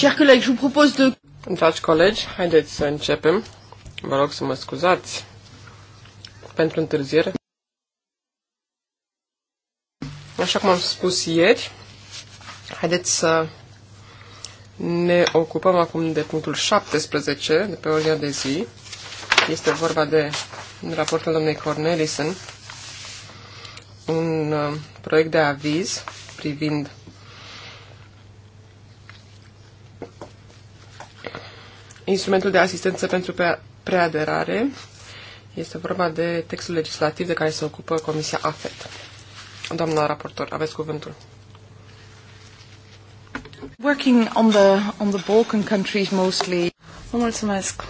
Chers collègues, je vous propose de... Dragi colegi, haideți să începem. Vă rog să mă scuzați pentru întârziere. Așa cum am spus ieri, haideți să ne ocupăm acum de punctul 17 de pe ordinea de zi. Este vorba de raportul domnei Cornelison, un uh, proiect de aviz privind instrumentul de asistență pentru preaderare. Este vorba de textul legislativ de care se ocupă Comisia AFET. Doamna raportor, aveți cuvântul. Working on the, on the Balkan countries mostly. Vă mulțumesc.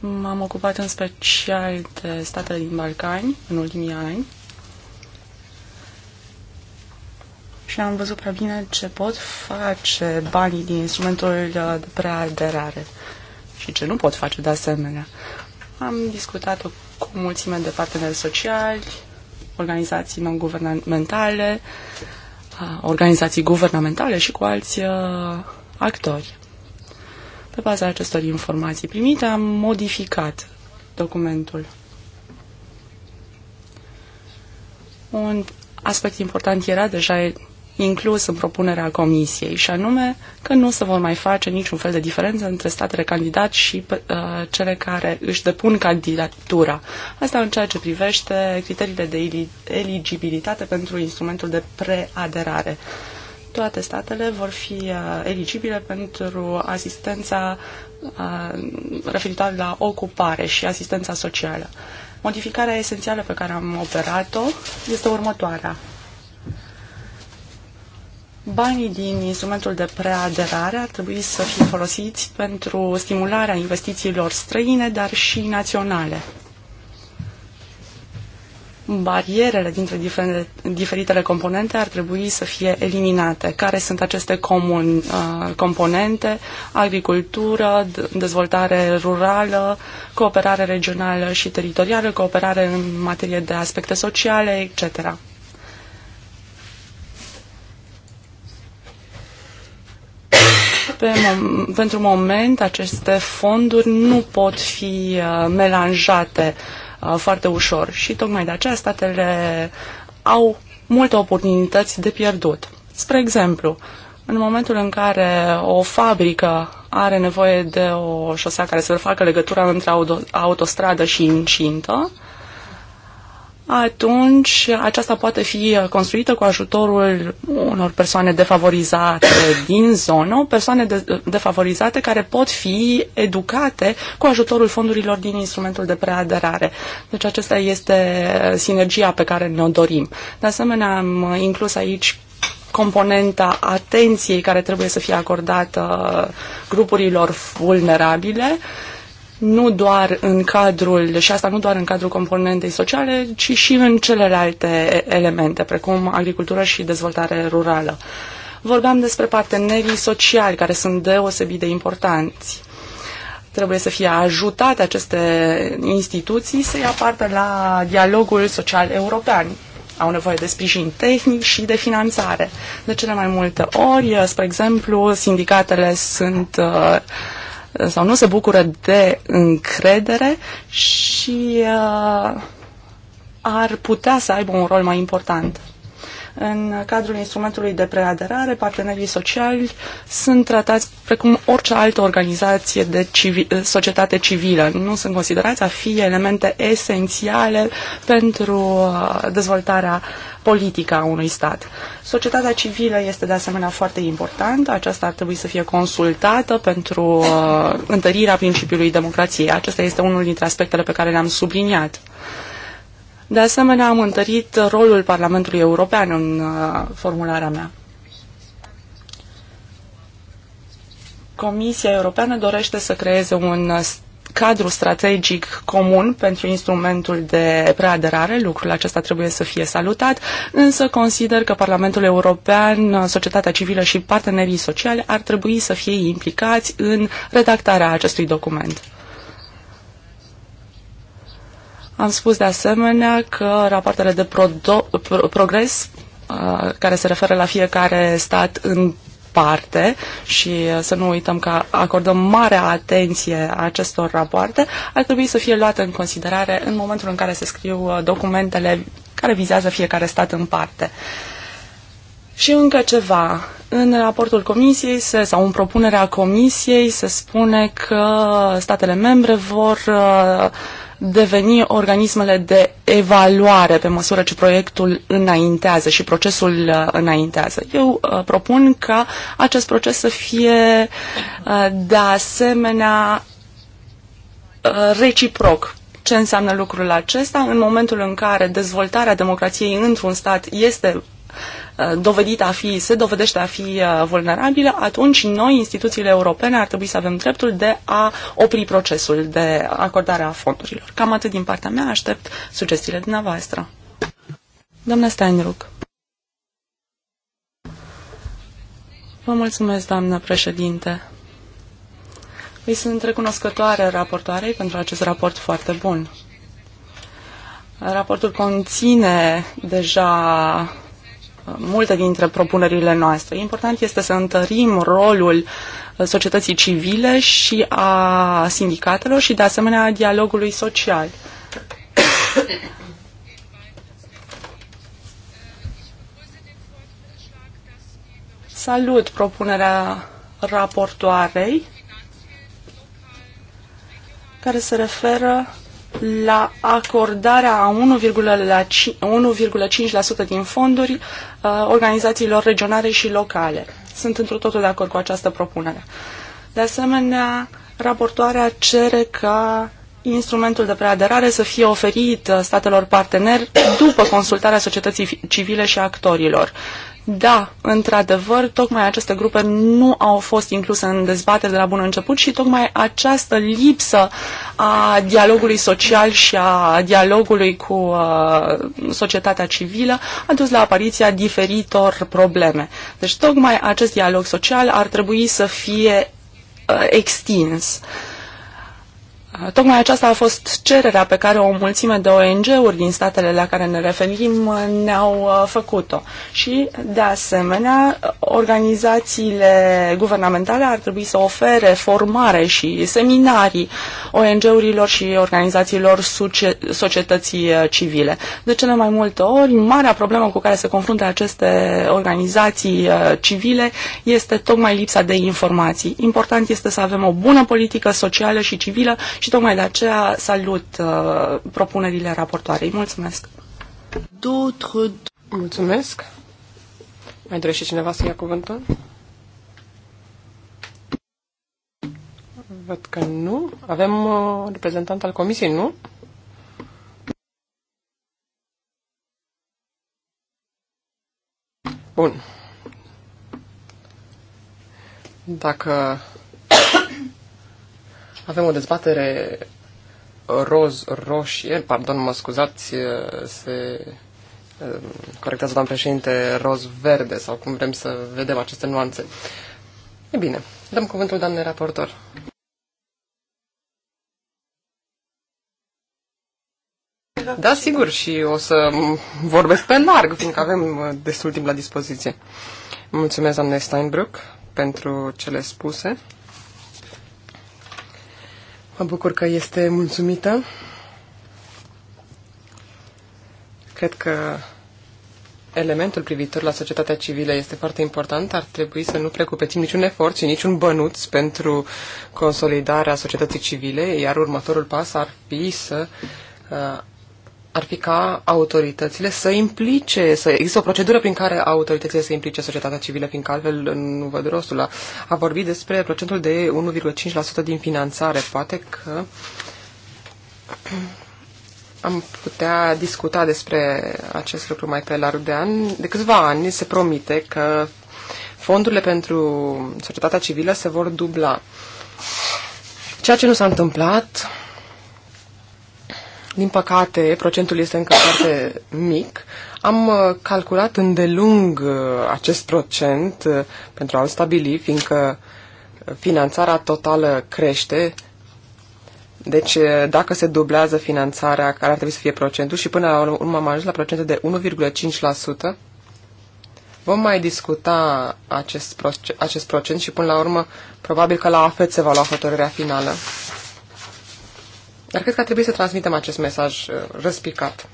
M-am ocupat în special de statele din Balcani în ultimii ani. și am văzut prea bine ce pot face banii din instrumentul uh, de preaderare și ce nu pot face de asemenea. Am discutat cu mulțime de parteneri sociali, organizații non-guvernamentale, uh, organizații guvernamentale și cu alți uh, actori. Pe baza acestor informații primite am modificat documentul. Un aspect important era deja inclus în propunerea Comisiei, și anume că nu se vor mai face niciun fel de diferență între statele candidat și uh, cele care își depun candidatura. Asta în ceea ce privește criteriile de eligibilitate pentru instrumentul de preaderare. Toate statele vor fi uh, eligibile pentru asistența uh, referitoare la ocupare și asistența socială. Modificarea esențială pe care am operat-o este următoarea. Banii din instrumentul de preaderare ar trebui să fie folosiți pentru stimularea investițiilor străine, dar și naționale. Barierele dintre diferite, diferitele componente ar trebui să fie eliminate. Care sunt aceste comun, uh, componente? Agricultură, dezvoltare rurală, cooperare regională și teritorială, cooperare în materie de aspecte sociale, etc. Pe mom- pentru moment, aceste fonduri nu pot fi uh, melanjate uh, foarte ușor și tocmai de aceea statele au multe oportunități de pierdut. Spre exemplu, în momentul în care o fabrică are nevoie de o șosea care să facă legătura între autostradă și incintă, atunci aceasta poate fi construită cu ajutorul unor persoane defavorizate din zonă, persoane de, defavorizate care pot fi educate cu ajutorul fondurilor din instrumentul de preaderare. Deci acesta este sinergia pe care ne-o dorim. De asemenea, am inclus aici componenta atenției care trebuie să fie acordată grupurilor vulnerabile. Uh, nu doar în cadrul, și asta nu doar în cadrul componentei sociale, ci și în celelalte elemente, precum agricultură și dezvoltare rurală. Vorbeam despre partenerii sociali, care sunt deosebit de importanți. Trebuie să fie ajutate aceste instituții să ia parte la dialogul social european au nevoie de sprijin tehnic și de finanțare. De cele mai multe ori, spre exemplu, sindicatele sunt uh, sau nu se bucură de încredere și uh, ar putea să aibă un rol mai important. În cadrul instrumentului de preaderare, partenerii sociali sunt tratați precum orice altă organizație de civi eh, societate civilă. Nu sunt considerați a fi elemente esențiale pentru eh, dezvoltarea politică a unui stat. Societatea civilă este de asemenea foarte importantă, aceasta ar trebui să fie consultată pentru eh, întărirea principiului democrației. Acesta este unul dintre aspectele pe care le-am subliniat. De asemenea, am întărit rolul Parlamentului European în uh, formularea mea. Comisia Europeană dorește să creeze un uh, cadru strategic comun pentru instrumentul de preaderare. Lucrul acesta trebuie să fie salutat, însă consider că Parlamentul European, uh, societatea civilă și partenerii sociale ar trebui să fie implicați în redactarea acestui document. Am spus de asemenea că rapoartele de pro progres uh, care se referă la fiecare stat în parte și uh, să nu uităm că acordăm mare atenție acestor rapoarte, ar trebui să fie luate în considerare în momentul în care se scriu uh, documentele care vizează fiecare stat în parte. Și încă ceva. În raportul comisiei se, sau în propunerea comisiei se spune că statele membre vor uh, deveni organismele de evaluare pe măsură ce proiectul înaintează și procesul uh, înaintează. Eu uh, propun ca acest proces să fie uh, de asemenea reciproc. Ce înseamnă lucrul acesta? În momentul în care dezvoltarea democrației într-un stat este Uh, dovedită a fi, se dovedește a fi uh, vulnerabilă, atunci noi, instituțiile europene, ar trebui să avem dreptul de a opri procesul de acordare a fondurilor. Cam atât din partea mea, aștept sugestiile dumneavoastră. Doamna Steinruc. Vă mulțumesc, doamnă președinte. Îi sunt recunoscătoare raportoarei pentru acest raport foarte bun. Raportul conține deja multe dintre propunerile noastre. Important este să întărim rolul societății civile și a sindicatelor și, de asemenea, a dialogului social. Salut propunerea raportoarei care se referă la acordarea a 1,5% din fonduri uh, organizațiilor regionale și locale. Sunt într totul de acord cu această propunere. De asemenea, raportoarea cere ca instrumentul de preaderare să fie oferit uh, statelor parteneri după consultarea societății civile și actorilor. Da, într-adevăr, tocmai aceste grupe nu au fost incluse în dezbatere de la bun început și tocmai această lipsă a dialogului social și a dialogului cu uh, societatea civilă a dus la apariția diferitor probleme. Deci tocmai acest dialog social ar trebui să fie uh, extins. Uh, Tocmai aceasta a fost cererea pe care o mulțime de ONG-uri din statele la care ne referim uh, ne-au uh, făcut-o. Și, de asemenea, organizațiile guvernamentale ar trebui să ofere formare și seminarii ONG-urilor și organizațiilor societății uh, civile. De cele mai multe ori, marea problemă cu care se confruntă aceste organizații civile este tocmai lipsa de informații. Important este să avem o bună politică socială și civilă și tocmai de aceea salut uh, propunerile raportoarei. Mulțumesc! Mulțumesc! Mai dorește cineva să ia cuvântul? Văd că nu. Avem uh, reprezentant al comisiei, nu? Bun. Dacă avem o dezbatere roz, roșie, pardon, mă scuzați, se corectează, doamnă președinte, roz-verde sau cum vrem să vedem aceste nuanțe. E bine, dăm cuvântul doamnei raportor. Da, sigur, și o să vorbesc pe larg, fiindcă avem destul timp la dispoziție. Mulțumesc, doamne Steinbrück, pentru cele spuse. Mă bucur că este mulțumită. Cred că elementul privitor la societatea civilă este foarte important. Ar trebui să nu precupețim niciun efort și niciun bănuț pentru consolidarea societății civile, iar următorul pas ar fi să uh, ar fi ca autoritățile să implice, să există o procedură prin care autoritățile să implice societatea civilă, fiindcă altfel nu văd rostul. A, a vorbit despre procentul de 1,5% din finanțare. Poate că am putea discuta despre acest lucru mai pe larg de an, De câțiva ani se promite că fondurile pentru societatea civilă se vor dubla. Ceea ce nu s-a întâmplat, din păcate, procentul este încă foarte mic. Am uh, calculat îndelung uh, acest procent uh, pentru a-l stabili, fiindcă finanțarea totală crește. Deci, dacă se dublează finanțarea, care ar trebui să fie procentul, și până la urmă am ajuns la procente de 1,5%, vom mai discuta acest, proce- acest procent și până la urmă, probabil că la AFET se va lua hotărârea finală. Dar cred că ar trebui să transmitem acest mesaj uh, răspicat.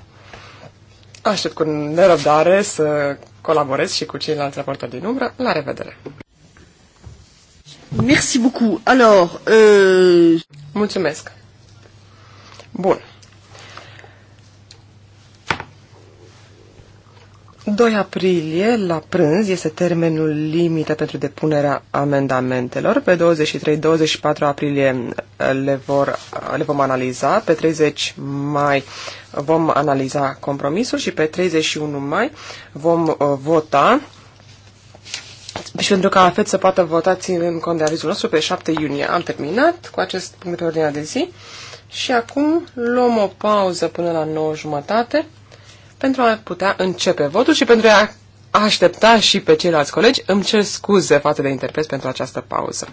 Aștept cu nerăbdare să colaborez și cu ceilalți raportori din umbră. La revedere! Merci beaucoup. Alors, euh... Mulțumesc. Bun. 2 aprilie, la prânz, este termenul limită pentru depunerea amendamentelor. Pe 23-24 aprilie eh, le, vor, eh, le vom analiza. Pe 30 mai vom analiza compromisul și pe 31 mai vom uh, vota. Și pentru ca AFET să poată vota, în cont de avizul nostru, pe 7 iunie am terminat cu acest punct de ordine de zi. Și acum luăm o pauză până la 9 jumătate pentru a putea începe votul și pentru a aștepta și pe ceilalți colegi. Îmi cer scuze față de interpret pentru această pauză.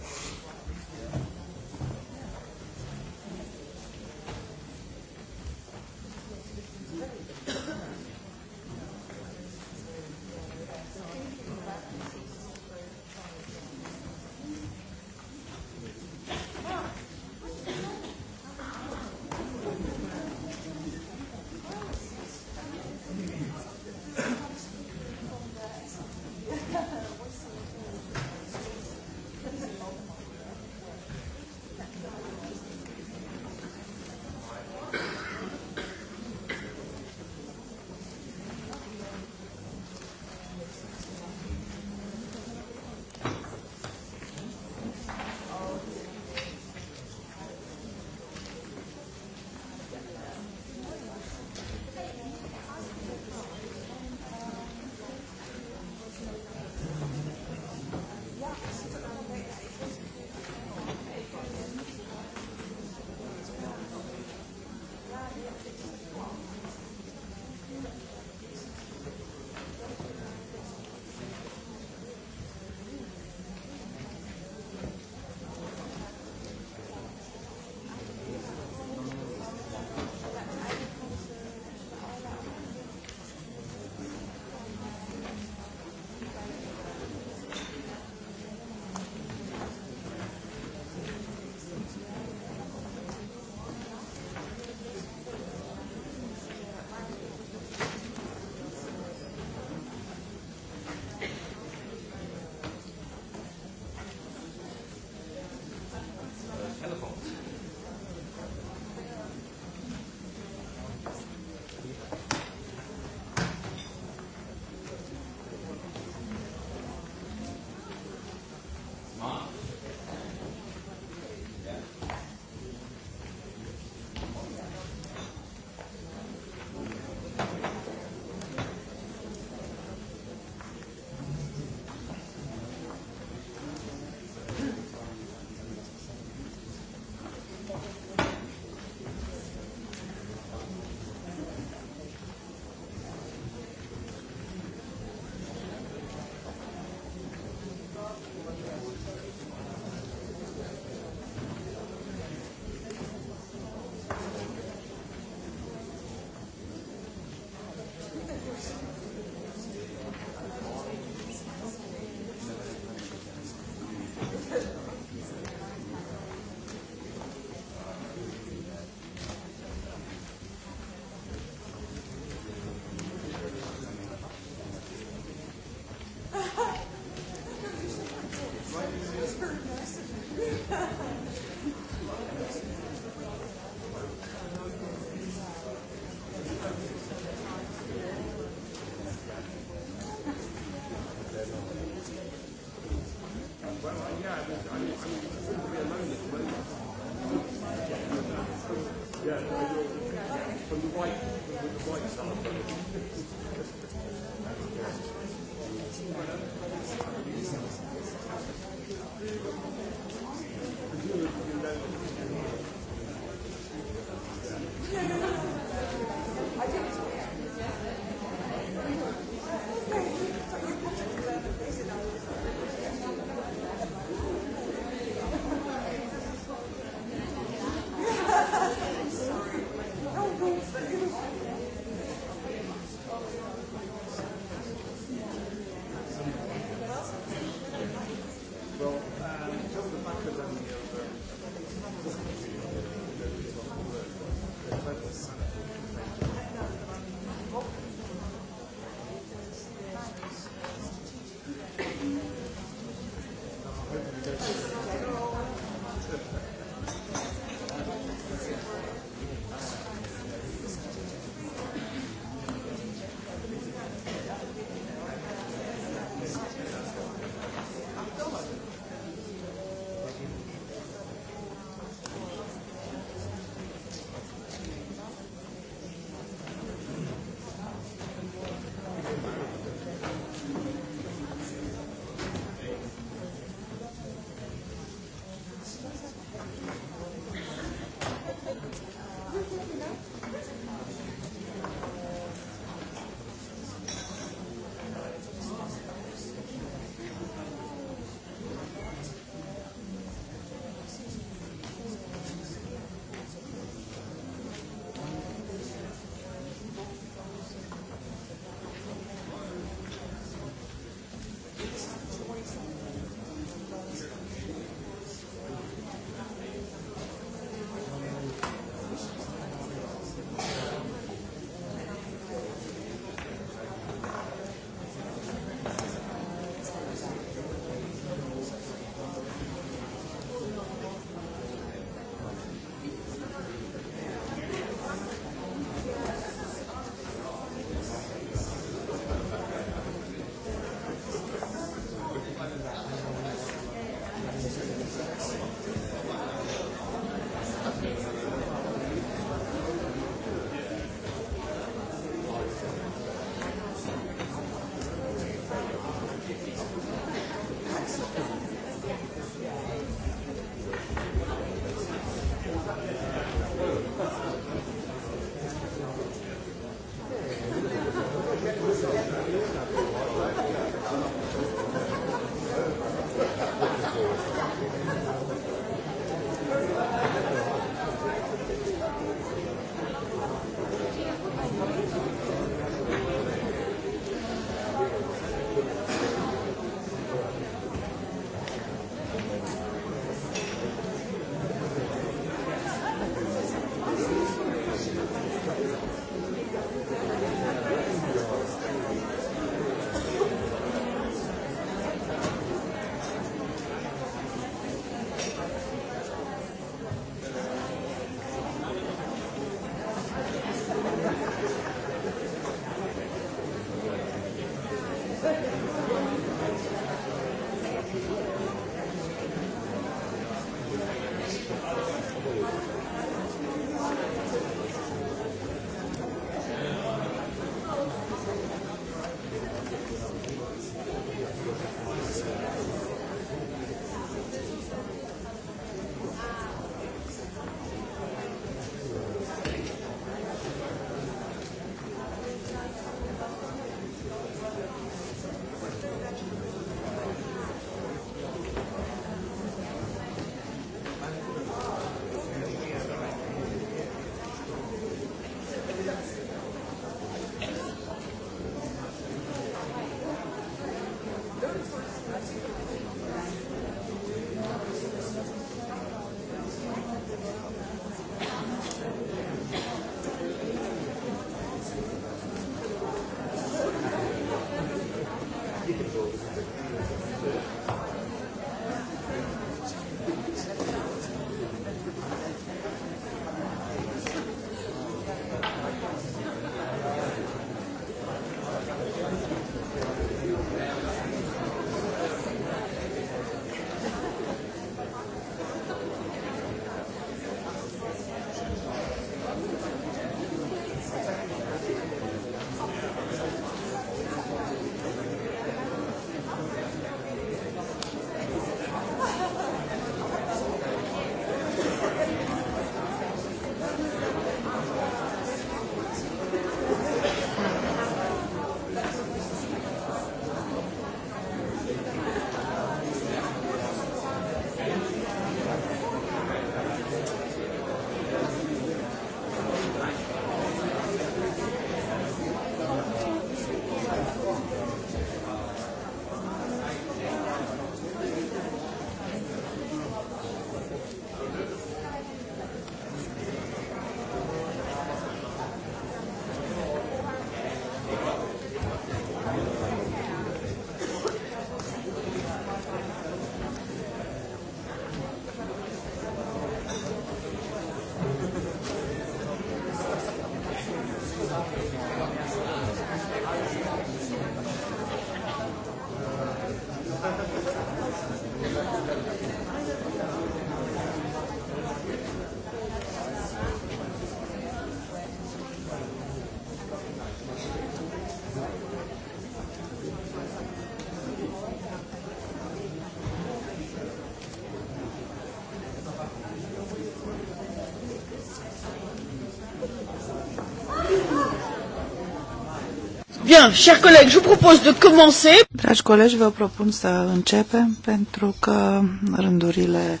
Bien, chers collègues, je vous propose de commencer. Dragi colegi, vă propun să începem pentru că rândurile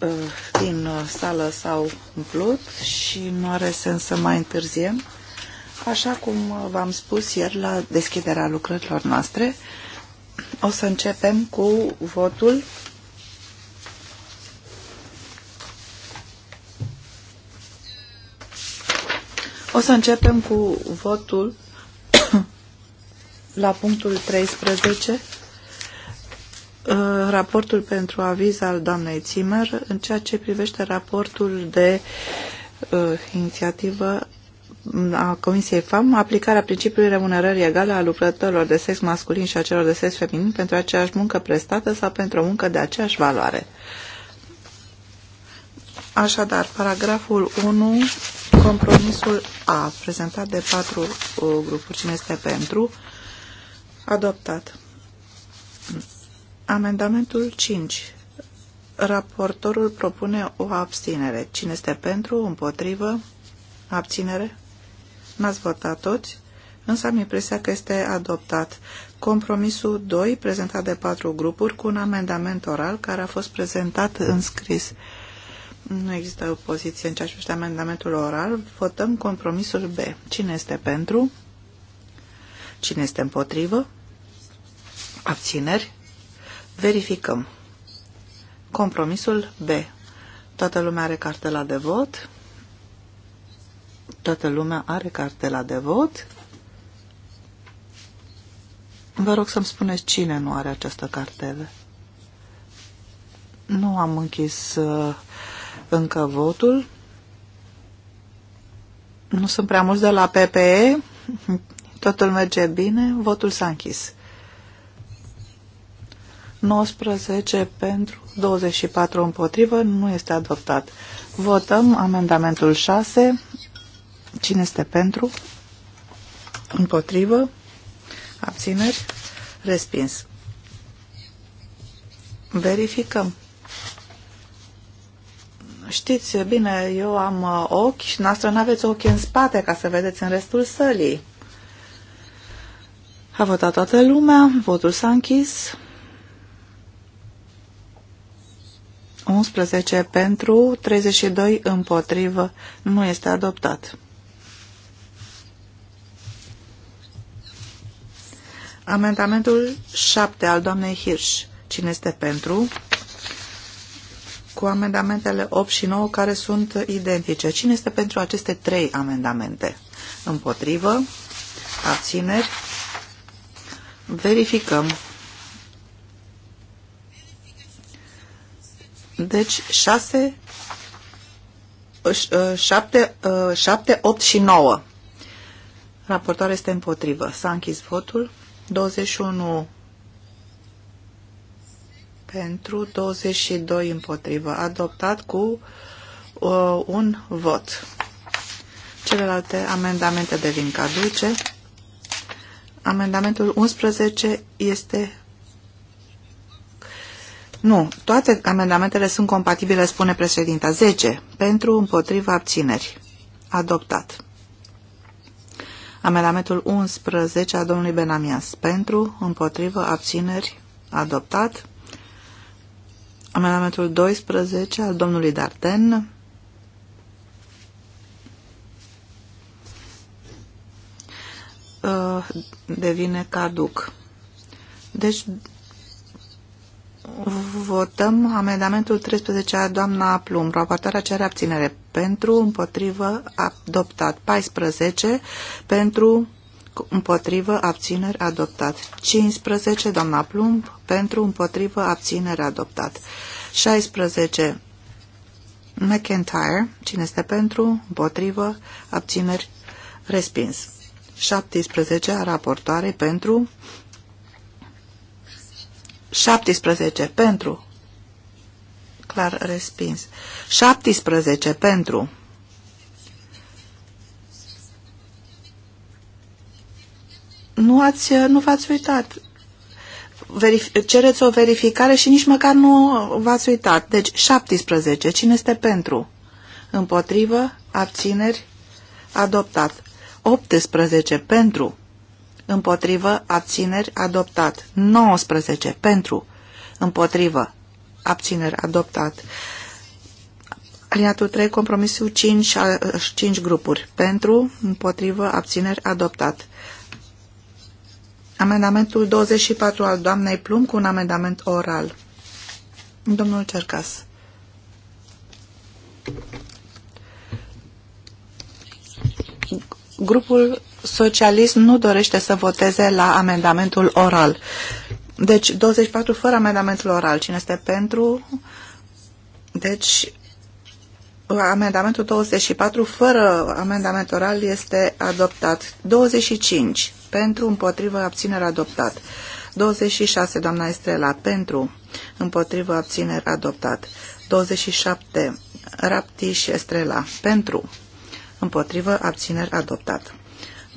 uh, din sală s-au umplut și nu are sens să mai întârziem. Așa cum v-am spus ieri la deschiderea lucrărilor noastre, o să începem cu votul O să începem cu votul la punctul 13, uh, raportul pentru aviz al doamnei Zimmer în ceea ce privește raportul de uh, inițiativă a Comisiei FAM aplicarea principiului remunerării egale a lucrătorilor de sex masculin și a celor de sex feminin pentru aceeași muncă prestată sau pentru o muncă de aceeași valoare. Așadar, paragraful 1 Compromisul A, prezentat de patru uh, grupuri. Cine este pentru? Adoptat. Amendamentul 5. Raportorul propune o abținere. Cine este pentru? Împotrivă? Abținere? N-ați votat toți? Însă am impresia că este adoptat. Compromisul 2, prezentat de patru grupuri, cu un amendament oral care a fost prezentat în scris. Nu există opoziție în ceea ce privește amendamentul oral. Votăm compromisul B. Cine este pentru? Cine este împotrivă? Abțineri? Verificăm. Compromisul B. Toată lumea are cartela de vot. Toată lumea are cartela de vot. Vă rog să-mi spuneți cine nu are această cartelă. Nu am închis uh, încă votul. Nu sunt prea mulți de la PPE. Totul merge bine. Votul s-a închis. 19 pentru, 24 împotrivă, nu este adoptat. Votăm amendamentul 6. Cine este pentru? Împotrivă? Abțineri? Respins. Verificăm. Știți bine, eu am uh, ochi și noastră nu aveți ochi în spate ca să vedeți în restul sălii. A votat toată lumea, votul s-a închis. 11 pentru, 32 împotrivă, nu este adoptat. Amendamentul 7 al doamnei Hirsch. Cine este pentru? cu amendamentele 8 și 9 care sunt identice. Cine este pentru aceste trei amendamente? Împotrivă? Abțineri? Verificăm. Deci 6, 7, 7, 8 și 9. Raportoarea este împotrivă. S-a închis votul. 21 pentru, 22 împotrivă. Adoptat cu uh, un vot. Celelalte amendamente devin caduce. Amendamentul 11 este... Nu, toate amendamentele sunt compatibile, spune președinta. 10. Pentru, împotriva, abțineri. Adoptat. Amendamentul 11 a domnului Benamias. Pentru, împotrivă, abțineri. Adoptat. Amendamentul 12 al domnului Darten. Uh, devine caduc. Deci votăm amendamentul 13 a doamna Plum. Raportarea cere abținere pentru, împotrivă, adoptat 14 pentru, împotrivă, abțineri, adoptat. 15, doamna Plumb, pentru, împotrivă, abțineri, adoptat. 16, McIntyre, cine este pentru, împotrivă, abțineri, respins. 17, raportoare, pentru, 17, pentru, clar, respins. 17, pentru, nu, ați, nu v-ați uitat. Verif- cereți o verificare și nici măcar nu v-ați uitat. Deci 17. Cine este pentru? Împotrivă? Abțineri? Adoptat. 18. Pentru? Împotrivă? Abțineri? Adoptat. 19. Pentru? Împotrivă? Abțineri? Adoptat. Aliatul 3, compromisul 5, 5 grupuri. Pentru, împotrivă, abțineri, adoptat. Amendamentul 24 al doamnei Plum cu un amendament oral. Domnul Cercas. Grupul socialist nu dorește să voteze la amendamentul oral. Deci 24 fără amendamentul oral. Cine este pentru? Deci amendamentul 24 fără amendament oral este adoptat. 25 pentru, împotrivă, abținere adoptat. 26, doamna Estrela, pentru, împotrivă, abținere adoptat. 27, Raptiș Estrela, pentru, împotrivă, abțineri adoptat.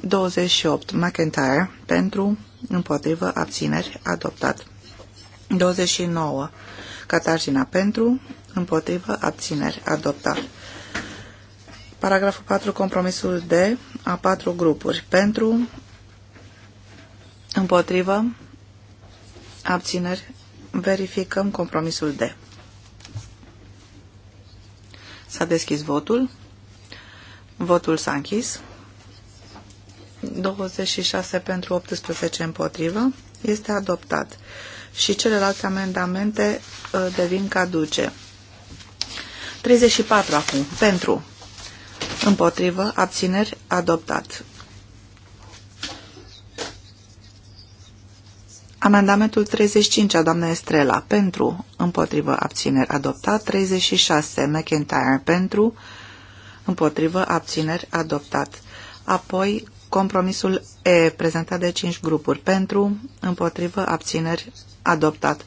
28, McIntyre, pentru, împotrivă, abțineri adoptat. 29, Catarina, pentru, împotrivă, abțineri adoptat. Paragraful 4, compromisul D, a patru grupuri, pentru, Împotrivă. Abțineri. Verificăm compromisul D. S-a deschis votul. Votul s-a închis. 26 pentru 18 împotrivă. Este adoptat. Și celelalte amendamente uh, devin caduce. 34 acum. Pentru. Împotrivă. Abțineri. Adoptat. Amendamentul 35 a doamnei Estrela pentru, împotrivă, abțineri adoptat. 36 McIntyre pentru, împotrivă, abțineri adoptat. Apoi compromisul E prezentat de 5 grupuri pentru, împotrivă, abțineri adoptat.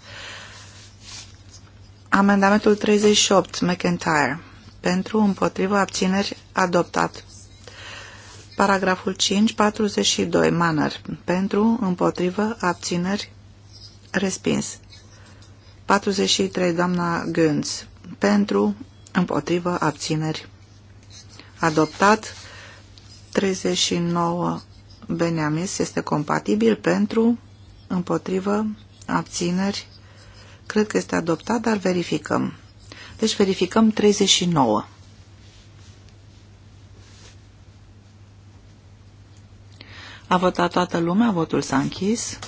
Amendamentul 38 McIntyre pentru, împotrivă, abțineri adoptat. Paragraful 5, 42, Manner. Pentru, împotrivă, abțineri, respins. 43, doamna Gânz. Pentru, împotrivă, abțineri, adoptat. 39, Beniamis este compatibil pentru, împotrivă, abțineri. Cred că este adoptat, dar verificăm. Deci verificăm 39. A votat toată lumea, votul s-a închis.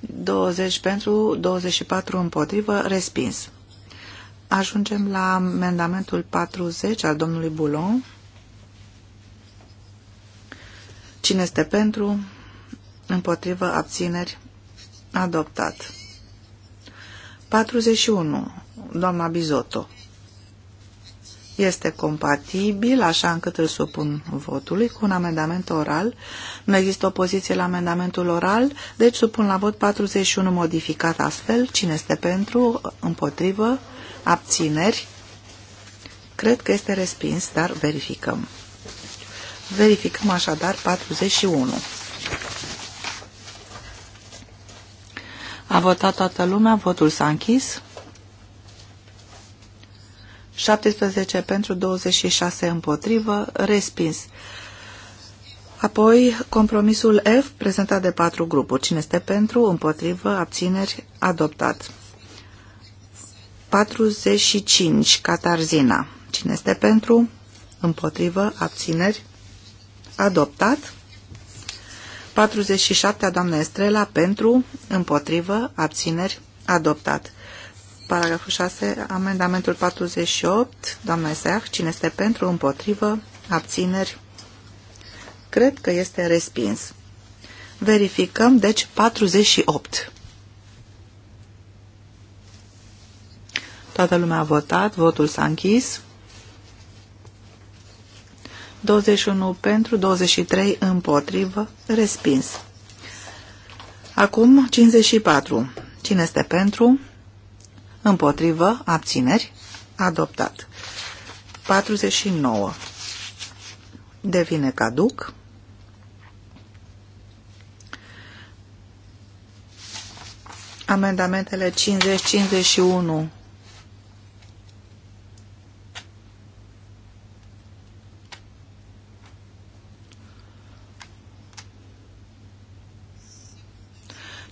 20 pentru, 24 împotrivă, respins. Ajungem la amendamentul 40 al domnului Bulon. Cine este pentru? Împotrivă, abțineri, adoptat. 41. Doamna Bizotto este compatibil, așa încât îl supun votului, cu un amendament oral. Nu există opoziție la amendamentul oral, deci supun la vot 41 modificat astfel. Cine este pentru, împotrivă, abțineri? Cred că este respins, dar verificăm. Verificăm așadar 41. A votat toată lumea, votul s-a închis. 17 pentru 26 împotrivă, respins. Apoi, compromisul F, prezentat de patru grupuri. Cine este pentru, împotrivă, abțineri, adoptat. 45, Catarzina. Cine este pentru, împotrivă, abțineri, adoptat. 47, doamna Estrela, pentru, împotrivă, abțineri, adoptat. Paragraful 6, amendamentul 48, doamna Zah, cine este pentru, împotrivă, abțineri, cred că este respins. Verificăm, deci 48. Toată lumea a votat, votul s-a închis. 21 pentru, 23 împotrivă, respins. Acum 54. Cine este pentru? împotrivă, abțineri, adoptat. 49 devine caduc. Amendamentele 50-51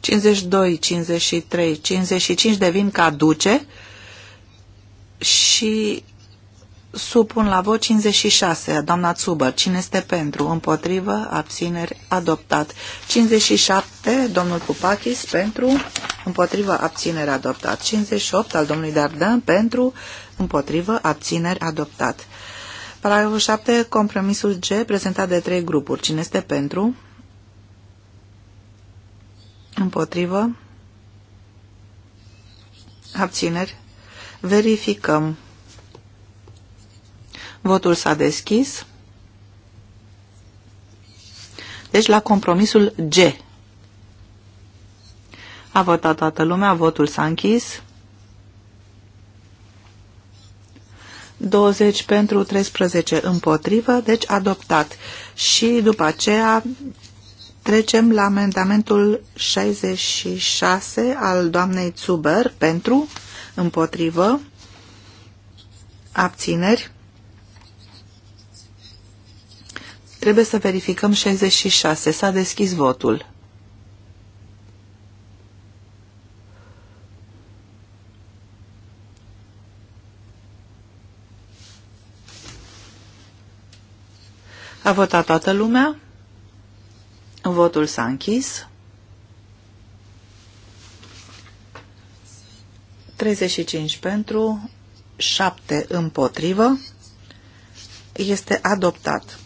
52, 53, 55 devin caduce și supun la vot 56, doamna Țubăr. Cine este pentru? Împotrivă? Abțineri? Adoptat. 57, domnul Pupachis, pentru? Împotrivă? Abțineri? Adoptat. 58, al domnului Dardan, pentru? Împotrivă? Abțineri? Adoptat. Paragraful 7, compromisul G, prezentat de trei grupuri. Cine este pentru? Împotrivă. Abțineri. Verificăm. Votul s-a deschis. Deci la compromisul G. A votat toată lumea, votul s-a închis. 20 pentru 13 împotrivă, deci adoptat. Și după aceea Trecem la amendamentul 66 al doamnei Zuber pentru, împotrivă, abțineri. Trebuie să verificăm 66. S-a deschis votul. A votat toată lumea? Votul s-a închis. 35 pentru, 7 împotrivă. Este adoptat.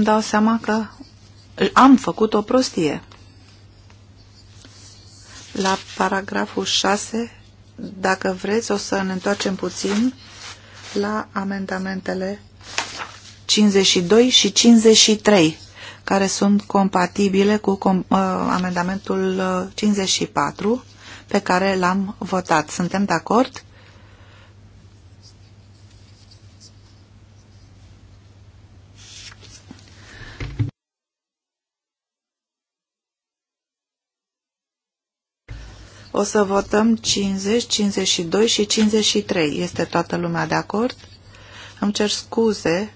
îmi dau seama că am făcut o prostie. La paragraful 6, dacă vreți, o să ne întoarcem puțin la amendamentele 52 și 53, care sunt compatibile cu com uh, amendamentul 54 uh, pe care l-am votat. Suntem de acord? O să votăm 50, 52 și 53. Este toată lumea de acord? Îmi cer scuze,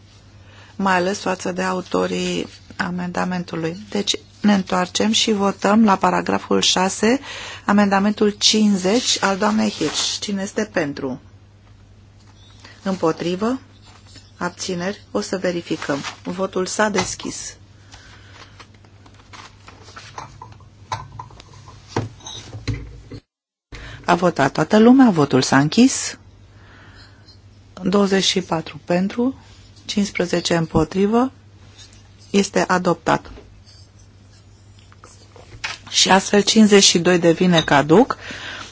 mai ales față de autorii amendamentului. Deci ne întoarcem și votăm la paragraful 6, amendamentul 50 al doamnei Hirsch. Cine este pentru? Împotrivă? Abțineri? O să verificăm. Votul s-a deschis. A votat toată lumea, votul s-a închis. 24 pentru, 15 împotrivă, este adoptat. Și astfel 52 devine caduc.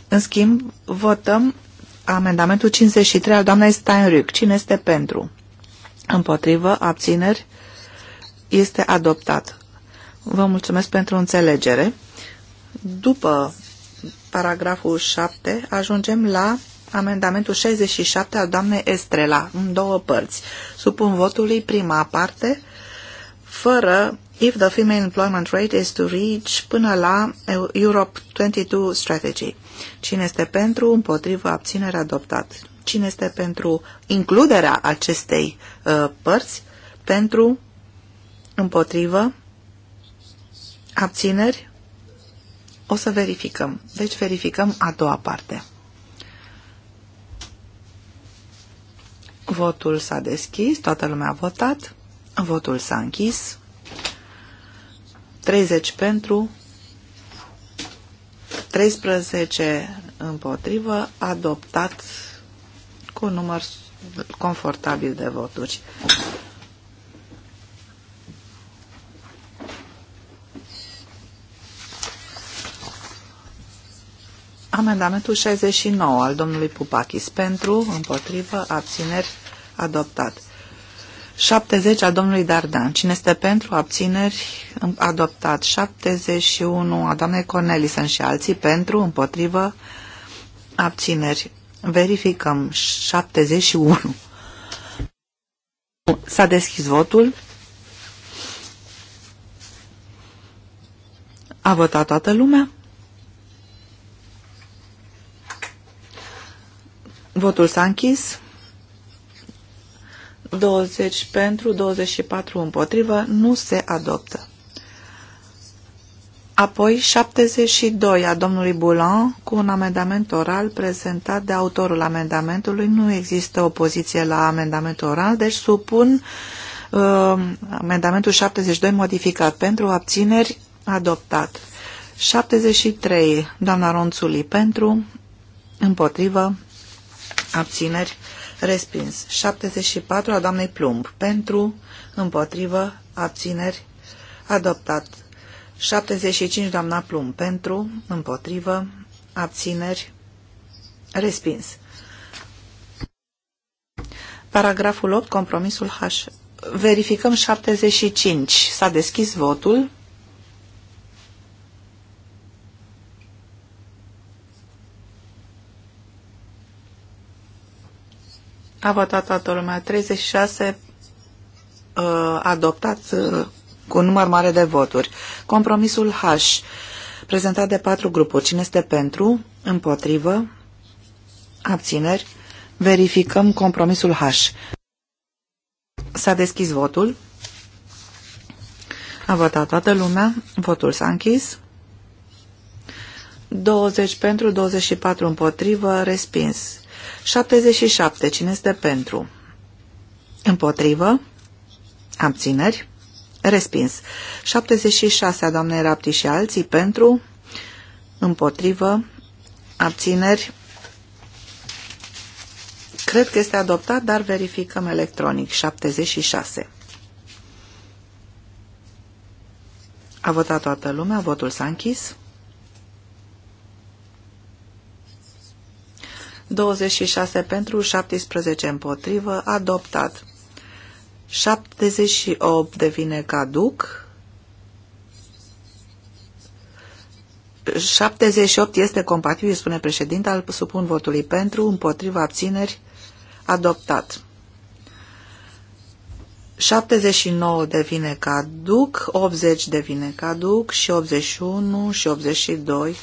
În schimb, votăm amendamentul 53 al doamnei Steinrück. Cine este pentru? Împotrivă, abțineri, este adoptat. Vă mulțumesc pentru înțelegere. După paragraful 7, ajungem la amendamentul 67 al doamnei Estrela, în două părți. Supun votului prima parte, fără if the female employment rate is to reach până la Europe 22 strategy. Cine este pentru, împotrivă, abținere, adoptat. Cine este pentru includerea acestei uh, părți, pentru, împotrivă, abțineri, o să verificăm. Deci verificăm a doua parte. Votul s-a deschis, toată lumea a votat, votul s-a închis. 30 pentru, 13 împotrivă, adoptat cu număr confortabil de voturi. Amendamentul 69 al domnului Pupachis pentru, împotrivă, abțineri, adoptat. 70 al domnului Dardan. Cine este pentru, abțineri, adoptat. 71 a doamnei Cornelisen și alții pentru, împotrivă, abțineri. Verificăm. 71. S-a deschis votul. A votat toată lumea? Votul s-a închis. 20 pentru, 24 împotrivă, nu se adoptă. Apoi 72 a domnului Boulan cu un amendament oral prezentat de autorul amendamentului. Nu există opoziție la amendamentul oral, deci supun uh, amendamentul 72 modificat pentru abțineri adoptat. 73 doamna Ronțuli pentru, împotrivă, abțineri, respins. 74 a doamnei Plumb, pentru, împotrivă, abțineri, adoptat. 75 doamna Plumb, pentru, împotrivă, abțineri, respins. Paragraful 8, compromisul H. Verificăm 75. S-a deschis votul. A votat toată lumea. 36 uh, adoptat uh, cu un număr mare de voturi. Compromisul H, prezentat de patru grupuri. Cine este pentru? Împotrivă? Abțineri? Verificăm compromisul H. S-a deschis votul. A votat toată lumea. Votul s-a închis. 20 pentru, 24 împotrivă, respins. 77. Cine este pentru? Împotrivă? Abțineri? Respins. 76. A doamnei Rapti și alții pentru? Împotrivă? Abțineri? Cred că este adoptat, dar verificăm electronic. 76. A votat toată lumea, votul s-a închis. 26 pentru, 17 împotrivă, adoptat. 78 devine caduc. 78 este compatibil, spune președinte, al supun votului pentru, împotriva abțineri, adoptat. 79 devine caduc, 80 devine caduc și 81 și 82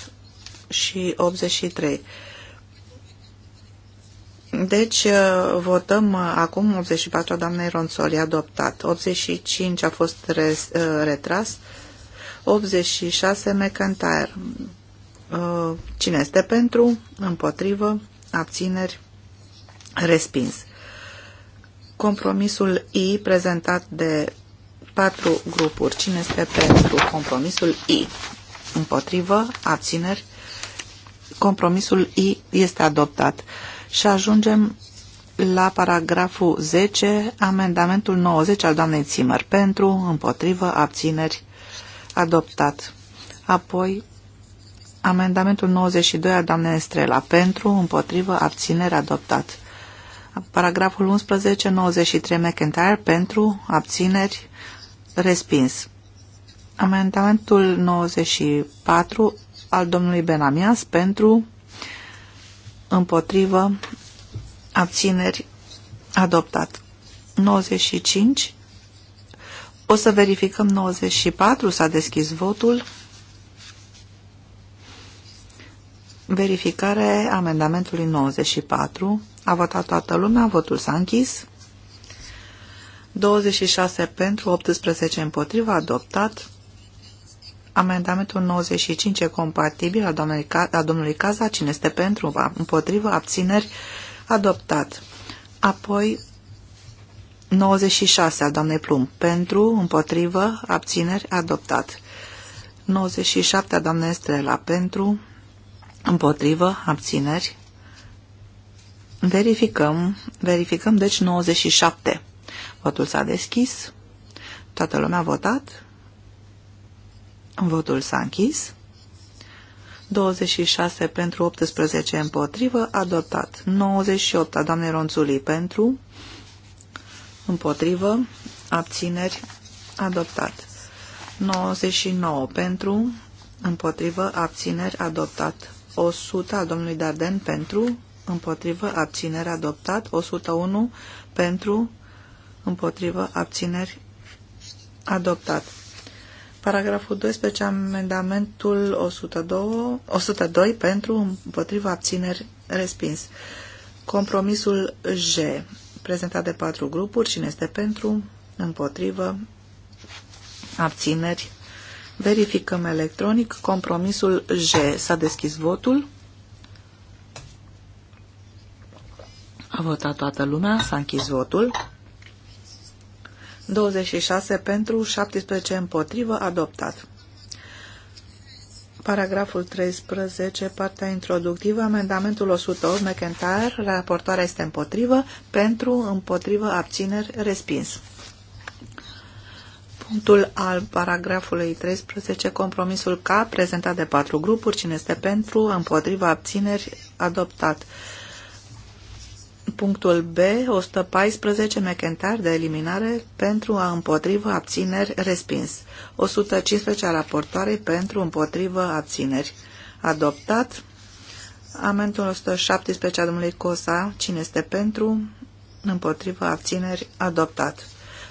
și 83. Deci uh, votăm uh, acum 84 a doamnei Ronțoli adoptat, 85 a fost re, uh, retras, 86 McIntyre. Cine este pentru? Împotrivă? Abțineri? Respins. Compromisul I prezentat de patru grupuri. Cine este pentru compromisul I? Împotrivă? Abțineri? Compromisul I este adoptat. Și ajungem la paragraful 10, amendamentul 90 al doamnei Țimăr pentru, împotrivă, abțineri, adoptat. Apoi, amendamentul 92 al doamnei Estrela pentru, împotrivă, abțineri, adoptat. Paragraful 11, 93 McIntyre pentru, abțineri, respins. Amendamentul 94 al domnului Benamias pentru, împotrivă, abțineri, adoptat. 95. O să verificăm 94, s-a deschis votul. Verificare amendamentului 94. A votat toată lumea, votul s-a închis. 26 pentru, 18 împotriva, adoptat. Amendamentul 95 e compatibil a domnului, a domnului Caza. Cine este pentru? Împotrivă? Abțineri? Adoptat. Apoi 96 a doamnei Plum. Pentru? Împotrivă? Abțineri? Adoptat. 97 a doamnei Estrela. Pentru? Împotrivă? Abțineri? Verificăm. Verificăm. Deci 97. Votul s-a deschis. Toată lumea a votat. Votul s-a închis. 26 pentru 18 împotrivă, adoptat. 98 a doamnei Ronțului pentru, împotrivă, abțineri, adoptat. 99 pentru, împotrivă, abțineri, adoptat. 100 a domnului Darden pentru, împotrivă, abțineri, adoptat. 101 pentru, împotrivă, abțineri, adoptat. Paragraful 12, amendamentul 102, 102 pentru împotriva abțineri respins. Compromisul G prezentat de patru grupuri, cine este pentru, împotrivă, abțineri. Verificăm electronic. Compromisul G s-a deschis votul. A votat toată lumea, s-a închis votul. 26 pentru, 17 împotrivă, adoptat. Paragraful 13, partea introductivă, amendamentul 108, McIntyre, raportoarea este împotrivă, pentru, împotrivă, abțineri, respins. Punctul al paragrafului 13, compromisul K, prezentat de patru grupuri, cine este pentru, împotrivă, abțineri, adoptat. Punctul B, 114 mecentar de eliminare pentru a împotrivă abțineri respins. 115 a raportoarei pentru împotrivă abțineri. Adoptat. Amendul 117 a domnului Cosa. Cine este pentru? Împotrivă abțineri. Adoptat.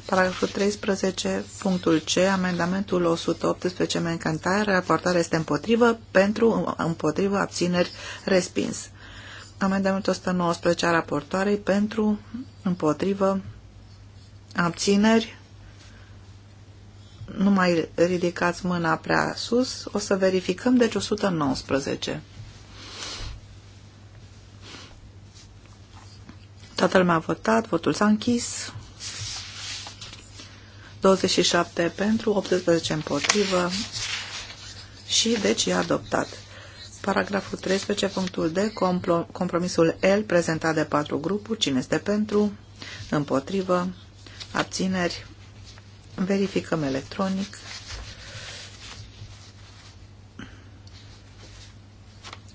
Paragraful 13, punctul C, amendamentul 118 mecantar, raportarea este împotrivă, pentru, împotrivă, abțineri, respins. Amendamentul 119 a raportoarei pentru, împotrivă, abțineri. Nu mai ridicați mâna prea sus. O să verificăm, deci 119. Toată lumea a votat, votul s-a închis. 27 pentru, 18 împotrivă și deci e adoptat. Paragraful 13, punctul D, compromisul L prezentat de patru grupuri. Cine este pentru? Împotrivă? Abțineri? Verificăm electronic.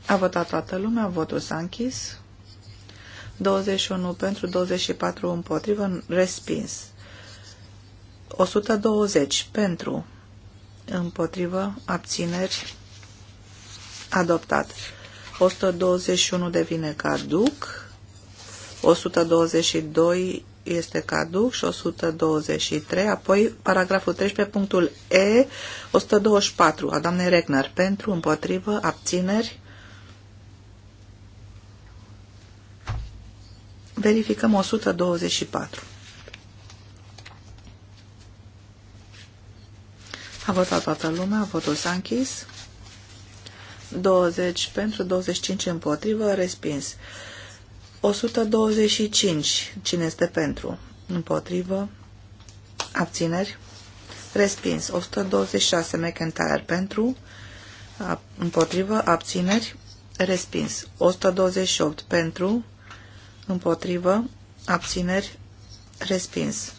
A votat toată lumea, votul s-a închis. 21 pentru, 24 împotrivă, respins. 120 pentru, împotrivă, abțineri, adoptat. 121 devine caduc, 122 este caduc și 123, apoi paragraful 13, punctul E, 124, a doamnei Regner, pentru, împotrivă, abțineri. Verificăm 124. A votat toată lumea, votul s-a închis. 20 pentru 25 împotrivă, respins. 125. Cine este pentru? Împotrivă. Abțineri. Respins. 126. McIntyre pentru. Împotrivă. Abțineri. Respins. 128. Pentru. Împotrivă. Abțineri. Respins.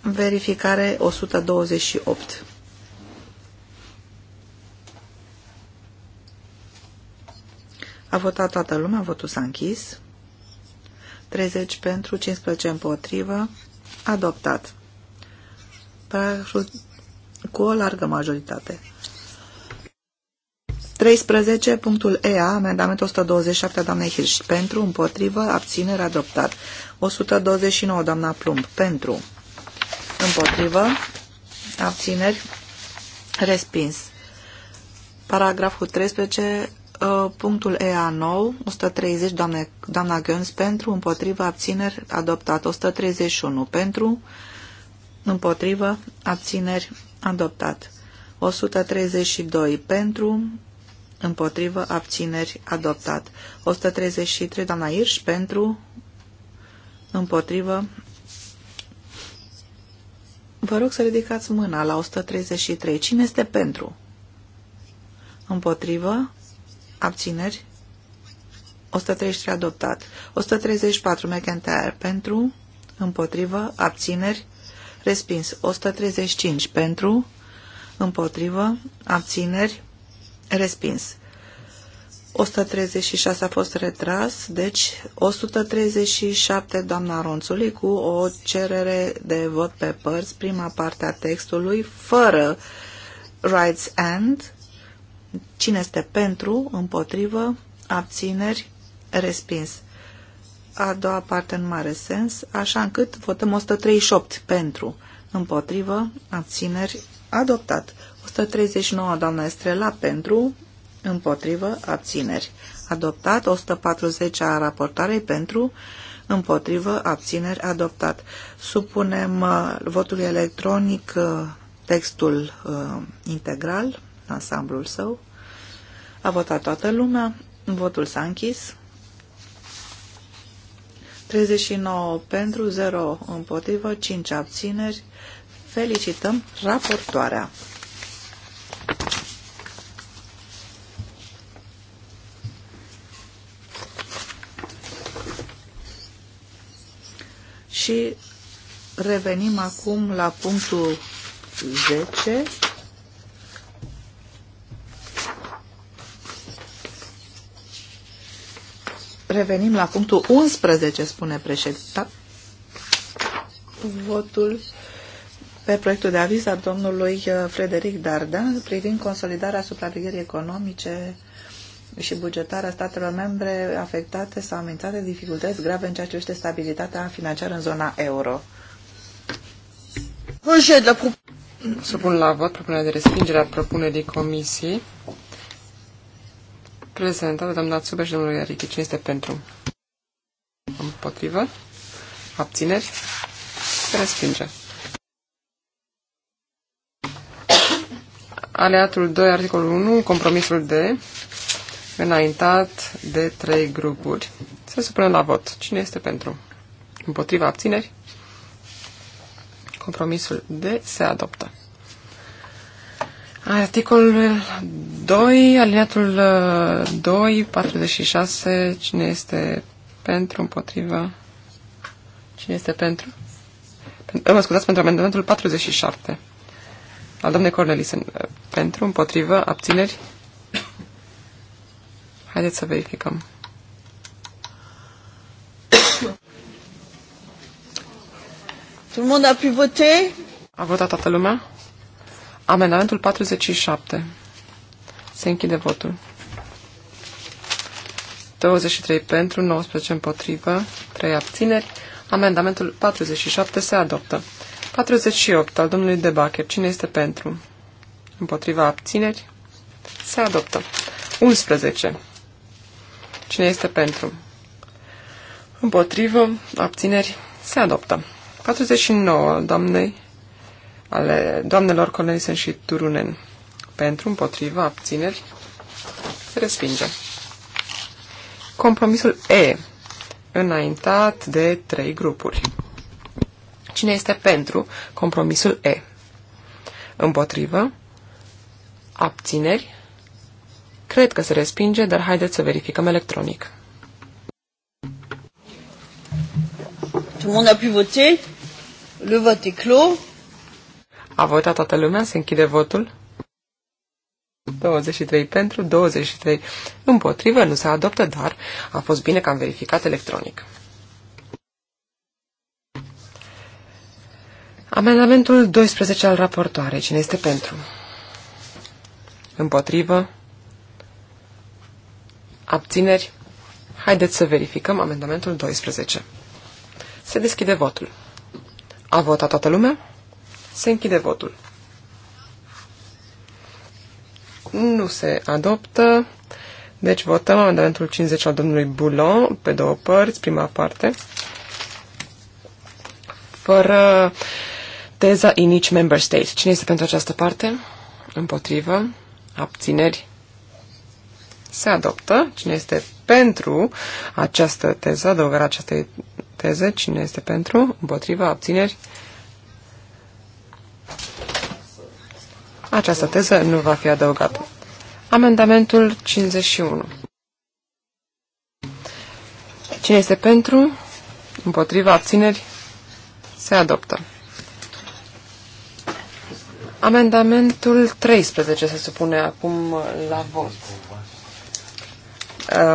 Verificare 128. A votat toată lumea, votul s-a închis. 30 pentru, 15 împotrivă, adoptat. cu o largă majoritate. 13. Punctul EA, amendamentul 127 a doamnei Hirsch. Pentru, împotrivă, abținere, adoptat. 129, doamna Plumb. Pentru, împotrivă, abțineri, respins. Paragraful 13, Uh, punctul EA9, 130, doamne, doamna Gâns, pentru, împotriva, abțineri, adoptat, 131, pentru, împotriva, abțineri, adoptat, 132, pentru, împotrivă, abțineri, adoptat, 133, doamna Irș, pentru, împotrivă, vă rog să ridicați mâna la 133, cine este pentru? Împotrivă, abțineri, 133 adoptat, 134 McIntyre pentru, împotrivă, abțineri, respins, 135 pentru, împotrivă, abțineri, respins. 136 a fost retras, deci 137 doamna Ronțului cu o cerere de vot pe părți, prima parte a textului, fără rights and, Cine este pentru, împotrivă, abțineri, respins. A doua parte în mare sens, așa încât votăm 138 pentru, împotrivă, abțineri, adoptat. 139, doamna Estrela, pentru, împotrivă, abțineri. Adoptat, 140 a raportarei pentru, împotrivă, abțineri, adoptat. Supunem uh, votul electronic uh, textul uh, integral ansamblul său. A votat toată lumea, votul s-a închis. 39 pentru, 0 împotrivă, 5 abțineri. Felicităm raportoarea. Și revenim acum la punctul 10 revenim la punctul 11, spune președinta. Votul pe proiectul de aviz al domnului uh, Frederic Dardan privind consolidarea supravegherii economice și bugetarea statelor membre afectate sau amenințate de dificultăți grave în ceea ce este stabilitatea financiară în zona euro. Să pun la vot propunerea de respingere a propunerii comisiei prezentată doamna Țubă și domnului Iarichi. Cine este pentru? Împotrivă? Abțineri? respinge. Aleatul 2, articolul 1, compromisul de înaintat de trei grupuri. Se supune la vot. Cine este pentru? Împotriva abțineri? Compromisul de se adoptă. Articolul 2, aliniatul 2, uh, 46, cine este pentru, împotriva, cine este pentru? Pen mă scuzați pentru amendamentul 47 al domnului Cornelisen. Uh, pentru, împotrivă, abțineri? Haideți să verificăm. Tout le monde a pu voter? A votat toată lumea? Amendamentul 47. Se închide votul. 23 pentru, 19 împotrivă, 3 abțineri. Amendamentul 47 se adoptă. 48 al domnului Debacher. Cine este pentru? Împotriva abțineri? Se adoptă. 11. Cine este pentru? Împotrivă, abțineri, se adoptă. 49 al doamnei ale doamnelor Cornelisen și Turunen. Pentru, împotriva, abțineri, se respinge. Compromisul E, înaintat de trei grupuri. Cine este pentru compromisul E? Împotrivă, abțineri, cred că se respinge, dar haideți să verificăm electronic. Tout le monde a pu voter. Le vote est clos. A votat toată lumea, se închide votul. 23 pentru, 23 împotrivă, nu se adoptă, dar a fost bine că am verificat electronic. Amendamentul 12 al raportoare. Cine este pentru? Împotrivă? Abțineri? Haideți să verificăm amendamentul 12. Se deschide votul. A votat toată lumea? Se închide votul. Nu se adoptă. Deci votăm amendamentul 50 al domnului Boulon pe două părți, prima parte, fără teza in each member state. Cine este pentru această parte? Împotrivă. Abțineri. Se adoptă. Cine este pentru această teză, adăugarea acestei teze? Cine este pentru? Împotrivă. Abțineri. Această teză nu va fi adăugată. Amendamentul 51. Cine este pentru? Împotriva abțineri? Se adoptă. Amendamentul 13 se supune acum la vot. Uh,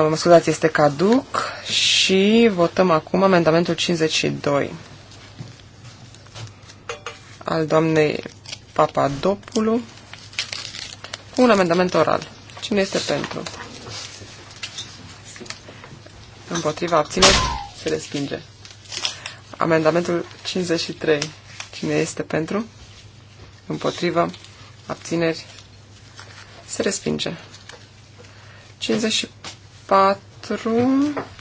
mă scuzați, este caduc și votăm acum amendamentul 52 al doamnei Papadopoulou cu un amendament oral. Cine este pentru? Împotriva abțineri se respinge. Amendamentul 53. Cine este pentru? Împotriva abțineri se respinge. 54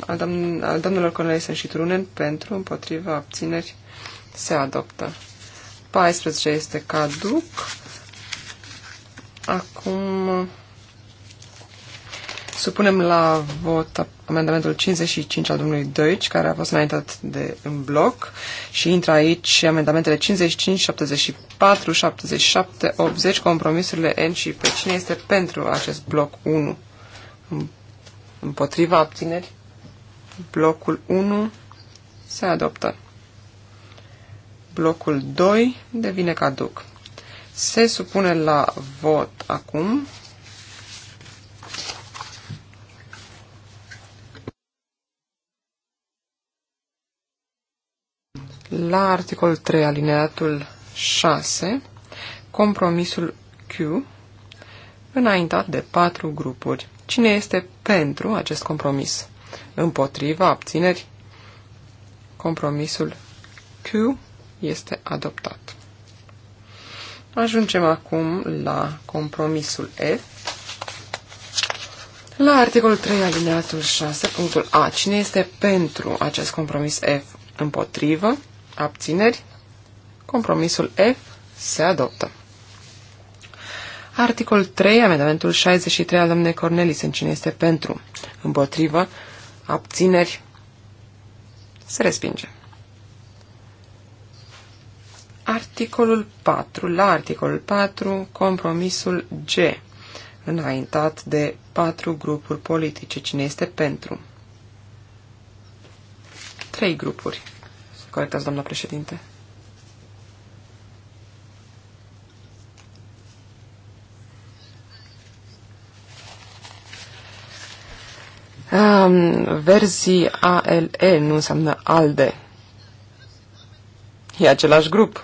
al, domn al domnilor Cornelis și Turunen pentru, împotriva abțineri se adoptă. 14 este caduc. Acum supunem la vot amendamentul 55 al domnului Deutsch, care a fost înaintat de în bloc și intră aici amendamentele 55, 74, 77, 80, compromisurile N și pe cine este pentru acest bloc 1? Împotriva abțineri? Blocul 1 se adoptă. Blocul 2 devine caduc. Se supune la vot acum la articol 3, alineatul 6, compromisul Q, înaintat de patru grupuri. Cine este pentru acest compromis? Împotriva, abțineri? Compromisul Q este adoptat. Ajungem acum la compromisul F. La articolul 3, alineatul 6, punctul A. Cine este pentru acest compromis F? Împotrivă? Abțineri? Compromisul F se adoptă. Articol 3, amendamentul 63 al domnului Cornelisen. Cine este pentru? Împotrivă? Abțineri? Se respinge. Articolul 4. La articolul 4, compromisul G, înaintat de patru grupuri politice. Cine este pentru? Trei grupuri. Se corectați, doamna președinte. Um, verzii ALE nu înseamnă ALDE. E același grup.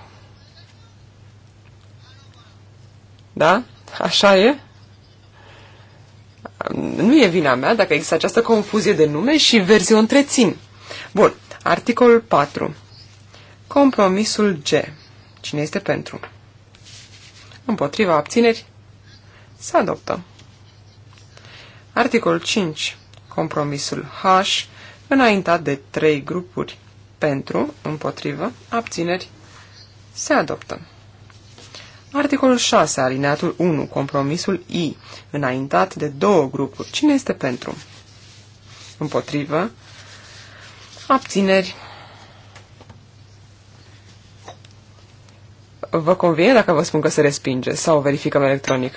Da? Așa e? Nu e vina mea dacă există această confuzie de nume și verzi întrețin. Bun. Articolul 4. Compromisul G. Cine este pentru? Împotriva abțineri? Se adoptă. Articolul 5. Compromisul H, înaintat de trei grupuri. Pentru, împotrivă, abțineri, se adoptă. Articolul 6, alineatul 1, compromisul I, înaintat de două grupuri. Cine este pentru? Împotrivă. Abțineri. Vă convine dacă vă spun că se respinge sau verificăm electronic?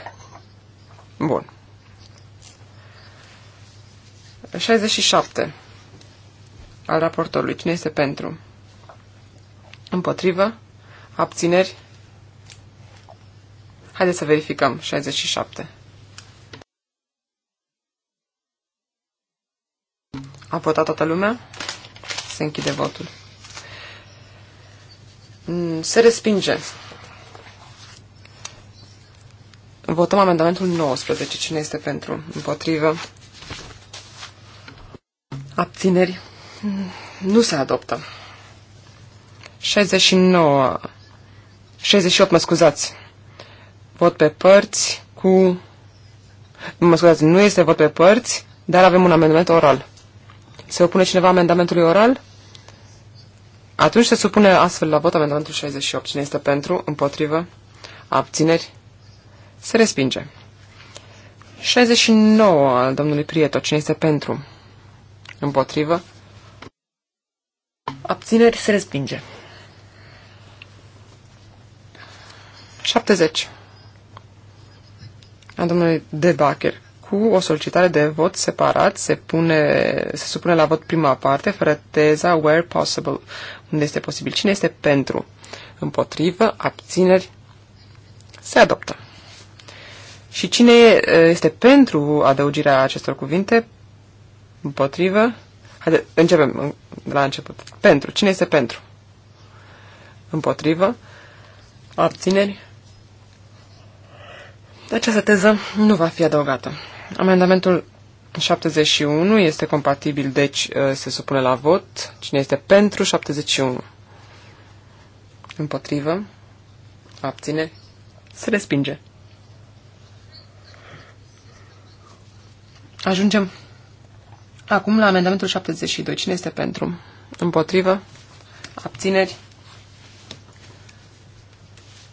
Bun. 67. Al raportorului. Cine este pentru? Împotrivă. Abțineri. Haideți să verificăm. 67. A votat toată lumea? Se închide votul. Mm, se respinge. Votăm amendamentul 19. Cine este pentru? Împotrivă? Abțineri? Mm, nu se adoptă. 69. 68, mă scuzați vot pe părți cu... Mă scuzați, nu este vot pe părți, dar avem un amendament oral. Se opune cineva amendamentului oral? Atunci se supune astfel la vot amendamentul 68. Cine este pentru, împotrivă, abțineri, se respinge. 69 al domnului Prieto. Cine este pentru, împotrivă, abțineri, se respinge. 70 a domnului Debacher. Cu o solicitare de vot separat se, pune, se supune la vot prima parte, fără teza where possible, unde este posibil. Cine este pentru? Împotrivă, abțineri, se adoptă. Și cine este pentru adăugirea acestor cuvinte? Împotrivă? Haide, începem de la început. Pentru. Cine este pentru? Împotrivă? Abțineri? Această teză nu va fi adăugată. Amendamentul 71 este compatibil, deci uh, se supune la vot. Cine este pentru 71? Împotrivă? Abține? Se respinge. Ajungem acum la amendamentul 72. Cine este pentru? Împotrivă? Abțineri?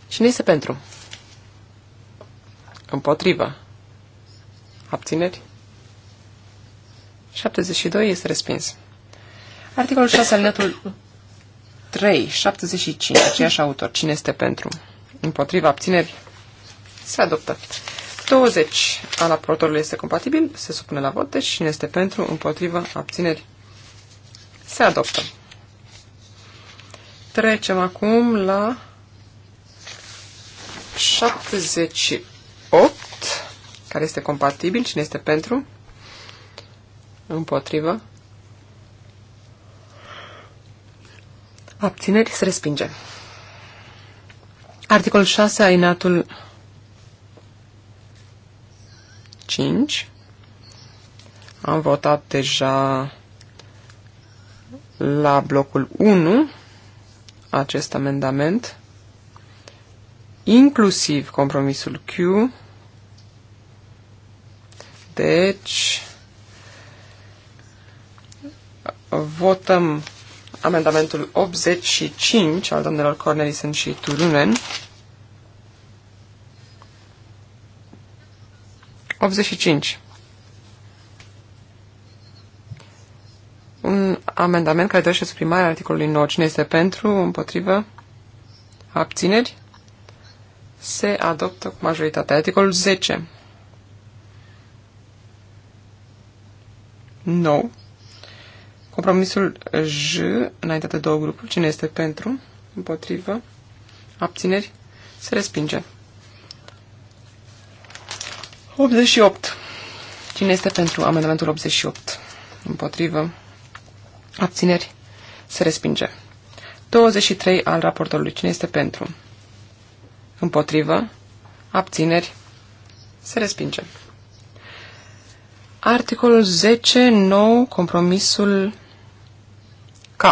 Cine este pentru? Împotrivă. Abțineri. 72 este respins. Articolul 6, alineatul 3, 75, aceiași autor. Cine este pentru? Împotriva abțineri? Se adoptă. 20 al aportorului este compatibil, se supune la vot, deci cine este pentru, împotriva, abțineri, se adoptă. Trecem acum la 78 care este compatibil, cine este pentru, împotrivă, abțineri, se respinge. Articolul 6, ainatul 5. Am votat deja la blocul 1 acest amendament, inclusiv compromisul Q, deci, votăm amendamentul 85 al domnilor Cornelisen și Turunen. 85. Un amendament care dorește suprimarea articolului 9. Cine este pentru, împotrivă, abțineri? Se adoptă cu majoritatea. Articolul 10. nou. Compromisul J, înainte de două grupuri, cine este pentru, împotrivă, abțineri, se respinge. 88. Cine este pentru amendamentul 88? Împotrivă, abțineri, se respinge. 23 al raportorului. Cine este pentru? Împotrivă, abțineri, se respinge. Articolul 10, nou, compromisul K.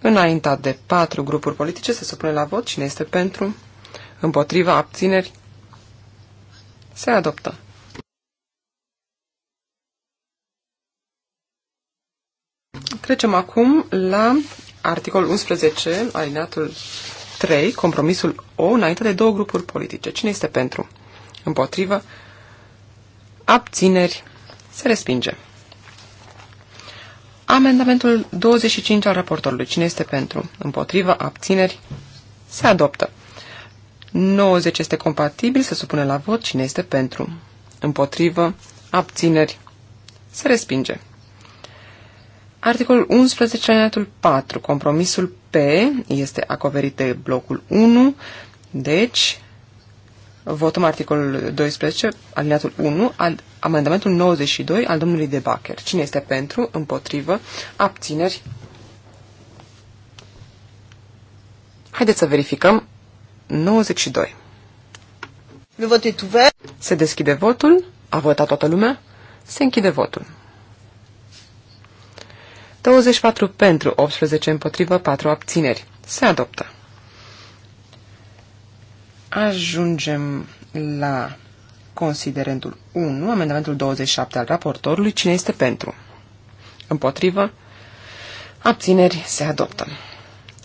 Înaintat de patru grupuri politice se supune la vot cine este pentru, împotriva, abțineri, se adoptă. Trecem acum la articolul 11, alineatul 3, compromisul O, înainte de două grupuri politice. Cine este pentru? Împotrivă? Abțineri? Se respinge. Amendamentul 25 al raportorului. Cine este pentru? Împotrivă? Abțineri? Se adoptă. 90 este compatibil, se supune la vot. Cine este pentru? Împotrivă? Abțineri? Se respinge. Articolul 11, alineatul 4. Compromisul P este acoperit de blocul 1, deci Votăm articolul 12, alineatul 1, al, amendamentul 92 al domnului De Bacher. Cine este pentru, împotrivă, abțineri? Haideți să verificăm. 92. Se deschide votul. A votat toată lumea. Se închide votul. 24 pentru, 18 împotrivă, 4 abțineri. Se adoptă. Ajungem la considerentul 1, amendamentul 27 al raportorului. Cine este pentru? Împotrivă? Abțineri se adoptă.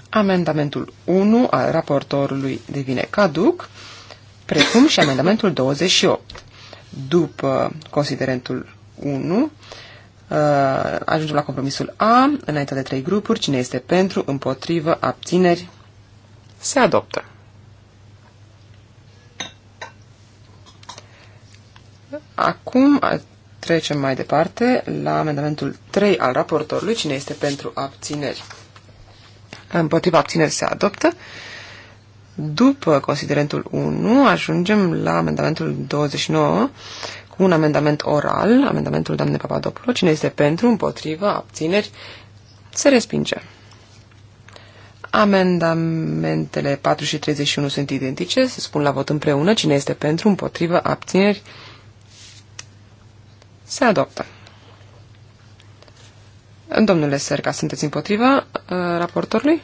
Amendamentul 1 al raportorului devine caduc, precum și amendamentul 28. După considerentul 1, uh, ajungem la compromisul A, înainte de trei grupuri, cine este pentru, împotrivă, abțineri, se adoptă. Acum trecem mai departe la amendamentul 3 al raportorului. Cine este pentru abțineri? Împotriva abțineri se adoptă. După considerentul 1 ajungem la amendamentul 29 cu un amendament oral, amendamentul doamne Papadopoulou. Cine este pentru, împotriva, abțineri, se respinge. Amendamentele 4 și 31 sunt identice, se spun la vot împreună. Cine este pentru, împotriva, abțineri, se adoptă. Domnule Serca, sunteți împotriva uh, raportorului?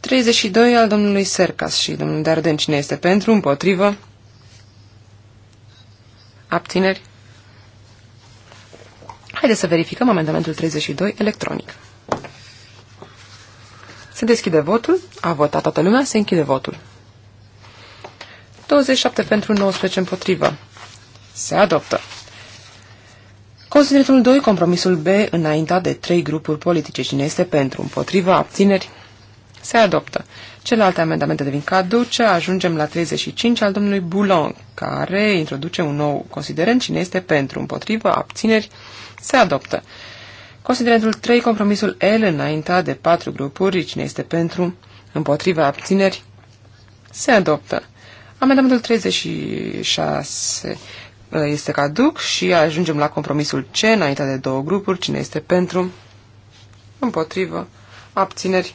32 al domnului Sercas și domnul Darden, cine este pentru, împotrivă? Abțineri? Haideți să verificăm amendamentul 32 electronic. Se deschide votul, a votat toată lumea, se închide votul. 27 pentru, 19 împotrivă. Se adoptă. Consideratul 2, compromisul B, înaintat de trei grupuri politice. Cine este pentru? Împotriva? Abțineri? Se adoptă. Celelalte amendamente devin caduce. Ajungem la 35 al domnului Boulon, care introduce un nou considerent. Cine este pentru? Împotriva? Abțineri? Se adoptă. Considerentul 3, compromisul L, înaintat de patru grupuri. Cine este pentru? Împotriva? Abțineri? Se adoptă. Amendamentul 36 Uh, este caduc și ajungem la compromisul C înainte de două grupuri. Cine este pentru? Împotrivă. Abțineri.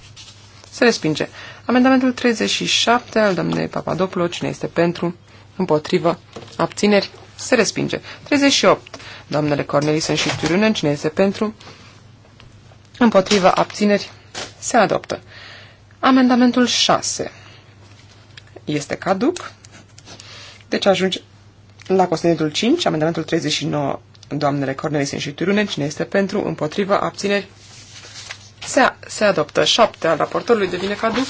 Se respinge. Amendamentul 37 al domnului Papadopulo. Cine este pentru? Împotrivă. Abțineri. Se respinge. 38. Doamnele Cornelisen și Turunen. Cine este pentru? Împotrivă. Abțineri. Se adoptă. Amendamentul 6 este caduc. Deci ajungem la constantul 5, amendamentul 39, doamnele Cornelisen și Turunen, cine este pentru, împotrivă, abțineri, se, se adoptă 7 al raportorului, devine caduc.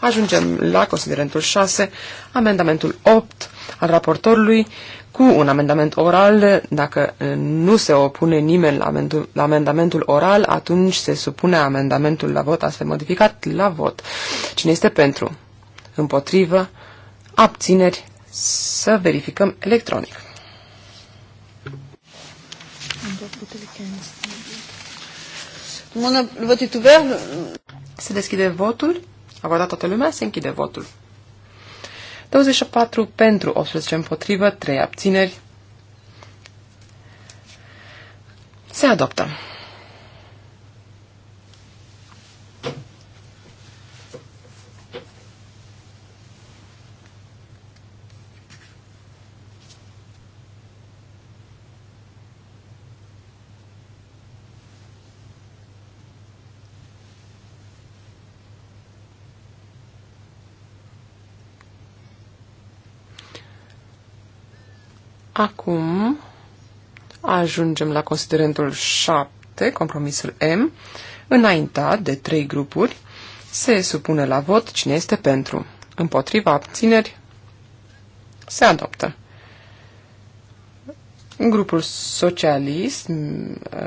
Ajungem la considerentul 6, amendamentul 8 al raportorului, cu un amendament oral. Dacă nu se opune nimeni la, amendu- la amendamentul oral, atunci se supune amendamentul la vot astfel modificat la vot. Cine este pentru? Împotrivă? Abțineri? să verificăm electronic. Se deschide votul. A votat toată lumea, se închide votul. 24 pentru, 18 împotrivă, 3 abțineri. Se adoptă. Acum ajungem la considerentul 7, compromisul M, înaintat de trei grupuri, se supune la vot cine este pentru. Împotriva abțineri, se adoptă. Grupul socialist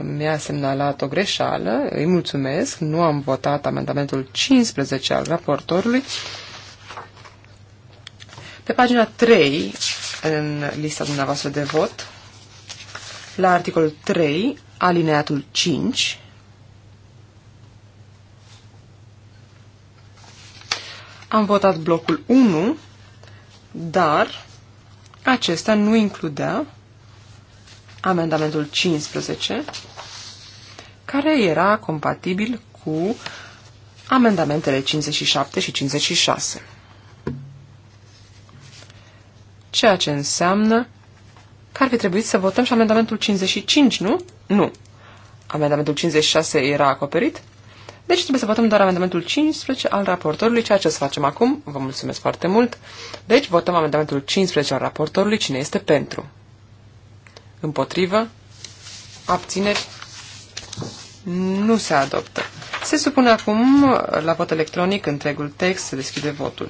mi-a semnalat o greșeală, îi mulțumesc, nu am votat amendamentul 15 al raportorului. Pe pagina 3 în lista dumneavoastră de vot la articolul 3, alineatul 5. Am votat blocul 1, dar acesta nu includea amendamentul 15, care era compatibil cu amendamentele 57 și 56 ceea ce înseamnă că ar fi trebuit să votăm și amendamentul 55, nu? Nu. Amendamentul 56 era acoperit, deci trebuie să votăm doar amendamentul 15 al raportorului, ceea ce să facem acum. Vă mulțumesc foarte mult. Deci votăm amendamentul 15 al raportorului. Cine este pentru? Împotrivă? Abțineri? Nu se adoptă. Se supune acum la vot electronic întregul text. Se deschide votul.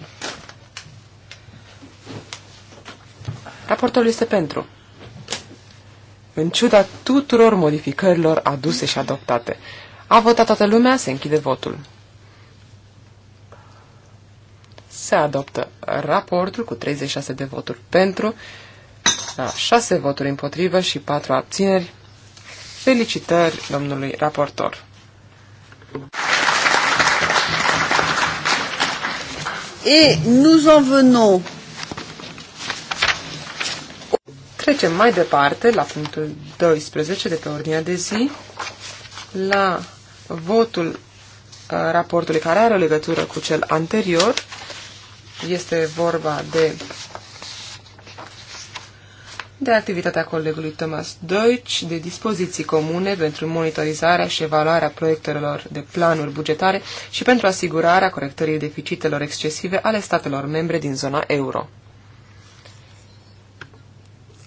Raportul este pentru. În ciuda tuturor modificărilor aduse și adoptate. A votat toată lumea, se închide votul. Se adoptă raportul cu 36 de voturi pentru, 6 voturi împotrivă și 4 abțineri. Felicitări domnului raportor. Et nous en venons Trecem mai departe la punctul 12 de pe ordinea de zi, la votul uh, raportului care are o legătură cu cel anterior. Este vorba de de activitatea colegului Thomas Deutsch, de dispoziții comune pentru monitorizarea și evaluarea proiectelor de planuri bugetare și pentru asigurarea corectării deficitelor excesive ale statelor membre din zona euro.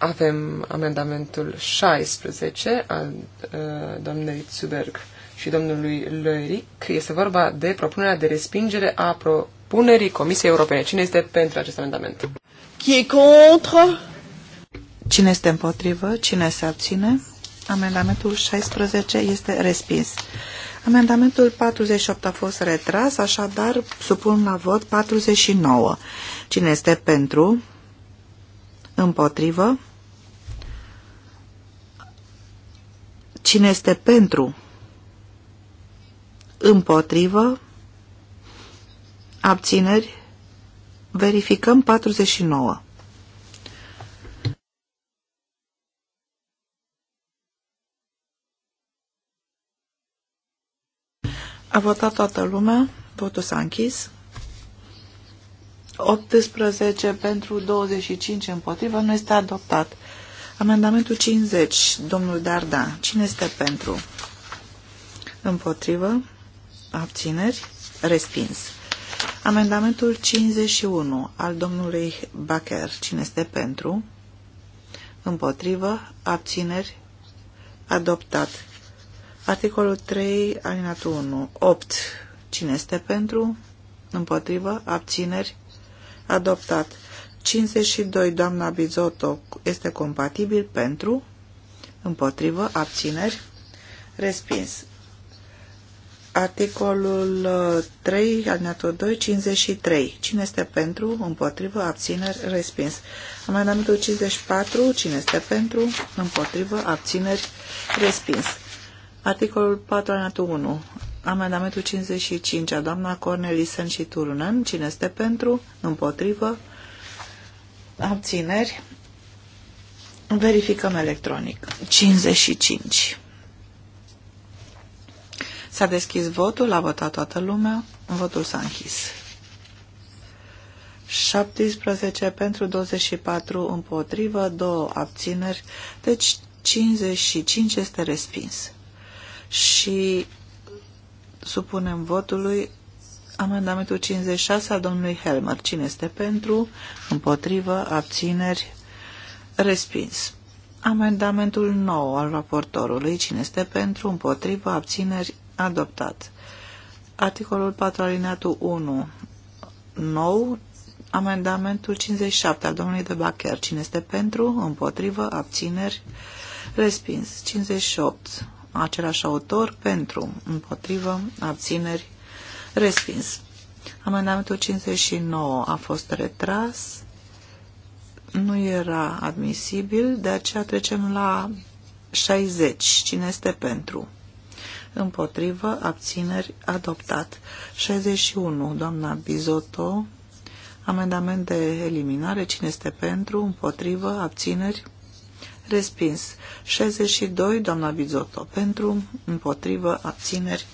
Avem amendamentul 16 al uh, domnului Zuberg și domnului Loeric. Este vorba de propunerea de respingere a propunerii Comisiei Europene. Cine este pentru acest amendament? Qui est contre? Cine este împotrivă? Cine se abține? Amendamentul 16 este respins. Amendamentul 48 a fost retras, așadar supun la vot 49. Cine este pentru? Împotrivă? Cine este pentru? Împotrivă? Abțineri? Verificăm 49. A votat toată lumea, votul s-a închis. 18 pentru 25 împotrivă nu este adoptat. Amendamentul 50, domnul Darda, cine este pentru? Împotrivă, abțineri, respins. Amendamentul 51 al domnului Bacher, cine este pentru? Împotrivă, abțineri, adoptat. Articolul 3, alinatul 1, 8, cine este pentru? Împotrivă, abțineri, adoptat. 52, doamna Bizotto, este compatibil pentru, împotrivă, abțineri, respins. Articolul 3, uh, alineatul 2, 53. Cine este pentru, împotrivă, abțineri, respins. Amendamentul 54. Cine este pentru, împotrivă, abțineri, respins. Articolul 4, alineatul 1. Amendamentul 55 a doamna Cornelisen și Turunen. Cine este pentru, împotrivă, abțineri, verificăm electronic. 55. S-a deschis votul, a votat toată lumea, votul s-a închis. 17 pentru 24 împotrivă, 2 abțineri, deci 55 este respins. Și supunem votului Amendamentul 56 al domnului Helmer. Cine este pentru? Împotrivă? Abțineri? Respins. Amendamentul 9 al raportorului. Cine este pentru? Împotrivă? Abțineri? Adoptat. Articolul 4 alineatul 1. Nou. Amendamentul 57 al domnului de Bacher. Cine este pentru? Împotrivă? Abțineri? Respins. 58. Același autor pentru, împotrivă, abțineri, Respins. Amendamentul 59 a fost retras. Nu era admisibil, de aceea trecem la 60. Cine este pentru? Împotrivă, abțineri, adoptat. 61. Doamna Bizotto. Amendament de eliminare. Cine este pentru? Împotrivă, abțineri, respins. 62. Doamna Bizotto. Pentru, împotrivă, abțineri,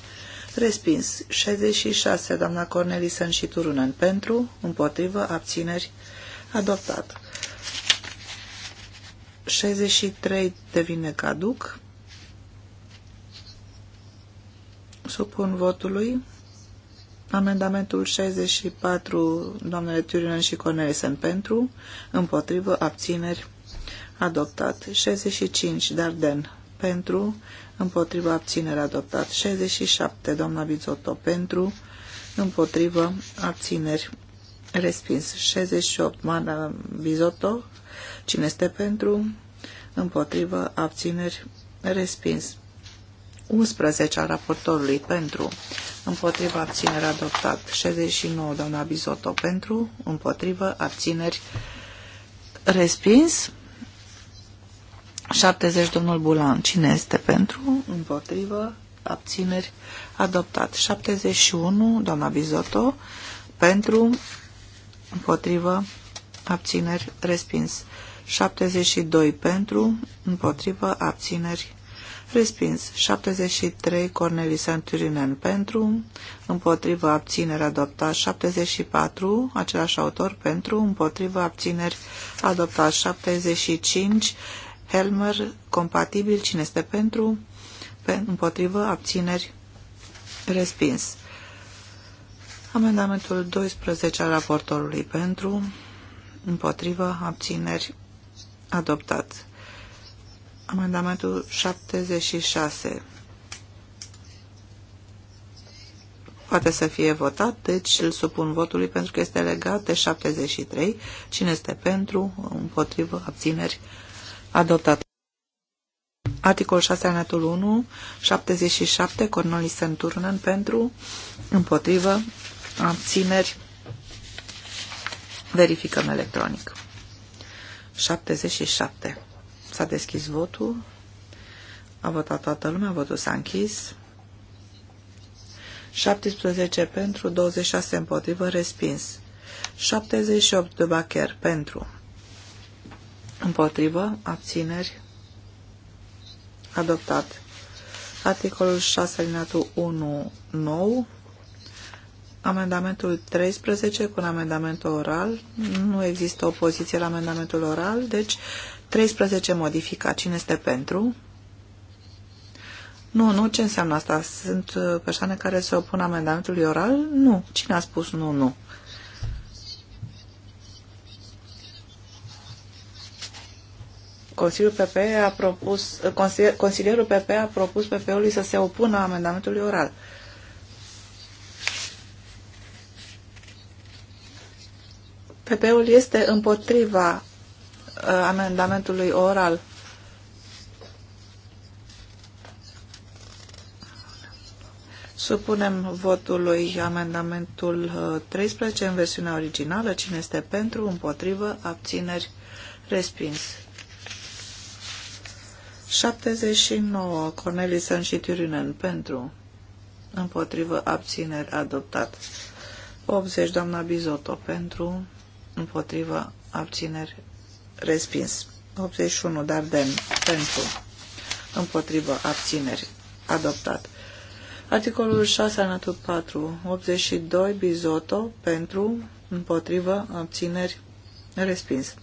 Respins. 66. Doamna Cornelisen și Turunen. Pentru. Împotrivă. Abțineri. Adoptat. 63 devine caduc. Supun votului amendamentul 64, doamnele Turunen și Cornelisen pentru, împotrivă, abțineri, adoptat. 65, Darden pentru, împotriva abținere adoptat. 67, doamna Bizotto, pentru, împotrivă abțineri respins. 68, doamna Bizotto, cine este pentru, împotrivă abțineri respins. 11 a raportorului pentru, împotriva abțineri adoptat, 69 doamna Bizotto pentru, împotrivă abțineri respins, 70, domnul Bulan. Cine este pentru? Împotrivă. Abțineri. Adoptat. 71, doamna Bizotto. Pentru. Împotrivă. Abțineri. Respins. 72 pentru, împotrivă, abțineri. Respins. 73 Corneli Santurinen pentru, împotrivă, abțineri adoptat. 74 același autor pentru, împotrivă, abțineri adoptat. 75 Helmer, compatibil, cine este pentru, pe, împotrivă, abțineri, respins. Amendamentul 12 al raportorului pentru, împotrivă, abțineri, adoptat. Amendamentul 76 poate să fie votat, deci îl supun votului pentru că este legat de 73. Cine este pentru, împotrivă, abțineri, adoptat Adoptat. Articol 6, anatul 1, 77, Cornelis Santurnen pentru, împotrivă, abțineri, verificăm electronic. 77. S-a deschis votul, a votat toată lumea, votul s-a închis. 17 pentru, 26 împotrivă, respins. 78 de bacher pentru, Împotrivă. Abțineri. Adoptat. Articolul 6, alineatul 1, nou. Amendamentul 13 cu un amendament oral. Nu există opoziție la amendamentul oral, deci 13 modificat. Cine este pentru? Nu, nu, ce înseamnă asta? Sunt uh, persoane care se opun amendamentului oral? Nu. Cine a spus nu, nu? Consiliul PP a propus, consilier, consilierul PP a propus PP-ului să se opună amendamentului oral. PP-ul este împotriva uh, amendamentului oral. Supunem votului amendamentul 13 uh, în versiunea originală. Cine este pentru, împotrivă, abțineri, respins. 79. Cornelis și pentru. Împotrivă abțineri adoptat. 80. Doamna Bizoto pentru. Împotrivă abțineri respins. 81. Darden pentru. Împotrivă abțineri adoptat. Articolul 6, anătul 4, 82, bizoto pentru, împotrivă, abțineri, respins.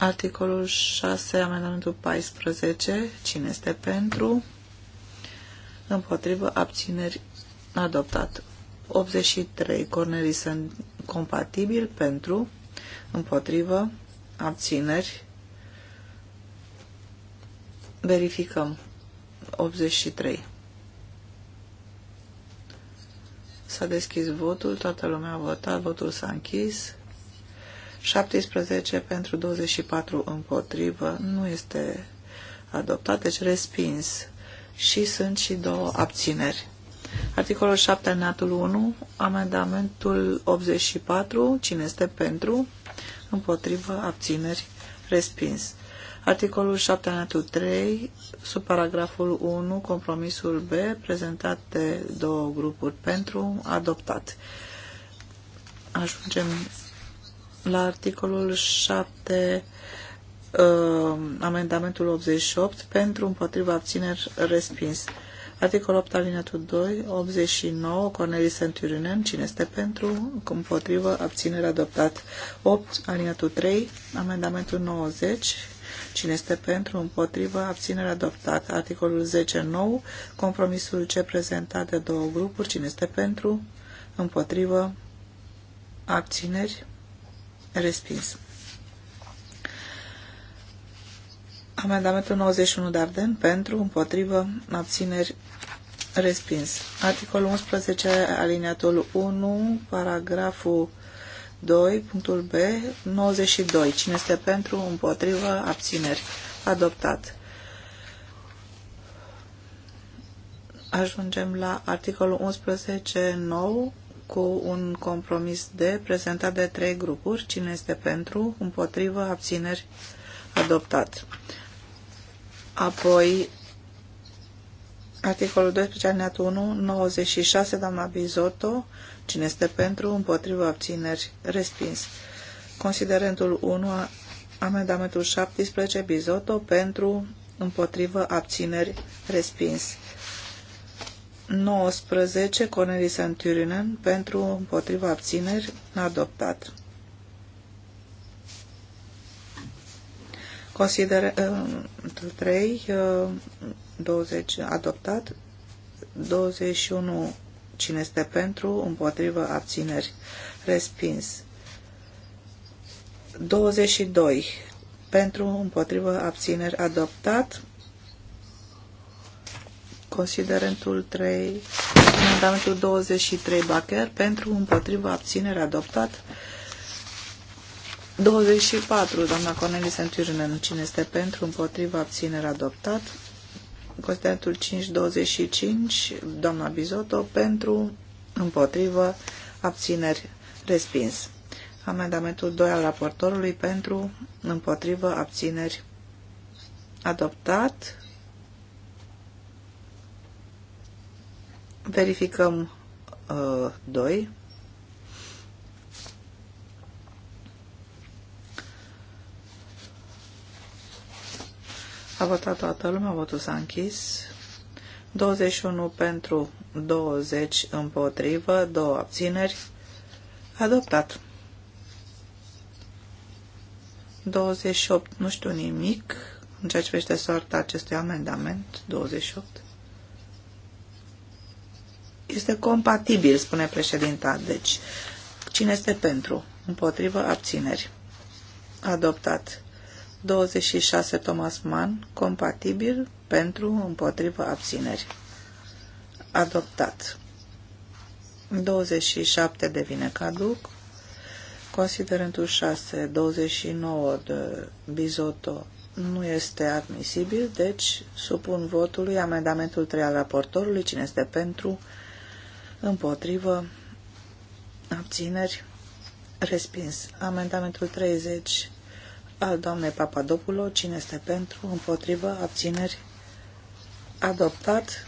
Articolul 6, amendamentul 14. Cine este pentru? Împotrivă, abțineri, adoptat. 83. Cornerii sunt compatibili pentru, împotrivă, abțineri. Verificăm. 83. S-a deschis votul, toată lumea a votat, votul s-a închis. 17 pentru 24 împotrivă nu este adoptat, deci respins. Și sunt și două abțineri. Articolul 7, alineatul 1, amendamentul 84, cine este pentru, împotrivă, abțineri, respins. Articolul 7, alineatul 3, sub paragraful 1, compromisul B, prezentat de două grupuri pentru, adoptat. Ajungem la articolul 7, uh, amendamentul 88, pentru, împotriva, abțineri, respins. Articol 8, alineatul 2, 89, Cornelis Centurinen, cine este pentru, împotriva abținere, adoptat. 8, alineatul 3, amendamentul 90, Cine este pentru, împotrivă, abținere adoptat. Articolul 10, 9, compromisul ce prezentat de două grupuri. Cine este pentru, împotrivă, abțineri. Respins. Amendamentul 91 de Arden pentru, împotrivă, abțineri, respins. Articolul 11, aliniatul 1, paragraful 2, punctul B, 92. Cine este pentru, împotrivă, abțineri, adoptat. Ajungem la articolul 11, nou, cu un compromis de prezentat de trei grupuri. Cine este pentru, împotrivă, abțineri, adoptat. Apoi, articolul 12, alineatul 1, 96, doamna Bizotto. Cine este pentru, împotrivă, abțineri, respins. Considerentul 1, amendamentul 17, Bizotto, pentru, împotrivă, abțineri, respins. 19, Cornelis Santurinen, pentru împotriva abțineri, adoptat. Consider 3, uh, 20, uh, adoptat, 21, cine este pentru, împotriva abțineri, respins. 22, pentru, împotriva abțineri, adoptat. Considerentul 3, amendamentul 23 Bacher, pentru, împotriva, abținere, adoptat. 24, doamna Cornelis Sentiurinen, cine este pentru, împotriva, abținere, adoptat. Considerentul 5, 25, doamna Bizotto, pentru, împotrivă, abțineri, respins. Amendamentul 2 al raportorului pentru, împotrivă, abțineri, adoptat. Verificăm 2. Uh, A votat toată lumea, votul s-a închis. 21 pentru, 20 împotrivă, 2 abțineri. Adoptat. 28, nu știu nimic în ceea ce vește soarta acestui amendament. 28 este compatibil, spune președinta. Deci, cine este pentru? Împotrivă abțineri. Adoptat. 26 Thomas Mann, compatibil, pentru, împotrivă abțineri. Adoptat. 27 devine caduc. Considerentul 6, 29 de Bizotto nu este admisibil, deci supun votului amendamentul 3 al raportorului. Cine este pentru? împotrivă, abțineri, respins. Amendamentul 30 al doamnei Papadopulo, cine este pentru, împotrivă, abțineri, adoptat.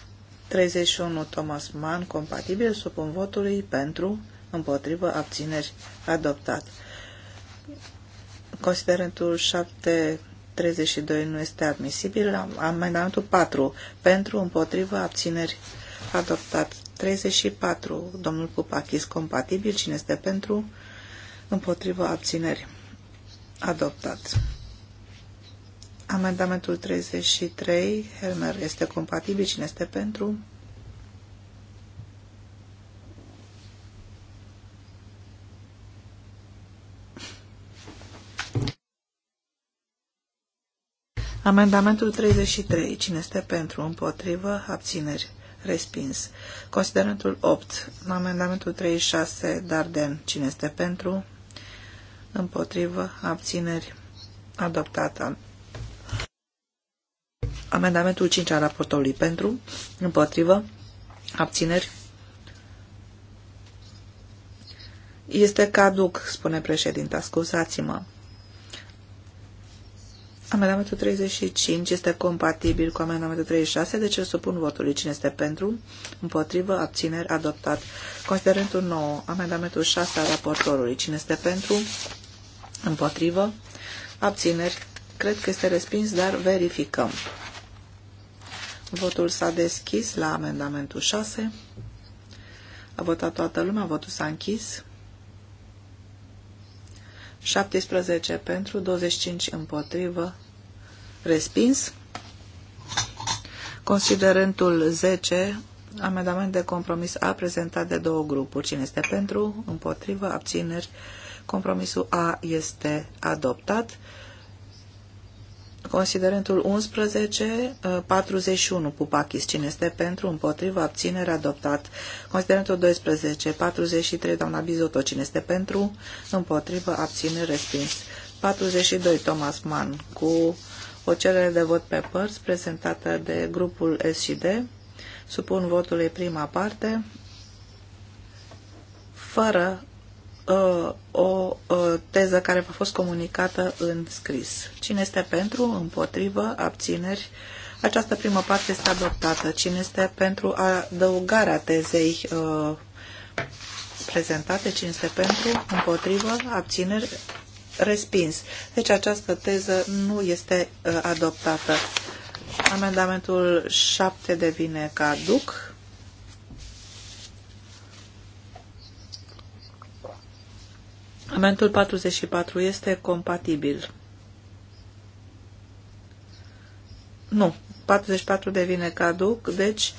31 Thomas Mann, compatibil, supun votului, pentru, împotrivă, abțineri, adoptat. Considerentul 7 32 nu este admisibil. Amendamentul 4. Pentru, împotrivă, abțineri. Adoptat. 34, domnul Pupachis, compatibil, cine este pentru, împotrivă, abțineri, adoptat. Amendamentul 33, Helmer, este compatibil, cine este pentru, Amendamentul 33. Cine este pentru? Împotrivă? Abțineri respins. Considerentul 8, amendamentul 36, Darden, cine este pentru, împotrivă, abțineri, adoptat. Amendamentul 5 al raportului pentru, împotrivă, abțineri, este caduc, spune președinta, scuzați-mă. Amendamentul 35 este compatibil cu amendamentul 36, deci îl supun votului. Cine este pentru? Împotrivă? Abțineri? Adoptat. Considerentul 9. Amendamentul 6 al raportorului. Cine este pentru? Împotrivă? Abțineri? Cred că este respins, dar verificăm. Votul s-a deschis la amendamentul 6. A votat toată lumea, votul s-a închis. 17 pentru, 25 împotrivă, respins. Considerentul 10, amendament de compromis A prezentat de două grupuri. Cine este pentru, împotrivă, abțineri, compromisul A este adoptat. Considerentul 11, 41, Pupachis, cine este pentru, împotrivă, abținere, adoptat. Considerentul 12, 43, doamna Bizoto, cine este pentru, împotrivă, abținere, respins. 42, Thomas Mann, cu o cerere de vot pe părți prezentată de grupul S&D. Supun votului prima parte, fără uh, o uh, teză care v-a fost comunicată în scris. Cine este pentru, împotrivă, abțineri? Această primă parte este adoptată. Cine este pentru adăugarea tezei uh, prezentate? Cine este pentru, împotrivă, abțineri? Respins. Deci această teză nu este uh, adoptată. Amendamentul 7 devine caduc. Amentul 44 este compatibil. Nu. 44 devine caduc, deci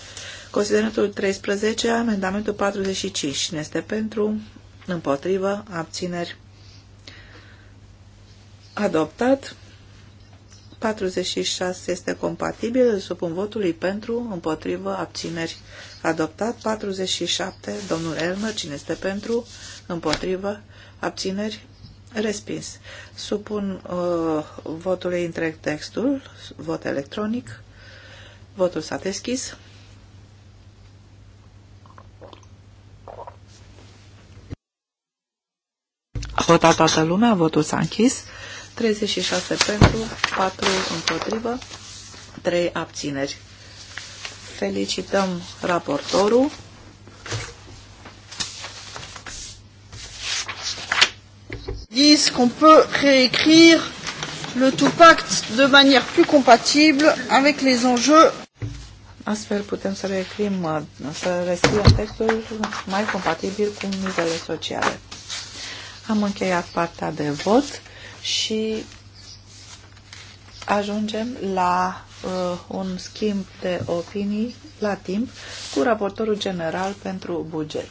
considerentul 13, amendamentul 45. Cine este pentru? Împotrivă? Abțineri? Adoptat. 46 este compatibil, îl supun votului pentru, împotrivă, abțineri. Adoptat. 47, domnul Elmer, cine este pentru? Împotrivă, abțineri, respins. Supun uh, votului întreg textul, vot electronic, votul s-a deschis. A votat toată lumea, votul s-a închis. 36 pentru, 4 împotrivă, 3 abțineri. Felicităm raportorul. disent qu'on peut réécrire le tout pacte de manière plus compatible avec les enjeux. Astfel putem să reescriem, uh, să rescriem textul mai compatibil cu mizele sociale. Am încheiat partea de vot și ajungem la uh, un schimb de opinii la timp cu raportorul general pentru buget.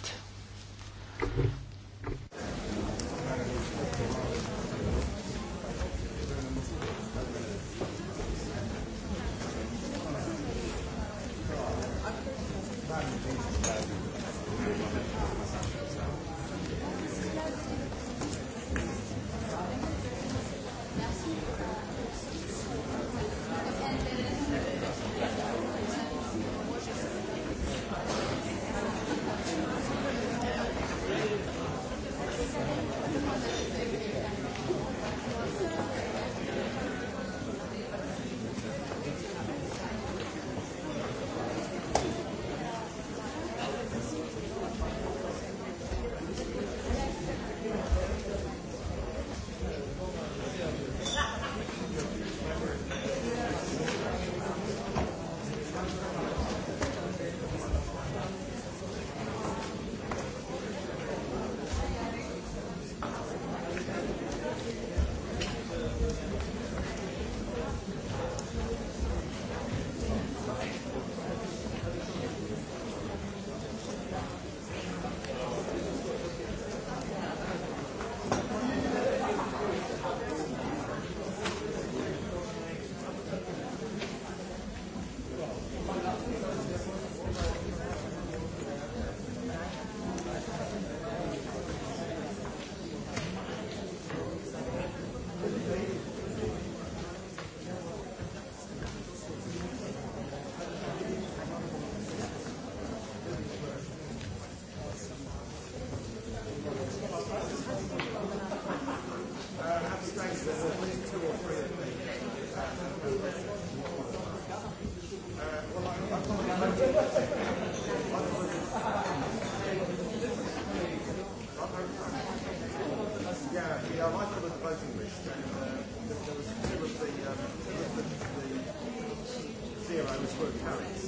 for Paris.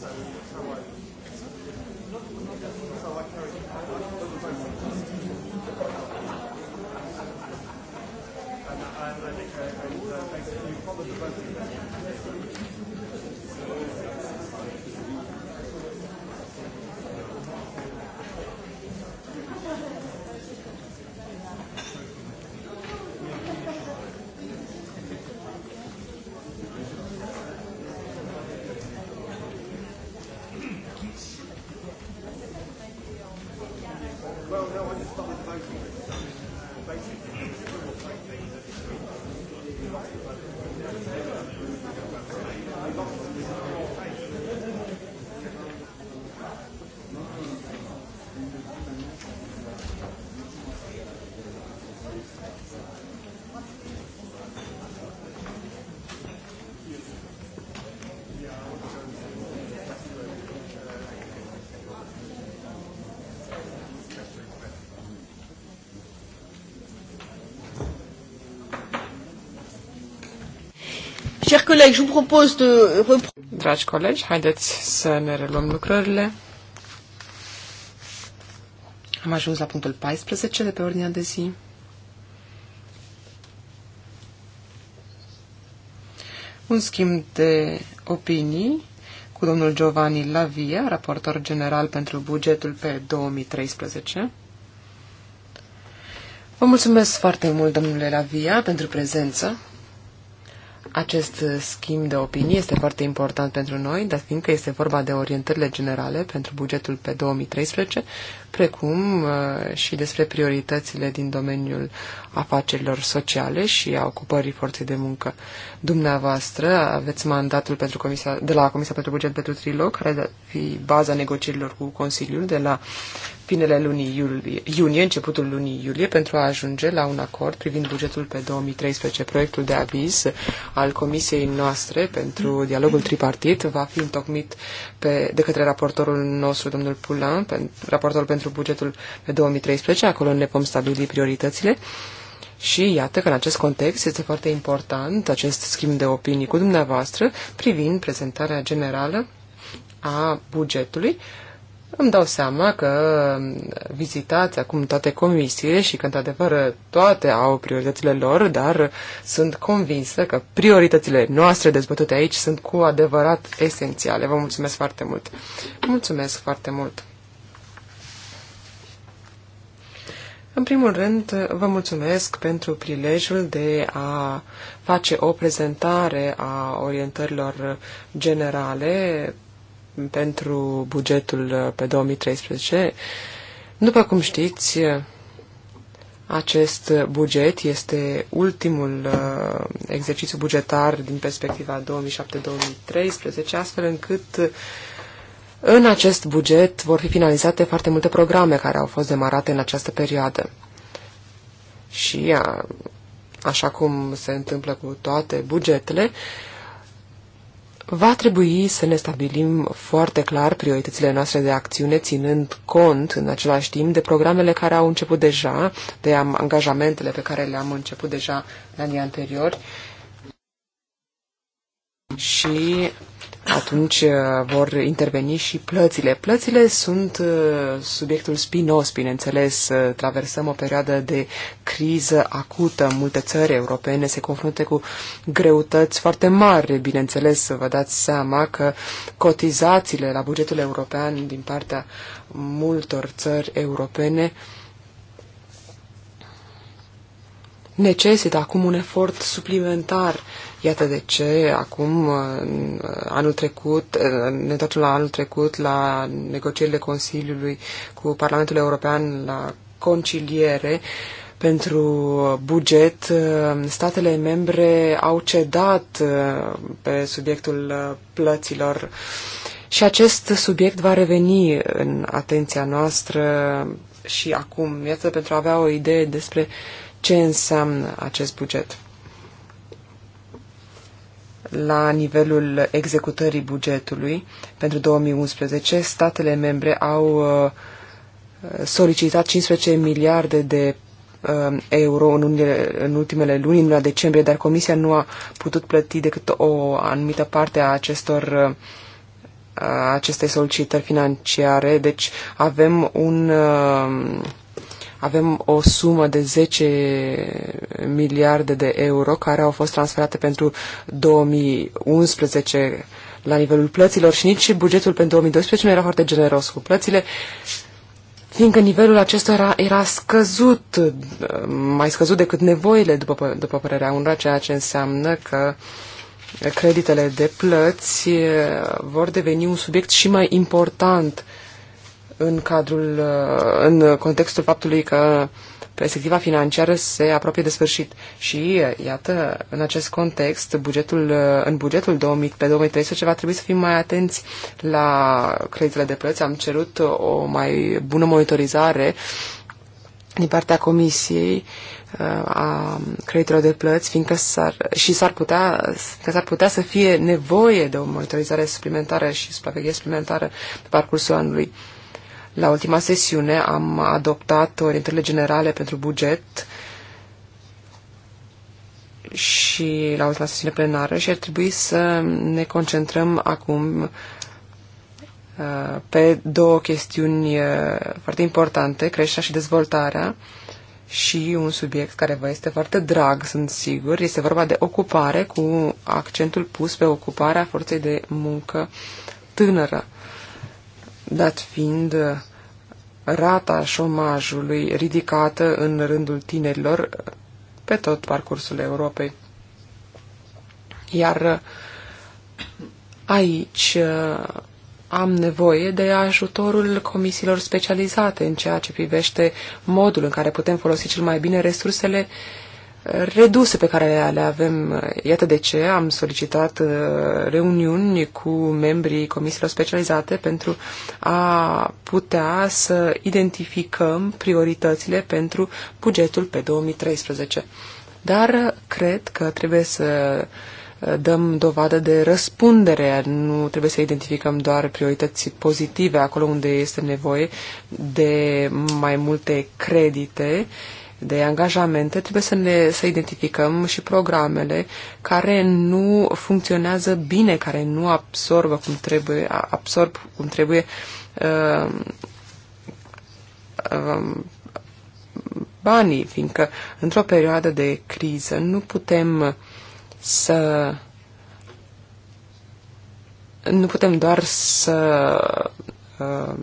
chers collègues, je vous propose de Dragi colegi, haideți să ne reluăm lucrările. Am ajuns la punctul 14 de pe ordinea de zi. Un schimb de opinii cu domnul Giovanni Lavia, raportor general pentru bugetul pe 2013. Vă mulțumesc foarte mult, domnule Lavia, pentru prezență. Acest uh, schimb de opinii este foarte important pentru noi, dar fiindcă este vorba de orientările generale pentru bugetul pe 2013, precum uh, și despre prioritățile din domeniul afacerilor sociale și a ocupării forței de muncă. Dumneavoastră aveți mandatul pentru comisia, de la Comisia pentru Buget pentru Trilog, care va fi baza negocierilor cu Consiliul de la finele lunii iulie, iunie, începutul lunii iulie, pentru a ajunge la un acord privind bugetul pe 2013. Proiectul de aviz al comisiei noastre pentru dialogul tripartit va fi întocmit pe, de către raportorul nostru, domnul Pulan, pe, raportorul pentru bugetul pe 2013. Acolo ne vom stabili prioritățile. Și iată că în acest context este foarte important acest schimb de opinii cu dumneavoastră privind prezentarea generală a bugetului îmi dau seama că vizitați acum toate comisiile și că, într-adevăr, toate au prioritățile lor, dar sunt convinsă că prioritățile noastre dezbătute aici sunt cu adevărat esențiale. Vă mulțumesc foarte mult! Mulțumesc foarte mult! În primul rând, vă mulțumesc pentru prilejul de a face o prezentare a orientărilor generale pentru bugetul uh, pe 2013. După cum știți, uh, acest buget este ultimul uh, exercițiu bugetar din perspectiva 2007-2013, astfel încât uh, în acest buget vor fi finalizate foarte multe programe care au fost demarate în această perioadă. Și, așa cum se întâmplă cu toate bugetele, uh, Va trebui să ne stabilim foarte clar prioritățile noastre de acțiune, ținând cont în același timp de programele care au început deja, de angajamentele pe care le-am început deja în anii anteriori și atunci uh, vor interveni și plățile. Plățile sunt uh, subiectul spinos, bineînțeles. Uh, traversăm o perioadă de criză acută. Multe țări europene se confruntă cu greutăți foarte mari, bineînțeles. Vă dați seama că cotizațiile la bugetul european din partea multor țări europene necesită acum un efort suplimentar Iată de ce acum, uh, anul trecut, uh, ne întoarcem la anul trecut, la negocierile Consiliului cu Parlamentul European, la conciliere, pentru buget, uh, statele membre au cedat pe subiectul plăților și acest subiect va reveni în atenția noastră și acum, iată, pentru a avea o idee despre ce înseamnă acest buget la nivelul executării bugetului pentru 2011, statele membre au uh, solicitat 15 miliarde de uh, euro în, unele, în ultimele luni, în luna decembrie, dar Comisia nu a putut plăti decât o anumită parte a acestor uh, acestei solicitări financiare. Deci avem un avem o sumă de 10 miliarde de euro care au fost transferate pentru 2011 la nivelul plăților și nici bugetul pentru 2012 nu era foarte generos cu plățile, fiindcă nivelul acesta era era scăzut, mai scăzut decât nevoile, după, după părerea UNRWA, ceea ce înseamnă că creditele de plăți vor deveni un subiect și mai important în cadrul, uh, în contextul faptului că perspectiva financiară se apropie de sfârșit. Și, uh, iată, în acest context, bugetul, uh, în bugetul 2000, pe 2013 va trebui să fim mai atenți la creditele de plăți. Am cerut o mai bună monitorizare din partea Comisiei a creditelor de plăți, fiindcă s-ar, și s-ar putea, că s-ar putea să fie nevoie de o monitorizare suplimentară și supraveghere suplimentară pe parcursul anului. La ultima sesiune am adoptat orientările generale pentru buget și la ultima sesiune plenară și ar trebui să ne concentrăm acum uh, pe două chestiuni uh, foarte importante, creșterea și dezvoltarea și un subiect care vă este foarte drag, sunt sigur. Este vorba de ocupare cu accentul pus pe ocuparea forței de muncă tânără dat fiind uh, rata șomajului ridicată în rândul tinerilor uh, pe tot parcursul Europei. Iar uh, aici am nevoie de ajutorul comisiilor specializate în ceea ce privește modul în care putem folosi cel mai bine resursele uh, reduse pe care le avem. Iată de ce am solicitat uh, reuniuni cu membrii comisiilor specializate pentru a putea să identificăm prioritățile pentru bugetul pe 2013. Dar uh, cred că trebuie să uh, dăm dovadă de răspundere, nu trebuie să identificăm doar priorități pozitive acolo unde este nevoie de mai multe credite, uh, de angajamente, trebuie să, ne, să identificăm și programele care nu funcționează bine, care nu absorbă cum trebuie, absorb cum trebuie uh, uh, banii, fiindcă într-o perioadă de criză nu putem să nu putem doar să uh,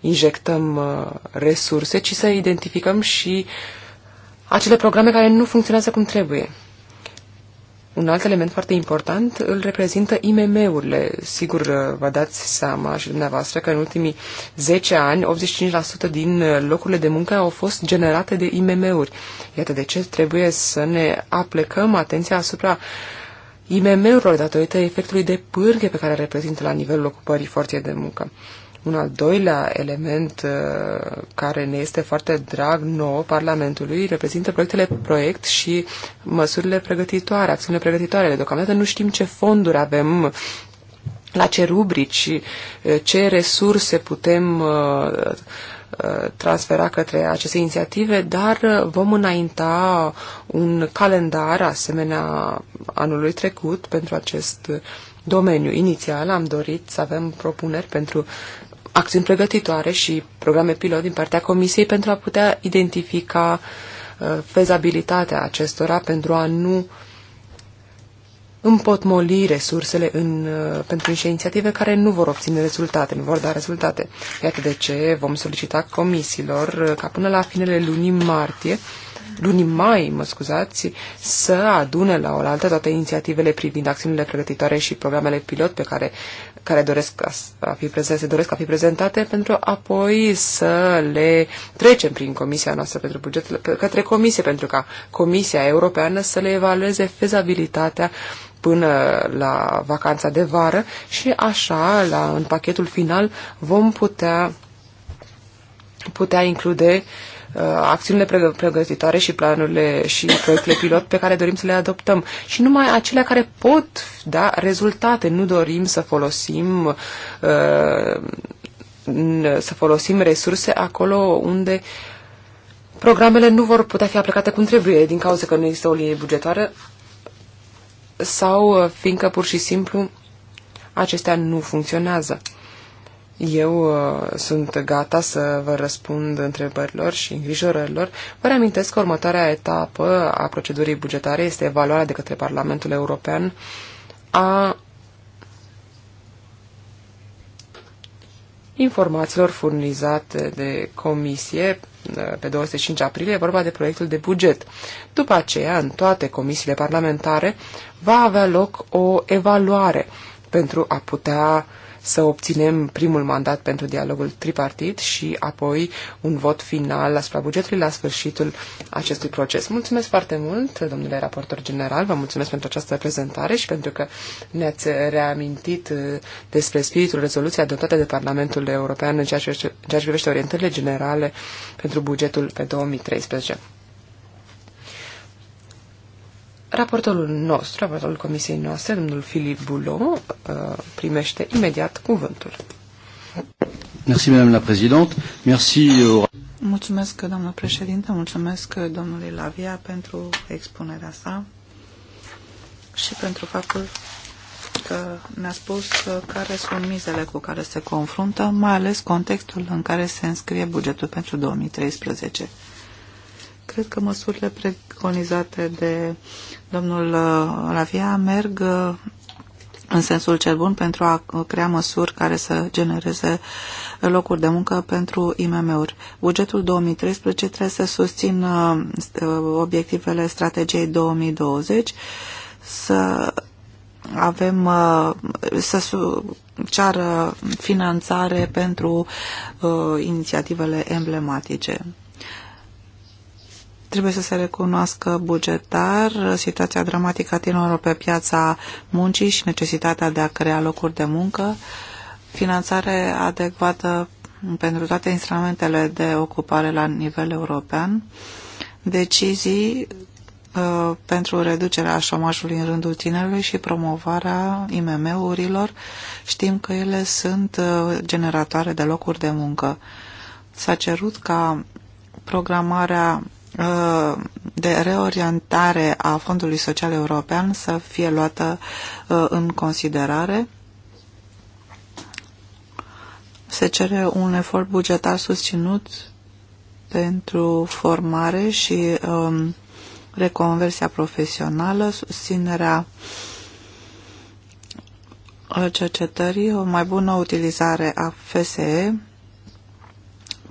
injectăm uh, resurse, ci să identificăm și uh, acele programe care nu funcționează cum trebuie. Un alt element foarte important îl reprezintă IMM-urile. Sigur, uh, vă dați seama și dumneavoastră că în ultimii 10 ani, 85% din uh, locurile de muncă au fost generate de IMM-uri. Iată de ce trebuie să ne aplecăm atenția asupra IMM-urilor datorită efectului de pârghe pe care reprezintă la nivelul ocupării forței de muncă. Un al doilea element uh, care ne este foarte drag nou Parlamentului reprezintă proiectele proiect și măsurile pregătitoare, acțiunile pregătitoare. Deocamdată nu știm ce fonduri avem uh, la ce rubrici, uh, ce resurse putem transfera către aceste inițiative, dar vom înainta un calendar asemenea anului trecut pentru acest domeniu. Inițial am dorit să avem propuneri pentru acțiuni pregătitoare și programe pilot din partea Comisiei pentru a putea identifica uh, fezabilitatea acestora pentru a nu împotmoli resursele în, uh, pentru niște inițiative care nu vor obține rezultate, nu vor da rezultate. Iată de ce vom solicita comisiilor uh, ca până la finele lunii martie lunii mai, mă scuzați, să adune la oaltă toate inițiativele privind acțiunile pregătitoare și programele pilot pe care care doresc a fi prezentate, doresc a fi prezentate pentru apoi să le trecem prin Comisia noastră pentru bugetul, către Comisie, pentru ca Comisia Europeană să le evalueze fezabilitatea până la vacanța de vară și așa, la, în pachetul final, vom putea putea include Uh, acțiunile pregătitoare și planurile și proiectele pilot pe care dorim să le adoptăm. Și numai acelea care pot da rezultate. Nu dorim să folosim uh, să folosim resurse acolo unde programele nu vor putea fi aplicate cum trebuie din cauza că nu există o linie bugetară sau uh, fiindcă pur și simplu acestea nu funcționează. Eu uh, sunt gata să vă răspund întrebărilor și îngrijorărilor. Vă reamintesc că următoarea etapă a procedurii bugetare este evaluarea de către Parlamentul European a informațiilor furnizate de comisie uh, pe 25 aprilie, vorba de proiectul de buget. După aceea, în toate comisiile parlamentare, va avea loc o evaluare pentru a putea uh, să obținem primul mandat pentru dialogul tripartit și apoi un vot final asupra bugetului la sfârșitul acestui proces. Mulțumesc foarte mult, domnule raportor general, vă mulțumesc pentru această prezentare și pentru că ne-ați reamintit uh, despre spiritul rezoluției adoptate de Parlamentul European în ceea ce privește orientările generale pentru bugetul pe 2013. Raportorul nostru, raportorul comisiei noastre, domnul Filip Boulon, uh, primește imediat cuvântul. Merci, Madame la Présidente. Merci, euh, Mulțumesc, doamnă președinte, mulțumesc domnului Lavia pentru expunerea sa și pentru faptul că ne-a spus uh, care sunt mizele cu care se confruntă, mai ales contextul în care se înscrie bugetul pentru 2013. Cred că măsurile preconizate de domnul Lavia uh, merg uh, în sensul cel bun pentru a crea măsuri care să genereze locuri de muncă pentru IMM-uri. Bugetul 2013 trebuie să susțină uh, obiectivele strategiei 2020, să avem să ceară finanțare pentru inițiativele emblematice. Trebuie să se recunoască bugetar situația dramatică a tinerilor pe piața muncii și necesitatea de a crea locuri de muncă, finanțare adecvată pentru toate instrumentele de ocupare la nivel european, decizii uh, pentru reducerea șomajului în rândul tinerilor și promovarea IMM-urilor. Știm că ele sunt uh, generatoare de locuri de muncă. S-a cerut ca programarea Uh, de reorientare a Fondului Social European să fie luată uh, în considerare. Se cere un efort bugetar susținut pentru formare și um, reconversia profesională, susținerea uh, cercetării, o mai bună utilizare a FSE,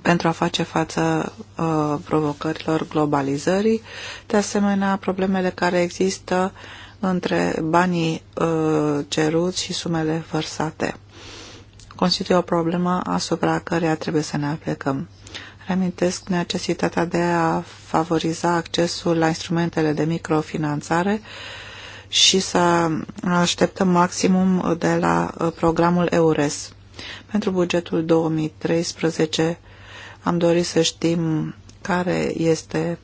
pentru a face față uh, provocărilor globalizării, de asemenea problemele care există între banii uh, ceruți și sumele vărsate. Constituie o problemă asupra căreia trebuie să ne aplecăm. Reamintesc necesitatea de a favoriza accesul la instrumentele de microfinanțare și să așteptăm maximum de la uh, programul EURES. Pentru bugetul 2013 am dorit să știm care este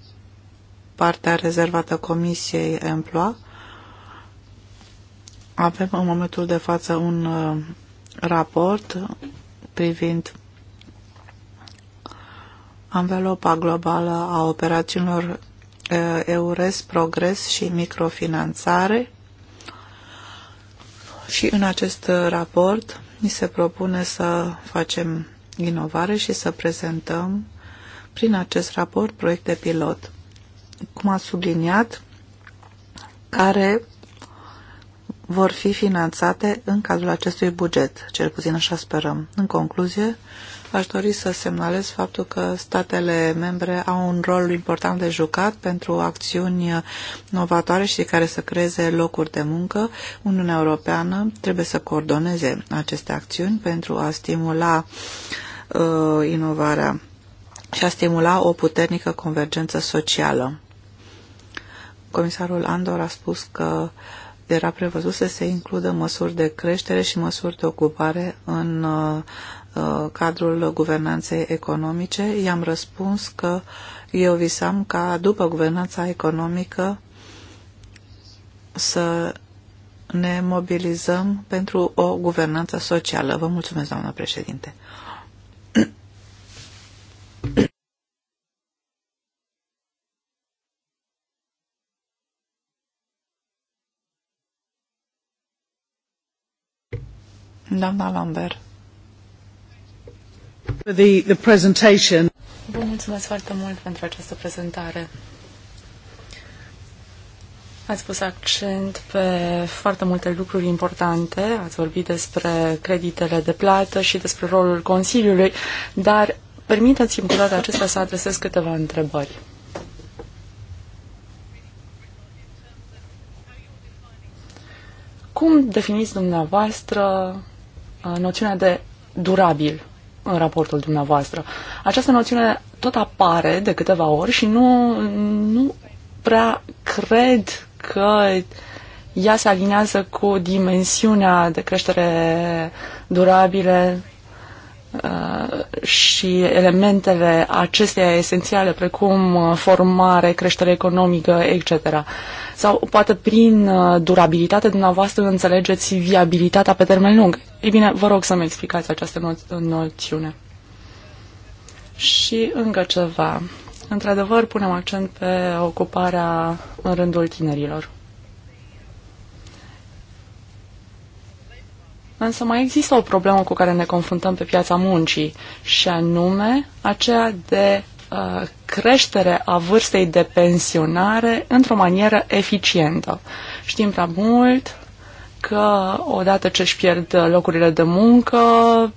partea rezervată Comisiei EMPLOA. Avem în momentul de față un uh, raport privind anvelopa globală a operațiunilor uh, EURES, progres și microfinanțare. Și în acest uh, raport ni se propune să facem inovare și să prezentăm prin acest raport proiecte pilot, cum a subliniat, care vor fi finanțate în cadrul acestui buget, cel puțin așa sperăm. În concluzie, Aș dori să semnalez faptul că statele membre au un rol important de jucat pentru acțiuni novatoare și care să creeze locuri de muncă. Uniunea Europeană trebuie să coordoneze aceste acțiuni pentru a stimula uh, inovarea și a stimula o puternică convergență socială. Comisarul Andor a spus că era prevăzut să se includă măsuri de creștere și măsuri de ocupare în uh, Uh, cadrul guvernanței economice, i-am răspuns că eu visam ca după guvernanța economică să ne mobilizăm pentru o guvernanță socială. Vă mulțumesc, doamnă președinte. Doamna Lambert. The, the presentation. Vă mulțumesc foarte mult pentru această prezentare. Ați pus accent pe foarte multe lucruri importante, ați vorbit despre creditele de plată și despre rolul Consiliului, dar permiteți-mi cu toate acestea să adresez câteva întrebări. Cum definiți dumneavoastră uh, noțiunea de durabil în raportul dumneavoastră. Această noțiune tot apare de câteva ori și nu, nu prea cred că ea se alinează cu dimensiunea de creștere durabile Uh, și elementele acesteia esențiale, precum uh, formare, creștere economică, etc. Sau poate prin uh, durabilitate dumneavoastră înțelegeți viabilitatea pe termen lung. Ei bine, vă rog să-mi explicați această noțiune. Și încă ceva. Într-adevăr, punem accent pe ocuparea în rândul tinerilor. Însă mai există o problemă cu care ne confruntăm pe piața muncii și anume aceea de uh, creștere a vârstei de pensionare într-o manieră eficientă. Știm prea mult că odată ce își pierd locurile de muncă,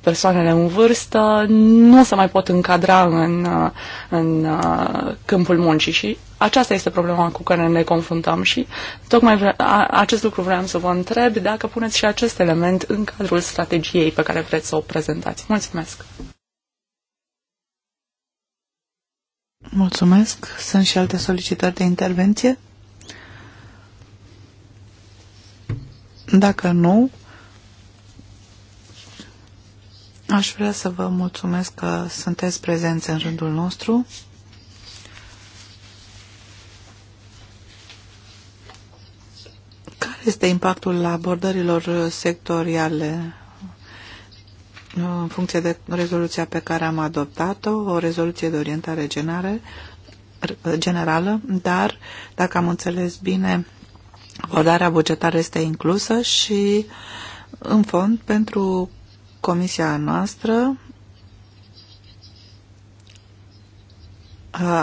persoanele în vârstă nu se mai pot încadra în, uh, în uh, câmpul muncii și aceasta este problema cu care ne confruntăm și tocmai vre- a, acest lucru vreau să vă întreb dacă puneți și acest element în cadrul strategiei pe care vreți să o prezentați. Mulțumesc! Mulțumesc. Sunt și alte solicitări de intervenție? Dacă nu, aș vrea să vă mulțumesc că sunteți prezenți în rândul nostru. este impactul abordărilor sectoriale în funcție de rezoluția pe care am adoptat-o, o rezoluție de orientare generală, generală, dar, dacă am înțeles bine, abordarea bugetară este inclusă și, în fond, pentru comisia noastră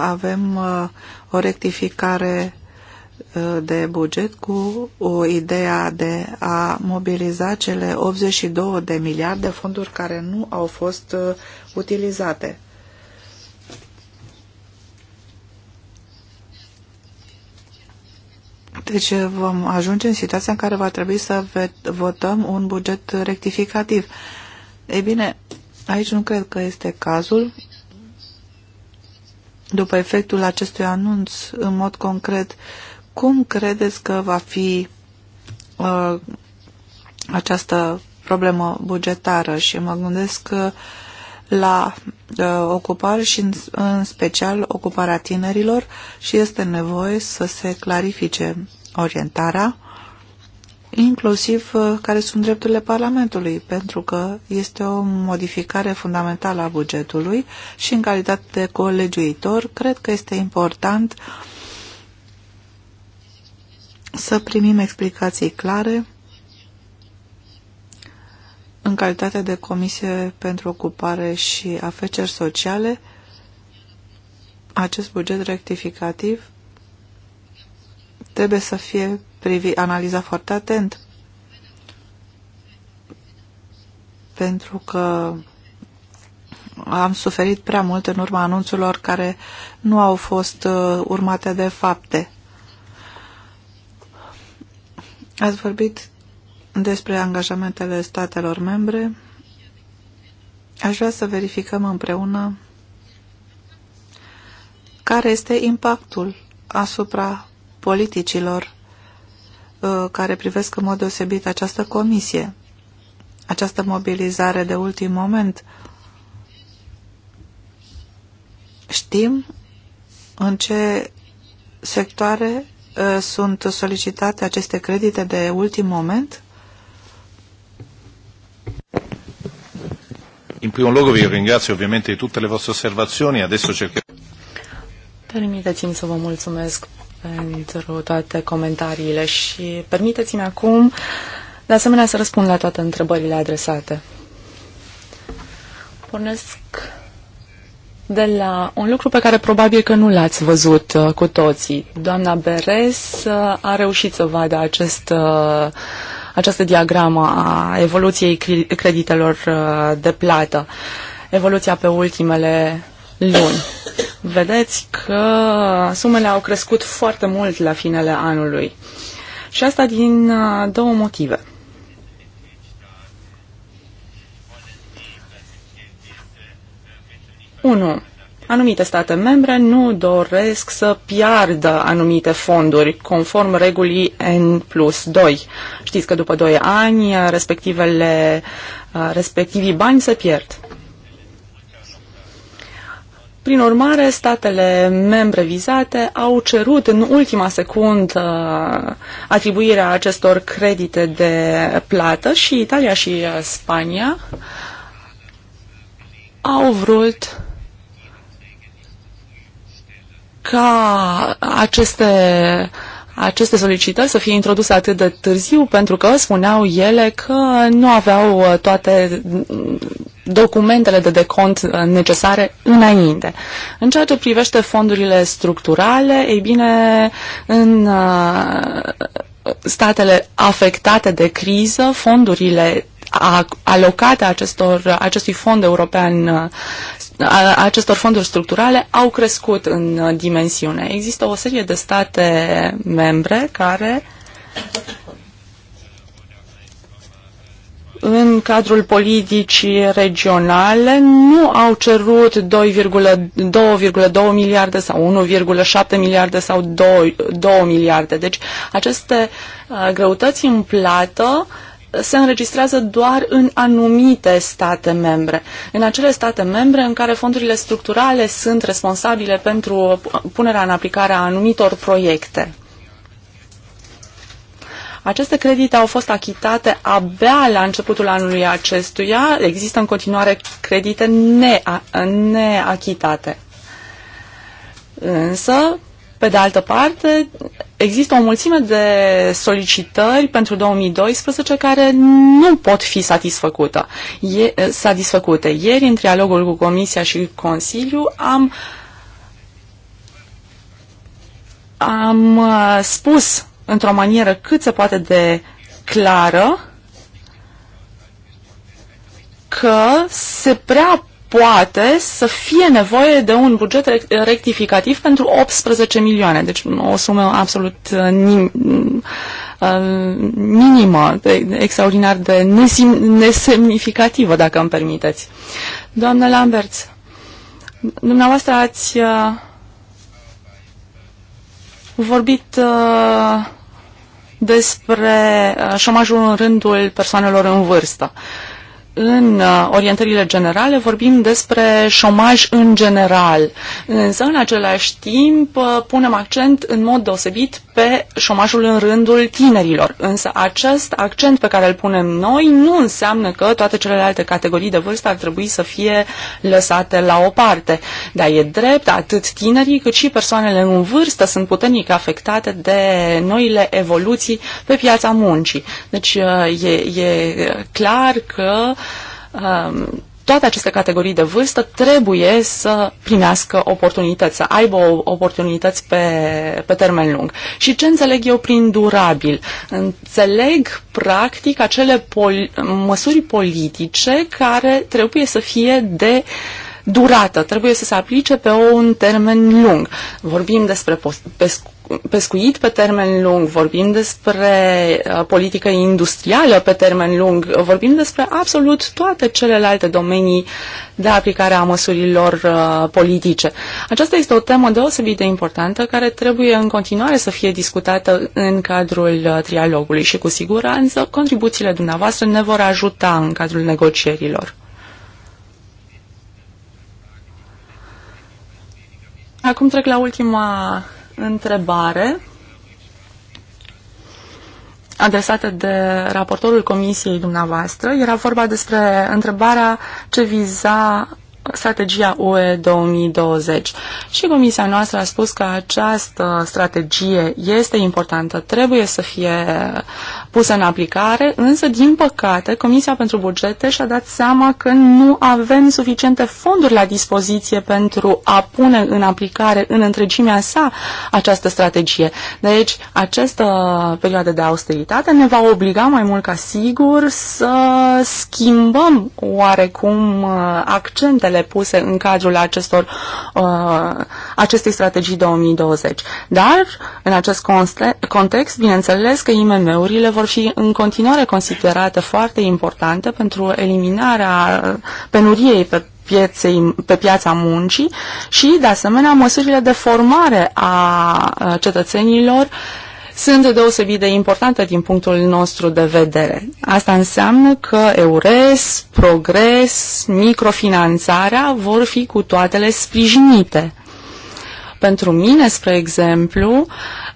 avem uh, o rectificare Uh, de buget cu o ideea de a mobiliza cele 82 de miliarde fonduri care nu au fost uh, utilizate. Deci uh, vom ajunge în situația în care va trebui să votăm un buget rectificativ. Ei bine, aici nu cred că este cazul. După efectul acestui anunț, în mod concret, uh, cum credeți că va fi uh, această problemă bugetară? Și mă gândesc uh, la uh, ocupare și în, în special ocuparea tinerilor și este nevoie să se clarifice orientarea inclusiv uh, care sunt drepturile Parlamentului, pentru că este o modificare fundamentală a bugetului și în calitate de colegiuitor, cred că este important uh, să primim explicații clare în calitate de Comisie pentru Ocupare și Afaceri Sociale, acest buget rectificativ trebuie să fie analizat foarte atent, pentru că am suferit prea mult în urma anunțurilor care nu au fost uh, urmate de fapte. Ați vorbit despre angajamentele statelor membre. Aș vrea să verificăm împreună care este impactul asupra politicilor uh, care privesc în mod deosebit această comisie, această mobilizare de ultim moment. Știm în ce sectoare Uh, sunt solicitate aceste credite de ultim moment? In primul loc vi ringrazio ovviamente de tutte le vostre osservazioni, adesso cercherò... Permiteți-mi să vă mulțumesc pentru toate comentariile și permiteți-mi acum de asemenea să răspund la toate întrebările adresate. Pornesc de la un lucru pe care probabil că nu l-ați văzut uh, cu toții. Doamna Beres uh, a reușit să vadă acest, uh, această diagramă a evoluției creditelor uh, de plată, evoluția pe ultimele luni. Vedeți că sumele au crescut foarte mult la finele anului. Și asta din uh, două motive. 1. Anumite state membre nu doresc să piardă anumite fonduri conform regulii N plus 2. Știți că după 2 ani respectivele, respectivii bani se pierd. Prin urmare, statele membre vizate au cerut în ultima secundă atribuirea acestor credite de plată și Italia și Spania au vrut ca aceste aceste solicitări să fie introduse atât de târziu pentru că spuneau ele că nu aveau uh, toate mm, documentele de decont uh, necesare înainte. În ceea ce privește fondurile structurale, ei bine, în uh, statele afectate de criză, fondurile alocate acestor, acestui fond european a acestor fonduri structurale au crescut în dimensiune. Există o serie de state membre care în cadrul politicii regionale nu au cerut 2,2 miliarde sau 1,7 miliarde sau 2, 2 miliarde. Deci aceste uh, greutăți în plată uh, se înregistrează doar în anumite state membre. În acele state membre în care fondurile structurale sunt responsabile pentru punerea în aplicare a anumitor proiecte. Aceste credite au fost achitate abia la începutul anului acestuia. Există în continuare credite neachitate. Însă, pe de altă parte, există o mulțime de solicitări pentru 2012 care nu pot fi satisfăcută. E, eh, satisfăcute. Ieri, în trialogul cu Comisia și Consiliu, am, am eh, spus într-o manieră cât se poate de clară că se prea poate să fie nevoie de un buget rectificativ pentru 18 milioane, deci o sumă absolut uh, uh, minimă, extraordinar de nesim, nesemnificativă, dacă îmi permiteți. Doamnă Lamberts, dumneavoastră ați uh, vorbit despre șomajul în rândul persoanelor în vârstă. Uh, în uh, orientările generale vorbim despre șomaj în general, însă în același timp uh, punem accent în mod deosebit pe șomajul în rândul tinerilor. Însă acest accent pe care îl punem noi nu înseamnă că toate celelalte categorii de vârstă ar trebui să fie lăsate la o parte. Dar e drept, atât tinerii cât și persoanele în vârstă sunt puternic afectate de noile evoluții pe piața muncii. Deci uh, e, e clar că Um, toate aceste categorii de vârstă trebuie să primească oportunități, să aibă oportunități pe, pe termen lung. Și ce înțeleg eu prin durabil? Înțeleg, practic, acele pol- măsuri politice care trebuie să fie de durată, trebuie să se aplice pe un termen lung. Vorbim despre pescuit pe termen lung, vorbim despre uh, politică industrială pe termen lung, vorbim despre absolut toate celelalte domenii de aplicare a măsurilor uh, politice. Aceasta este o temă deosebit de importantă care trebuie în continuare să fie discutată în cadrul uh, trialogului și cu siguranță contribuțiile dumneavoastră ne vor ajuta în cadrul negocierilor. Acum trec la ultima întrebare adresată de raportorul comisiei dumneavoastră. Era vorba despre întrebarea ce viza strategia UE 2020. Și comisia noastră a spus că această strategie este importantă, trebuie să fie pusă în aplicare, însă, din păcate, Comisia pentru Bugete și-a dat seama că nu avem suficiente fonduri la dispoziție pentru a pune în aplicare în întregimea sa această strategie. Deci, această perioadă de austeritate ne va obliga mai mult ca sigur să schimbăm oarecum uh, accentele puse în cadrul acestor, uh, acestei strategii 2020. Dar, în acest context, bineînțeles că IMM-urile vor vor fi în continuare considerate foarte importante pentru eliminarea penuriei pe pieței, pe piața muncii și, de asemenea, măsurile de formare a cetățenilor sunt deosebit de importante din punctul nostru de vedere. Asta înseamnă că EURES, progres, microfinanțarea vor fi cu toatele sprijinite. Pentru mine, spre exemplu,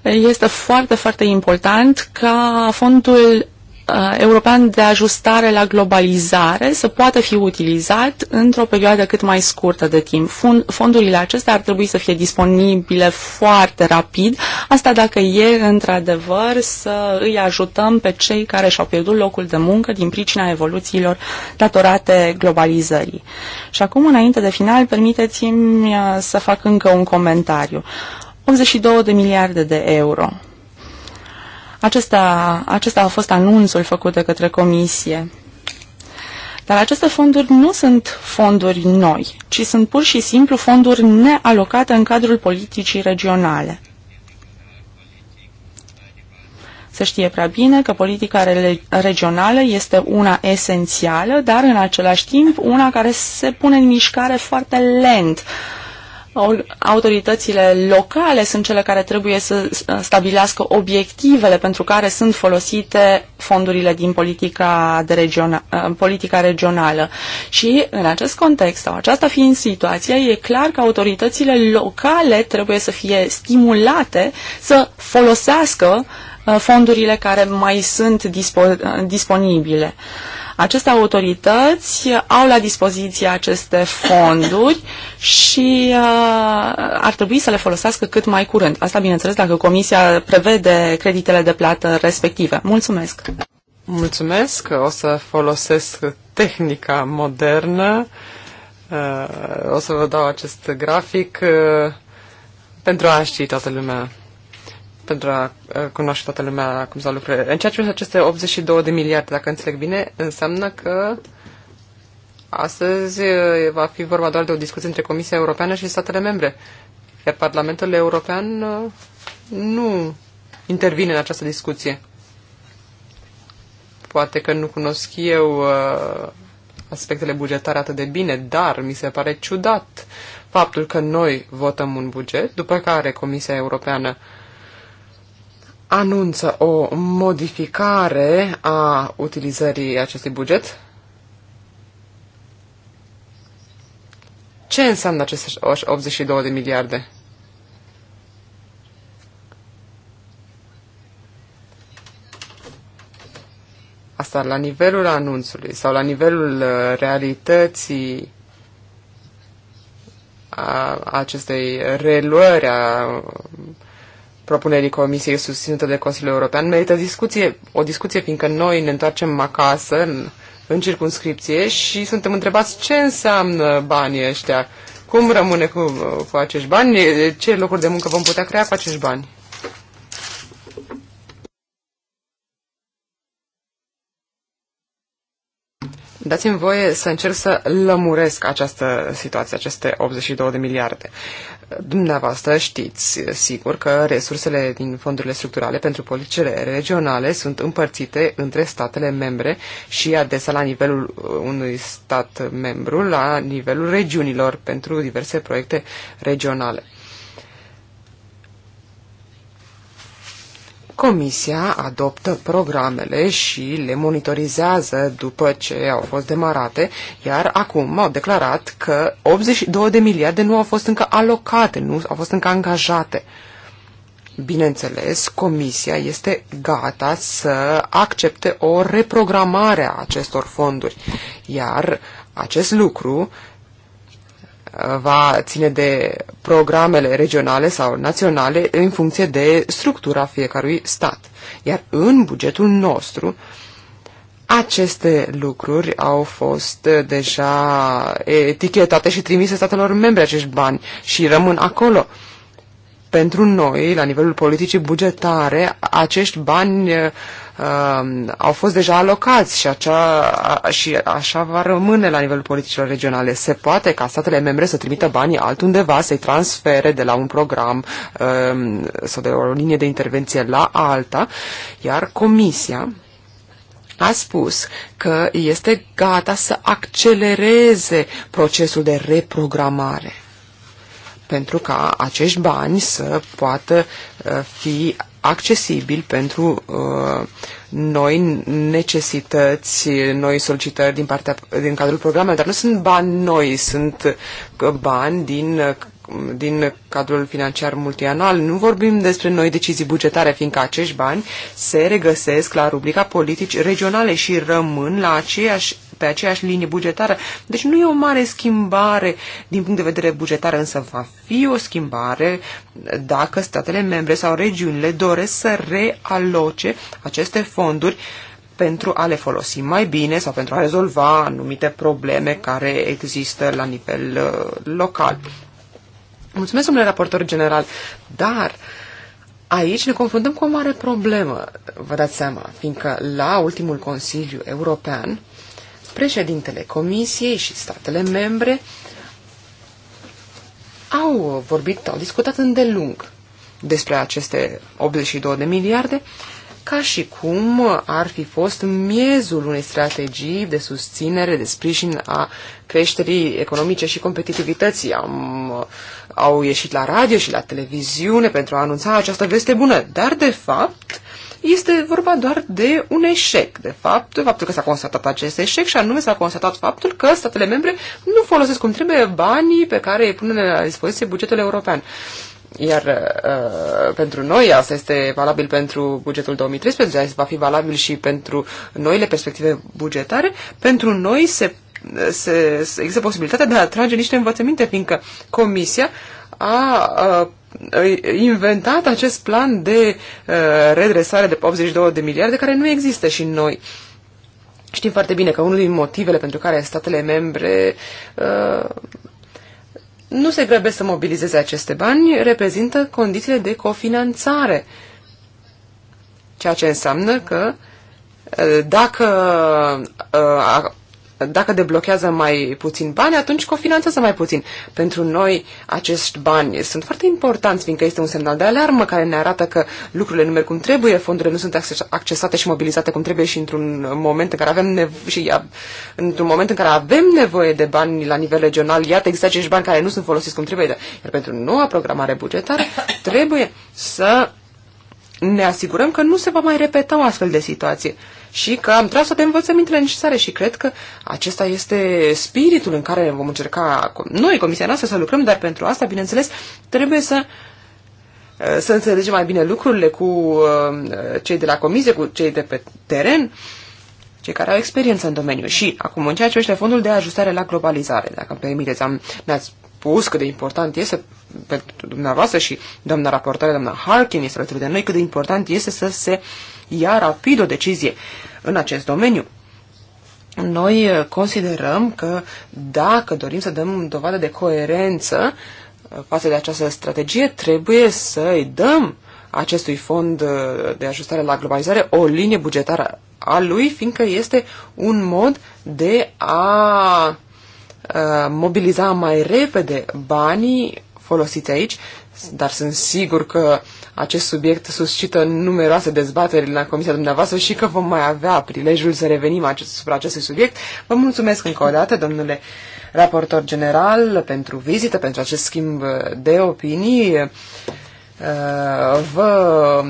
este foarte, foarte important ca fondul Uh, european de ajustare la globalizare să poată fi utilizat într-o perioadă cât mai scurtă de timp. Fondurile acestea ar trebui să fie disponibile foarte rapid, asta dacă e într-adevăr să îi ajutăm pe cei care și-au pierdut locul de muncă din pricina evoluțiilor datorate globalizării. Și acum, înainte de final, permiteți-mi uh, să fac încă un comentariu. 82 de miliarde de euro acesta, acesta a fost anunțul făcut de către comisie. Dar aceste fonduri nu sunt fonduri noi, ci sunt pur și simplu fonduri nealocate în cadrul politicii regionale. Se știe prea bine că politica regională este una esențială, dar în același timp una care se pune în mișcare foarte lent. Uh, autoritățile locale sunt cele care trebuie să stabilească obiectivele pentru care sunt folosite fondurile din politica, de regiona, uh, politica regională. Și în acest context, sau aceasta fiind situația, e clar că autoritățile locale trebuie să fie stimulate să folosească uh, fondurile care mai sunt dispo, uh, disponibile. Uh, aceste autorități au la dispoziție aceste fonduri și uh, ar trebui să le folosească cât mai curând. Asta, bineînțeles, dacă Comisia prevede creditele de plată respective. Mulțumesc! Mulțumesc! O să folosesc tehnica modernă. Uh, o să vă dau acest grafic uh, pentru a ști toată lumea pentru a cunoaște toată lumea cum s-au lucrurile. În ceea ce privește aceste 82 de miliarde, dacă înțeleg bine, înseamnă că astăzi va fi vorba doar de o discuție între Comisia Europeană și statele membre. Iar Parlamentul European nu intervine în această discuție. Poate că nu cunosc eu aspectele bugetare atât de bine, dar mi se pare ciudat faptul că noi votăm un buget, după care Comisia Europeană uh, anunță o modificare a utilizării acestui buget? Ce înseamnă aceste 82 de miliarde? Asta la nivelul anunțului sau la nivelul uh, realității a acestei reluări a propunerii Comisiei susținută de Consiliul European merită discuție, o discuție, fiindcă noi ne întoarcem acasă, în, în circunscripție, și suntem întrebați ce înseamnă banii ăștia, cum rămâne cu, cu acești bani, ce locuri de muncă vom putea crea cu acești bani. Dați-mi voie să încerc să lămuresc această situație, aceste 82 de miliarde. Dumneavoastră știți, sigur, că resursele din fondurile structurale pentru politicile regionale sunt împărțite între statele membre și adesea la nivelul uh, unui stat membru, la nivelul regiunilor pentru diverse proiecte regionale. Comisia adoptă programele și le monitorizează după ce au fost demarate, iar acum au declarat că 82 de miliarde nu au fost încă alocate, nu au fost încă angajate. Bineînțeles, Comisia este gata să accepte o reprogramare a acestor fonduri, iar acest lucru va ține de programele regionale sau naționale în funcție de structura fiecărui stat. Iar în bugetul nostru, aceste lucruri au fost deja etichetate și trimise statelor membre acești bani și rămân acolo. Uh, pentru noi, la nivelul politicii bugetare, acești bani uh, uh, au fost deja alocați și, acea, a, și așa va rămâne la nivelul politicilor regionale. Se poate ca statele membre să trimită banii altundeva, să-i transfere de la un program uh, sau de o linie de intervenție la alta, iar Comisia a spus că este gata să accelereze procesul de reprogramare pentru ca acești bani să poată uh, fi accesibil pentru uh, noi necesități, noi solicitări din, partea, din cadrul programelor, dar nu sunt bani noi, sunt uh, bani din din cadrul financiar multianual. Nu vorbim despre noi decizii bugetare, fiindcă acești bani se regăsesc la rubrica politici regionale și rămân la aceeași pe aceeași linie bugetară. Deci nu e o mare schimbare din punct de vedere bugetar, însă va fi o schimbare dacă statele membre sau regiunile doresc să realoce aceste fonduri pentru a le folosi mai bine sau pentru a rezolva anumite probleme care există la nivel uh, local. Mulțumesc, domnule raportor general, dar aici ne confruntăm cu o mare problemă, vă dați seama, fiindcă la ultimul Consiliu European, președintele Comisiei și statele membre au vorbit, au discutat îndelung despre aceste 82 de miliarde ca și cum ar fi fost miezul unei strategii de susținere, de sprijin a creșterii economice și competitivității. Am, au ieșit la radio și la televiziune pentru a anunța această veste bună, dar de fapt este vorba doar de un eșec, de fapt, faptul că s-a constatat acest eșec și anume s-a constatat faptul că statele membre nu folosesc cum trebuie banii pe care îi pune la dispoziție bugetul european. Uh, iar uh, pentru noi asta este valabil pentru bugetul 2013, asta va fi valabil și pentru noile perspective bugetare. Pentru noi se, se, se există posibilitatea de a atrage niște învățăminte, fiindcă Comisia a uh, inventat acest plan de uh, redresare de 82 de miliarde care nu există și noi. Știm foarte bine că unul din motivele pentru care statele membre uh, nu se grăbesc să mobilizeze aceste bani, reprezintă condițiile de cofinanțare. Ceea ce înseamnă că eh, dacă eh, dacă deblochează mai puțin bani, atunci cofinanțează mai puțin. Pentru noi, acești bani sunt foarte importanți, fiindcă este un semnal de alarmă care ne arată că lucrurile nu merg cum trebuie, fondurile nu sunt accesate și mobilizate cum trebuie și într-un moment în care avem și într-un moment în care avem nevoie de bani la nivel regional, iată există acești bani care nu sunt folosiți cum trebuie. Iar pentru noua programare bugetară trebuie să ne asigurăm că nu se va mai repeta o astfel de situație și că am tras-o pe învățămintele necesare și cred că acesta este spiritul în care vom încerca noi, Comisia noastră, să lucrăm, dar pentru asta, bineînțeles, trebuie să uh, să înțelegem mai bine lucrurile cu uh, cei de la comisie, cu cei de pe teren, cei care au experiență în domeniu. Și acum, în ceea ce este fondul de ajustare la globalizare, dacă îmi permiteți, am, mi-ați spus cât de important este pentru dumneavoastră și doamna raportare, doamna Harkin este alături de noi, cât de important este să se uh, ia rapid o decizie în acest domeniu. Noi eh, considerăm că dacă dorim să dăm dovadă de coerență eh, față de această strategie, trebuie să-i dăm acestui fond eh, de ajustare la globalizare o linie bugetară a lui, fiindcă este un mod de a mobiliza mai repede banii folosiți aici dar sunt sigur că acest subiect suscită numeroase dezbateri la comisia dumneavoastră și că vom mai avea prilejul să revenim asupra acest, acestui subiect. Vă mulțumesc încă o dată, domnule raportor general, pentru vizită, pentru acest schimb de opinii. Uh, vă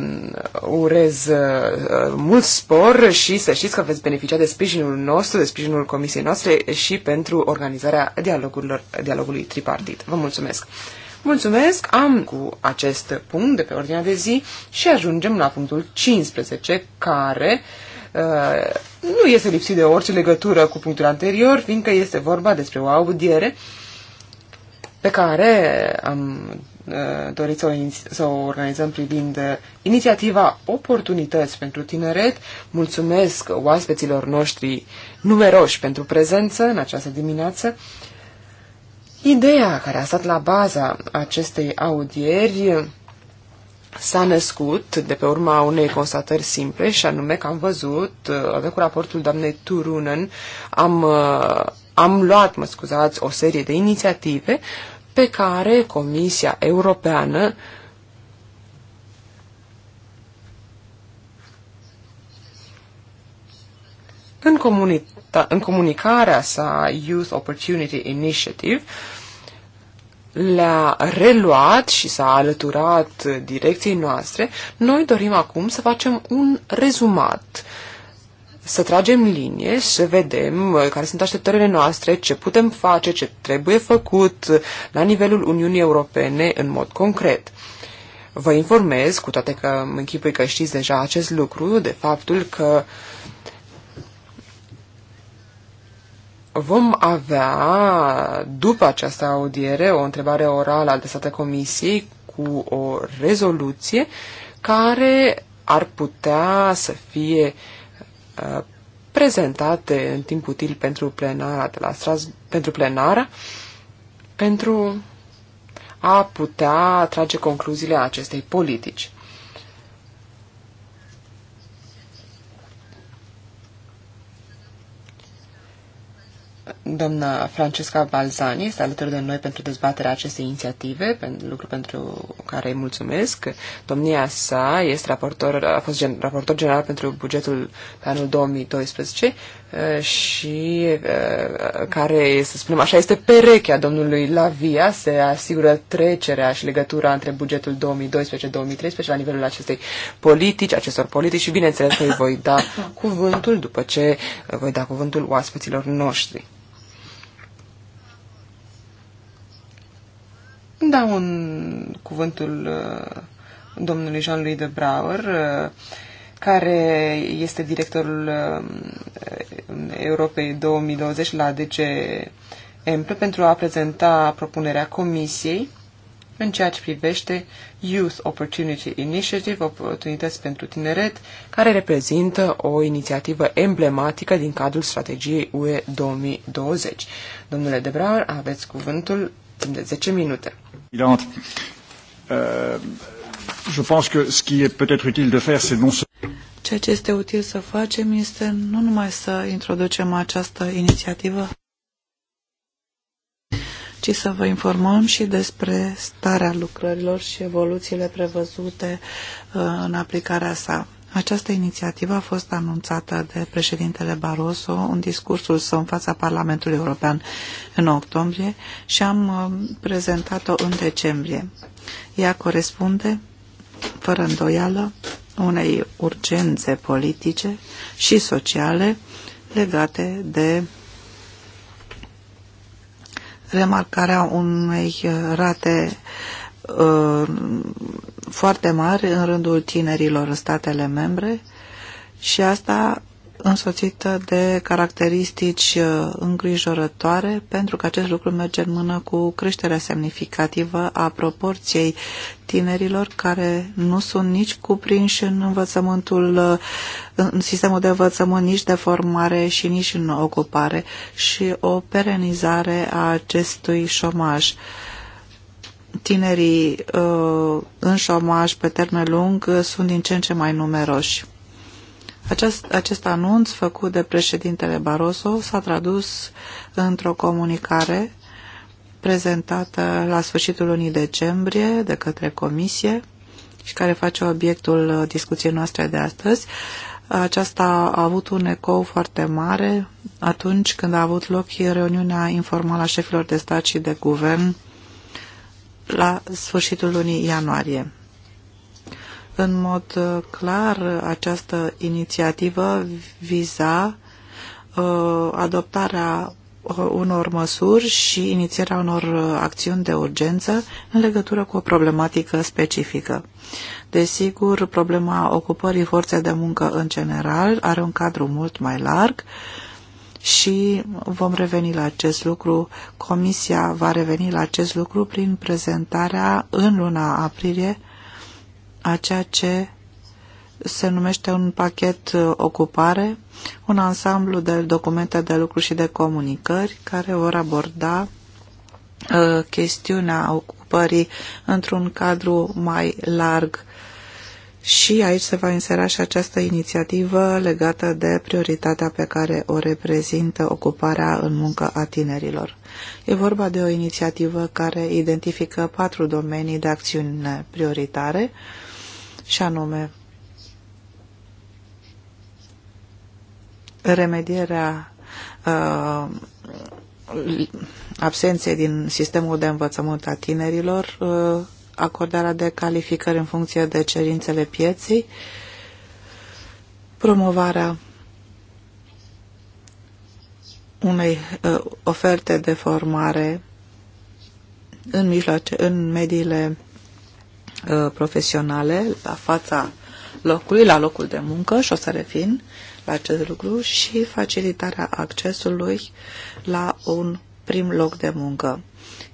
urez uh, mult spor și să știți că veți beneficia de sprijinul nostru, de sprijinul comisiei noastre și pentru organizarea dialogurilor, dialogului tripartit. Vă mulțumesc! Mulțumesc, am cu acest punct de pe ordinea de zi și ajungem la punctul 15, care uh, nu este lipsit de orice legătură cu punctul anterior, fiindcă este vorba despre o audiere pe care am uh, dorit să o, să o organizăm privind inițiativa Oportunități pentru Tineret. Mulțumesc oaspeților noștri numeroși pentru prezență în această dimineață. Uh, Ideea care a stat la baza acestei audieri s-a născut de pe urma unei constatări simple și anume că am văzut, avem cu raportul doamnei Turunen, am, am luat, mă scuzați, o serie de inițiative pe care Comisia Europeană în, comunitate în comunicarea sa Youth Opportunity Initiative, le-a reluat și s-a alăturat direcției noastre, noi dorim acum să facem un rezumat, să tragem linie, să vedem care sunt așteptările noastre, ce putem face, ce trebuie făcut la nivelul Uniunii Europene în mod concret. Vă informez, cu toate că mă închipui că știți deja acest lucru, de faptul că uh, Vom avea, după această audiere, o întrebare orală adresată Comisiei cu o rezoluție care ar putea să fie uh, prezentate în timp util pentru plenara de la Stras- pentru plenara pentru a putea trage concluziile acestei politici. Doamna Francesca Balzani este alături de noi pentru dezbaterea acestei inițiative, lucru pentru care îi mulțumesc. Domnia sa este raportor, a fost gen, raportor general pentru bugetul pe anul 2012 eh, și eh, care, să spunem așa, este perechea domnului Lavia, se asigură trecerea și legătura între bugetul 2012-2013 la nivelul acestei politici, acestor politici și bineînțeles că îi voi da cuvântul după ce eh, voi da cuvântul oaspeților noștri. dau un cuvântul uh, domnului Jean-Louis de Brauer, uh, care este directorul uh, Europei 2020 la DG Emple pentru a prezenta propunerea Comisiei în ceea ce privește Youth Opportunity Initiative, oportunități pentru tineret, care reprezintă o inițiativă emblematică din cadrul strategiei UE 2020. Domnule Debrauer, aveți cuvântul timp de 10 minute. Uh, je pense que ce qui est peut-être utile de faire, c'est non Ceea ce este util să facem este nu numai să introducem această inițiativă, ci să vă informăm și despre starea lucrărilor și evoluțiile prevăzute uh, în aplicarea sa. Această inițiativă a fost anunțată de președintele Barroso în discursul său în fața Parlamentului European în octombrie și am uh, prezentat-o în decembrie. Ea corespunde, fără îndoială, unei urgențe politice și sociale legate de remarcarea unei uh, rate uh, foarte mari în rândul tinerilor în statele membre și asta însoțită de caracteristici uh, îngrijorătoare pentru că acest lucru merge în mână cu creșterea semnificativă a proporției tinerilor care nu sunt nici cuprinși în învățământul, uh, în sistemul de învățământ, nici de formare și nici în ocupare și o perenizare a acestui șomaj tinerii uh, în șomaj pe termen lung uh, sunt din ce în ce mai numeroși. Acest, acest anunț făcut de președintele Barroso s-a tradus într-o comunicare prezentată la sfârșitul lunii decembrie de către Comisie și care face obiectul uh, discuției noastre de astăzi. Aceasta a avut un ecou foarte mare atunci când a avut loc reuniunea informală a șefilor de stat și de guvern la sfârșitul lunii ianuarie. În mod uh, clar, această inițiativă viza uh, adoptarea uh, unor măsuri și inițierea unor uh, acțiuni de urgență în legătură cu o problematică specifică. Desigur, problema ocupării forței de muncă în general are un cadru mult mai larg, uh, și vom reveni la acest lucru. Comisia va reveni la acest lucru prin prezentarea în luna aprilie a ceea ce se numește un pachet uh, ocupare, un ansamblu de documente de lucru și de comunicări care vor aborda uh, chestiunea ocupării într-un cadru mai larg și aici se va insera și această inițiativă legată de prioritatea pe care o reprezintă ocuparea în muncă a tinerilor. E vorba de o inițiativă care identifică patru domenii de acțiune prioritare, și anume remedierea uh, absenței din sistemul de învățământ a tinerilor, uh, acordarea de calificări în funcție de cerințele pieței, promovarea unei uh, oferte de formare în, mijloace, în mediile uh, profesionale, la fața locului, la locul de muncă și o să revin la acest lucru și facilitarea accesului la un prim loc de muncă.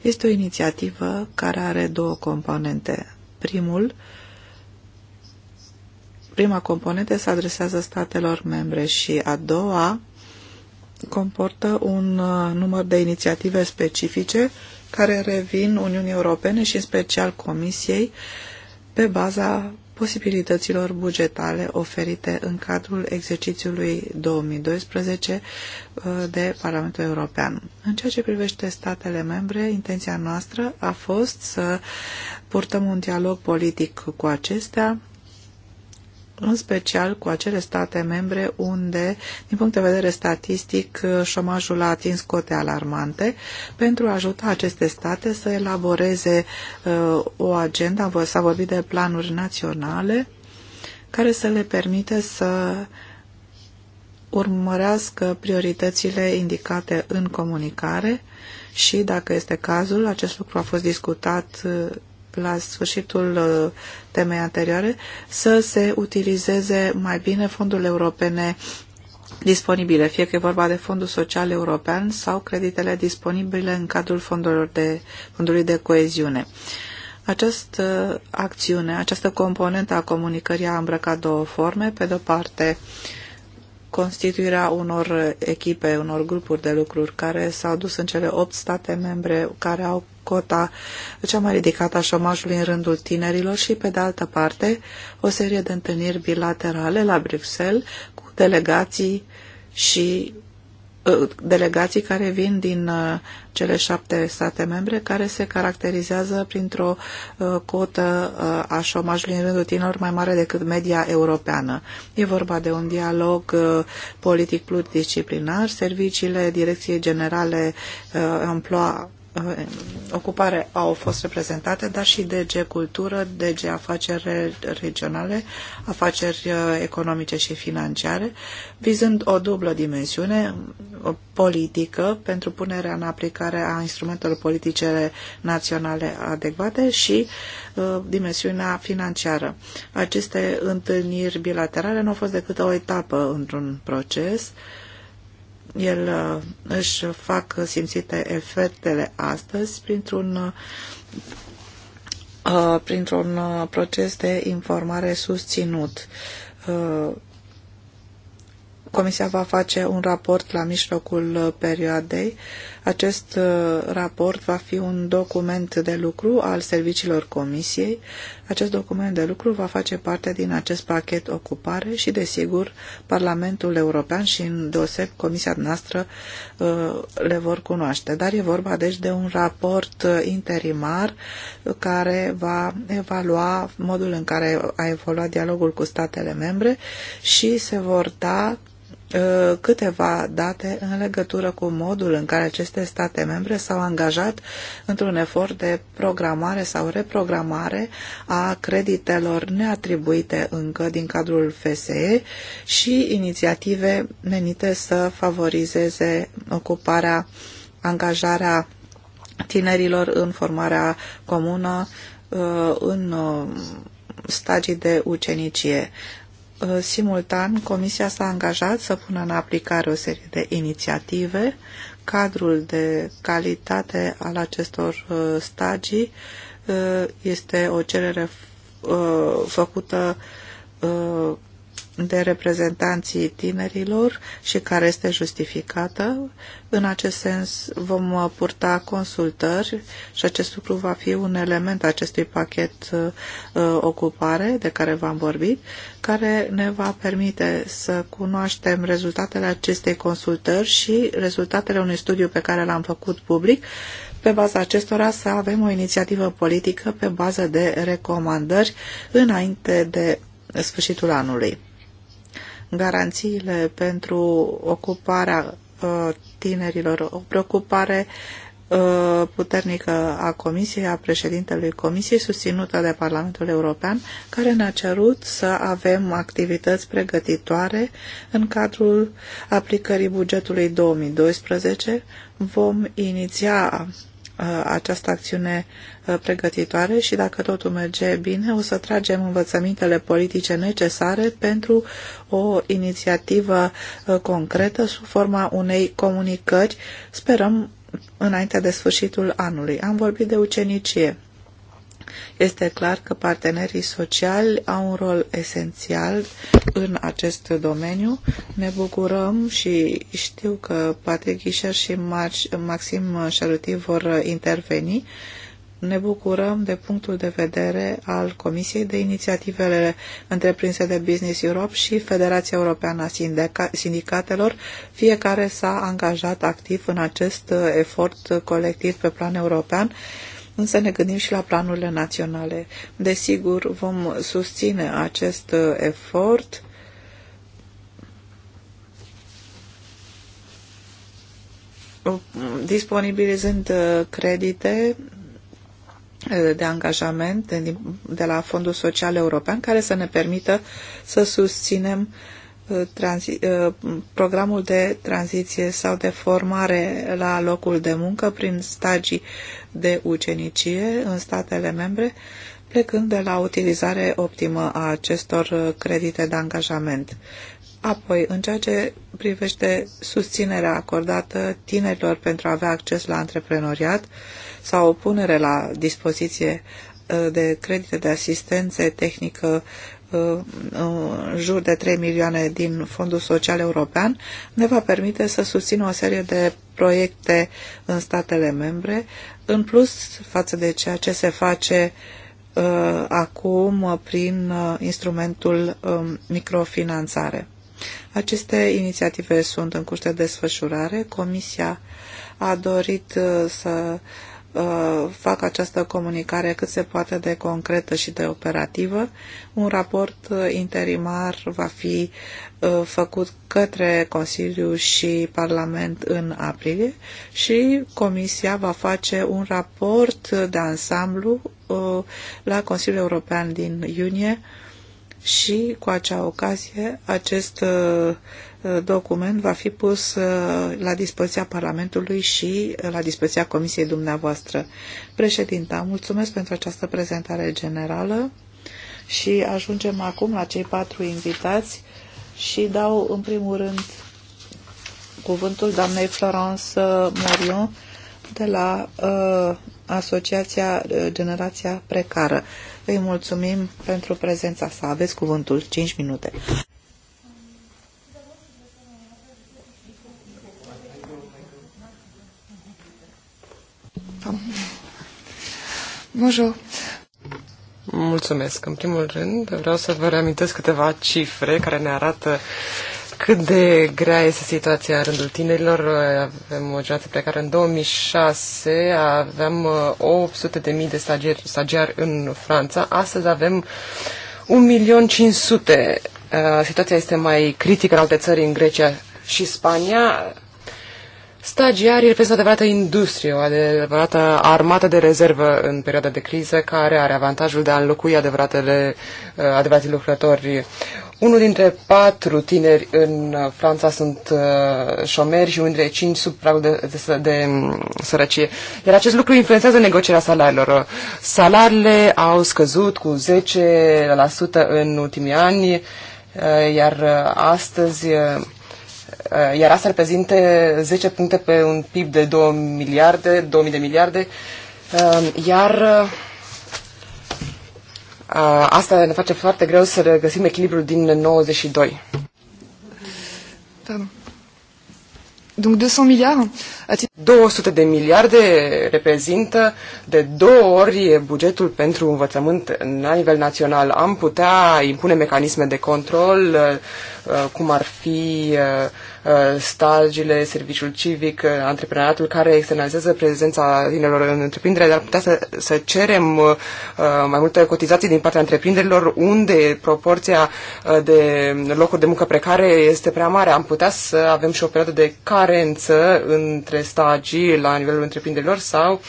Este o inițiativă care are două componente. Primul, prima componentă se adresează statelor membre și a doua comportă un uh, număr de inițiative specifice care revin Uniunii Europene și în special Comisiei pe baza posibilităților bugetale oferite în cadrul exercițiului 2012 uh, de Parlamentul European. În ceea ce privește statele membre, intenția noastră a fost să purtăm un dialog politic cu acestea, în special cu acele state membre unde, din punct de vedere statistic, șomajul a atins cote alarmante, pentru a ajuta aceste state să elaboreze uh, o agenda, s-a vorbit de planuri naționale, care să le permite să urmărească prioritățile indicate în comunicare și, dacă este cazul, acest lucru a fost discutat uh, la sfârșitul uh, temei anterioare, să se utilizeze mai bine fondurile europene disponibile, fie că e vorba de Fondul Social European sau creditele disponibile în cadrul fondurilor de, fondului de coeziune. Această acțiune, această componentă a comunicării a îmbrăcat două forme. Pe de-o parte, constituirea unor echipe, unor grupuri de lucruri care s-au dus în cele opt state membre care au cota cea mai ridicată a șomajului în rândul tinerilor și, pe de altă parte, o serie de întâlniri bilaterale la Bruxelles cu delegații și ă, delegații care vin din ă, cele șapte state membre care se caracterizează printr-o ă, cotă a șomajului în rândul tinerilor mai mare decât media europeană. E vorba de un dialog politic pluridisciplinar. Serviciile Direcției Generale Amploa Uh, ocupare au fost reprezentate, dar și DG Cultură, DG Afaceri Regionale, Afaceri uh, Economice și Financiare, vizând o dublă dimensiune politică pentru punerea în aplicare a instrumentelor politice naționale adecvate și uh, dimensiunea financiară. Aceste întâlniri bilaterale nu au fost decât o etapă într-un proces el uh, își fac simțite efectele astăzi printr-un uh, printr-un uh, proces de informare susținut. Comisia va face un raport la mijlocul perioadei acest uh, raport va fi un document de lucru al serviciilor comisiei. Acest document de lucru va face parte din acest pachet ocupare și, desigur, Parlamentul European și, în deoseb, Comisia noastră uh, le vor cunoaște. Dar e vorba, deci, de un raport uh, interimar care va evalua modul în care a evoluat dialogul cu statele membre și se vor da Uh, câteva date în legătură cu modul în care aceste state membre s-au angajat într-un efort de programare sau reprogramare a creditelor neatribuite încă din cadrul FSE și inițiative menite să favorizeze ocuparea, angajarea tinerilor în formarea comună, uh, în uh, stagii de ucenicie. Uh, simultan, Comisia s-a angajat să pună în aplicare o serie de inițiative. Cadrul de calitate al acestor uh, stagii uh, este o cerere făcută de reprezentanții tinerilor și care este justificată. În acest sens vom purta consultări și acest lucru va fi un element acestui pachet uh, ocupare de care v-am vorbit, care ne va permite să cunoaștem rezultatele acestei consultări și rezultatele unui studiu pe care l-am făcut public pe baza acestora să avem o inițiativă politică pe bază de recomandări înainte de sfârșitul anului garanțiile pentru ocuparea uh, tinerilor, o preocupare uh, puternică a Comisiei, a președintelui Comisiei, susținută de Parlamentul European, care ne-a cerut să avem activități pregătitoare în cadrul aplicării bugetului 2012. Vom iniția Uh, această acțiune uh, pregătitoare și dacă totul merge bine, o să tragem învățămintele politice necesare pentru o inițiativă uh, concretă sub forma unei comunicări, sperăm, înainte de sfârșitul anului. Am vorbit de ucenicie. Este clar că partenerii sociali au un rol esențial în acest domeniu. Ne bucurăm și știu că Patrick Ghisher și Maxim Șaruti vor interveni. Ne bucurăm de punctul de vedere al Comisiei de Inițiativele întreprinse de Business Europe și Federația Europeană a Sindicatelor. Fiecare s-a angajat activ în acest efort colectiv pe plan european însă ne gândim și la planurile naționale. Desigur, vom susține acest uh, efort disponibilizând uh, credite uh, de angajament de la Fondul Social European care să ne permită să susținem programul de tranziție sau de formare la locul de muncă prin stagii de ucenicie în statele membre, plecând de la utilizare optimă a acestor uh, credite de angajament. Apoi, în ceea ce privește susținerea acordată tinerilor pentru a avea acces la antreprenoriat sau o punere la dispoziție uh, de credite de asistență tehnică Uh, în jur de 3 milioane din Fondul Social European ne va permite să susțină o serie de proiecte în statele membre, în plus față de ceea ce se face uh, acum prin uh, instrumentul um, microfinanțare. Aceste inițiative sunt în curs de desfășurare. Comisia a dorit să Uh, fac această comunicare cât se poate de concretă și de operativă. Un raport uh, interimar va fi uh, făcut către Consiliu și Parlament în aprilie și Comisia va face un raport de ansamblu la Consiliul European din iunie și cu acea ocazie acest document va fi pus uh, la dispoziția Parlamentului și uh, la dispoziția Comisiei dumneavoastră. Președinta, mulțumesc pentru această prezentare generală și ajungem acum la cei patru invitați și dau în primul rând cuvântul doamnei Florence Morion de la uh, Asociația uh, Generația Precară. Îi mulțumim pentru prezența sa. Aveți cuvântul. 5 minute. Bonjour. Mulțumesc. În primul rând, vreau să vă reamintesc câteva cifre care ne arată cât de grea este situația în rândul tinerilor. Avem o generație plecare În 2006 aveam 800.000 uh, de, de stagiari, stagiari în Franța. Astăzi avem 1.500.000. Uh, situația este mai critică în alte țări, în Grecia și Spania. Stagiarii reprezintă adevărată industrie, o adevărată armată de rezervă în perioada de criză, care are avantajul de a înlocui adevăratele, uh, adevărații lucrători. Unul dintre patru tineri în Franța sunt uh, șomeri și unul dintre cinci sub pragul de, de, de mm, sărăcie. Iar acest lucru influențează negocierea salariilor. Salariile au scăzut cu 10% în ultimii ani, uh, iar astăzi Uh, iar asta reprezinte 10 puncte pe un PIB de 2 miliarde, 2000 de miliarde, um, iar uh, uh, asta ne face foarte greu să regăsim echilibrul din 92. Pardon. Donc 200 milliards. 200 de miliarde reprezintă de două ori bugetul pentru învățământ la nivel național. Am putea impune mecanisme de control, uh, uh, cum ar fi uh, stagiile, serviciul civic, antreprenoriatul care externalizează prezența tinerilor în întreprindere, dar putea să, să cerem mai multe cotizații din partea întreprinderilor unde proporția de locuri de muncă precare este prea mare. Am putea să avem și o perioadă de carență între între stagii la nivelul întreprinderilor sau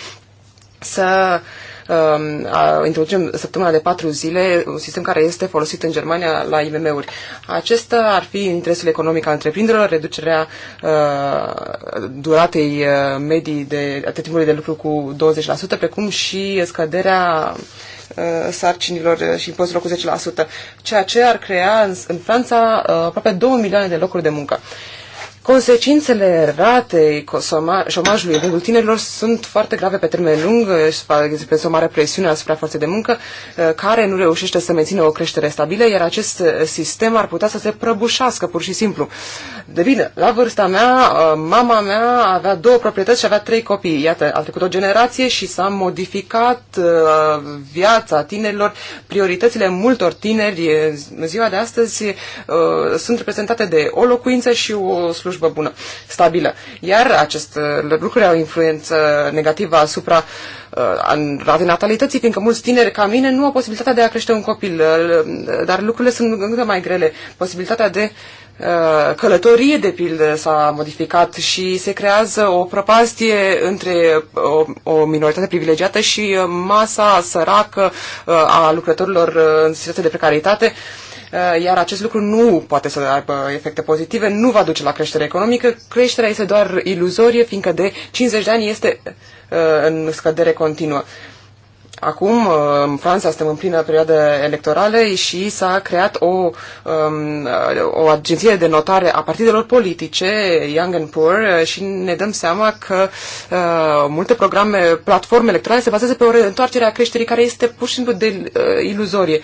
să um, a, introducem săptămâna de patru zile, un sistem care este folosit în Germania la IMM-uri. Acesta ar fi interesul economic al întreprinderilor, reducerea uh, duratei uh, medii de, de timpului de lucru cu 20%, precum și scăderea uh, sarcinilor și impozitelor cu 10%, ceea ce ar crea în, în Franța uh, aproape 2 milioane de locuri de muncă. Uh, Consecințele ratei șomajului în rândul tinerilor sunt foarte grave pe termen lung, există o mare presiune asupra forței de muncă, uh, care nu reușește să mențină o creștere stabilă, iar acest uh, sistem ar putea să se prăbușească pur și simplu. De bine, la vârsta mea, uh, mama mea avea două proprietăți și avea trei copii. Iată, a trecut o generație și s-a modificat viața tinerilor. Prioritățile multor tineri în ziua de astăzi sunt reprezentate de o locuință și o slujbă slujbă bună, stabilă. Iar aceste lucruri au influență negativă asupra uh, natalității, fiindcă mulți tineri ca mine nu au posibilitatea de a crește un copil, uh, dar lucrurile sunt încă mai grele. Posibilitatea de uh, călătorie, de pildă, s-a modificat și se creează o prăpastie între uh, o, o minoritate privilegiată și masa săracă a lucrătorilor în situație de precaritate. Uh, Eh, iar acest lucru nu poate să aibă efecte pozitive, nu va duce la creștere economică. Creșterea este doar iluzorie, fiindcă de 50 de ani este eh, în scădere continuă. Acum, eh, în Franța, suntem în plină perioadă electorală și s-a creat o, um, o agenție de notare a partidelor politice, Young and Poor, și ne dăm seama că uh, multe programe, platforme electorale se bazează pe o reîntoarcere a creșterii care este pur și simplu de, uh, iluzorie.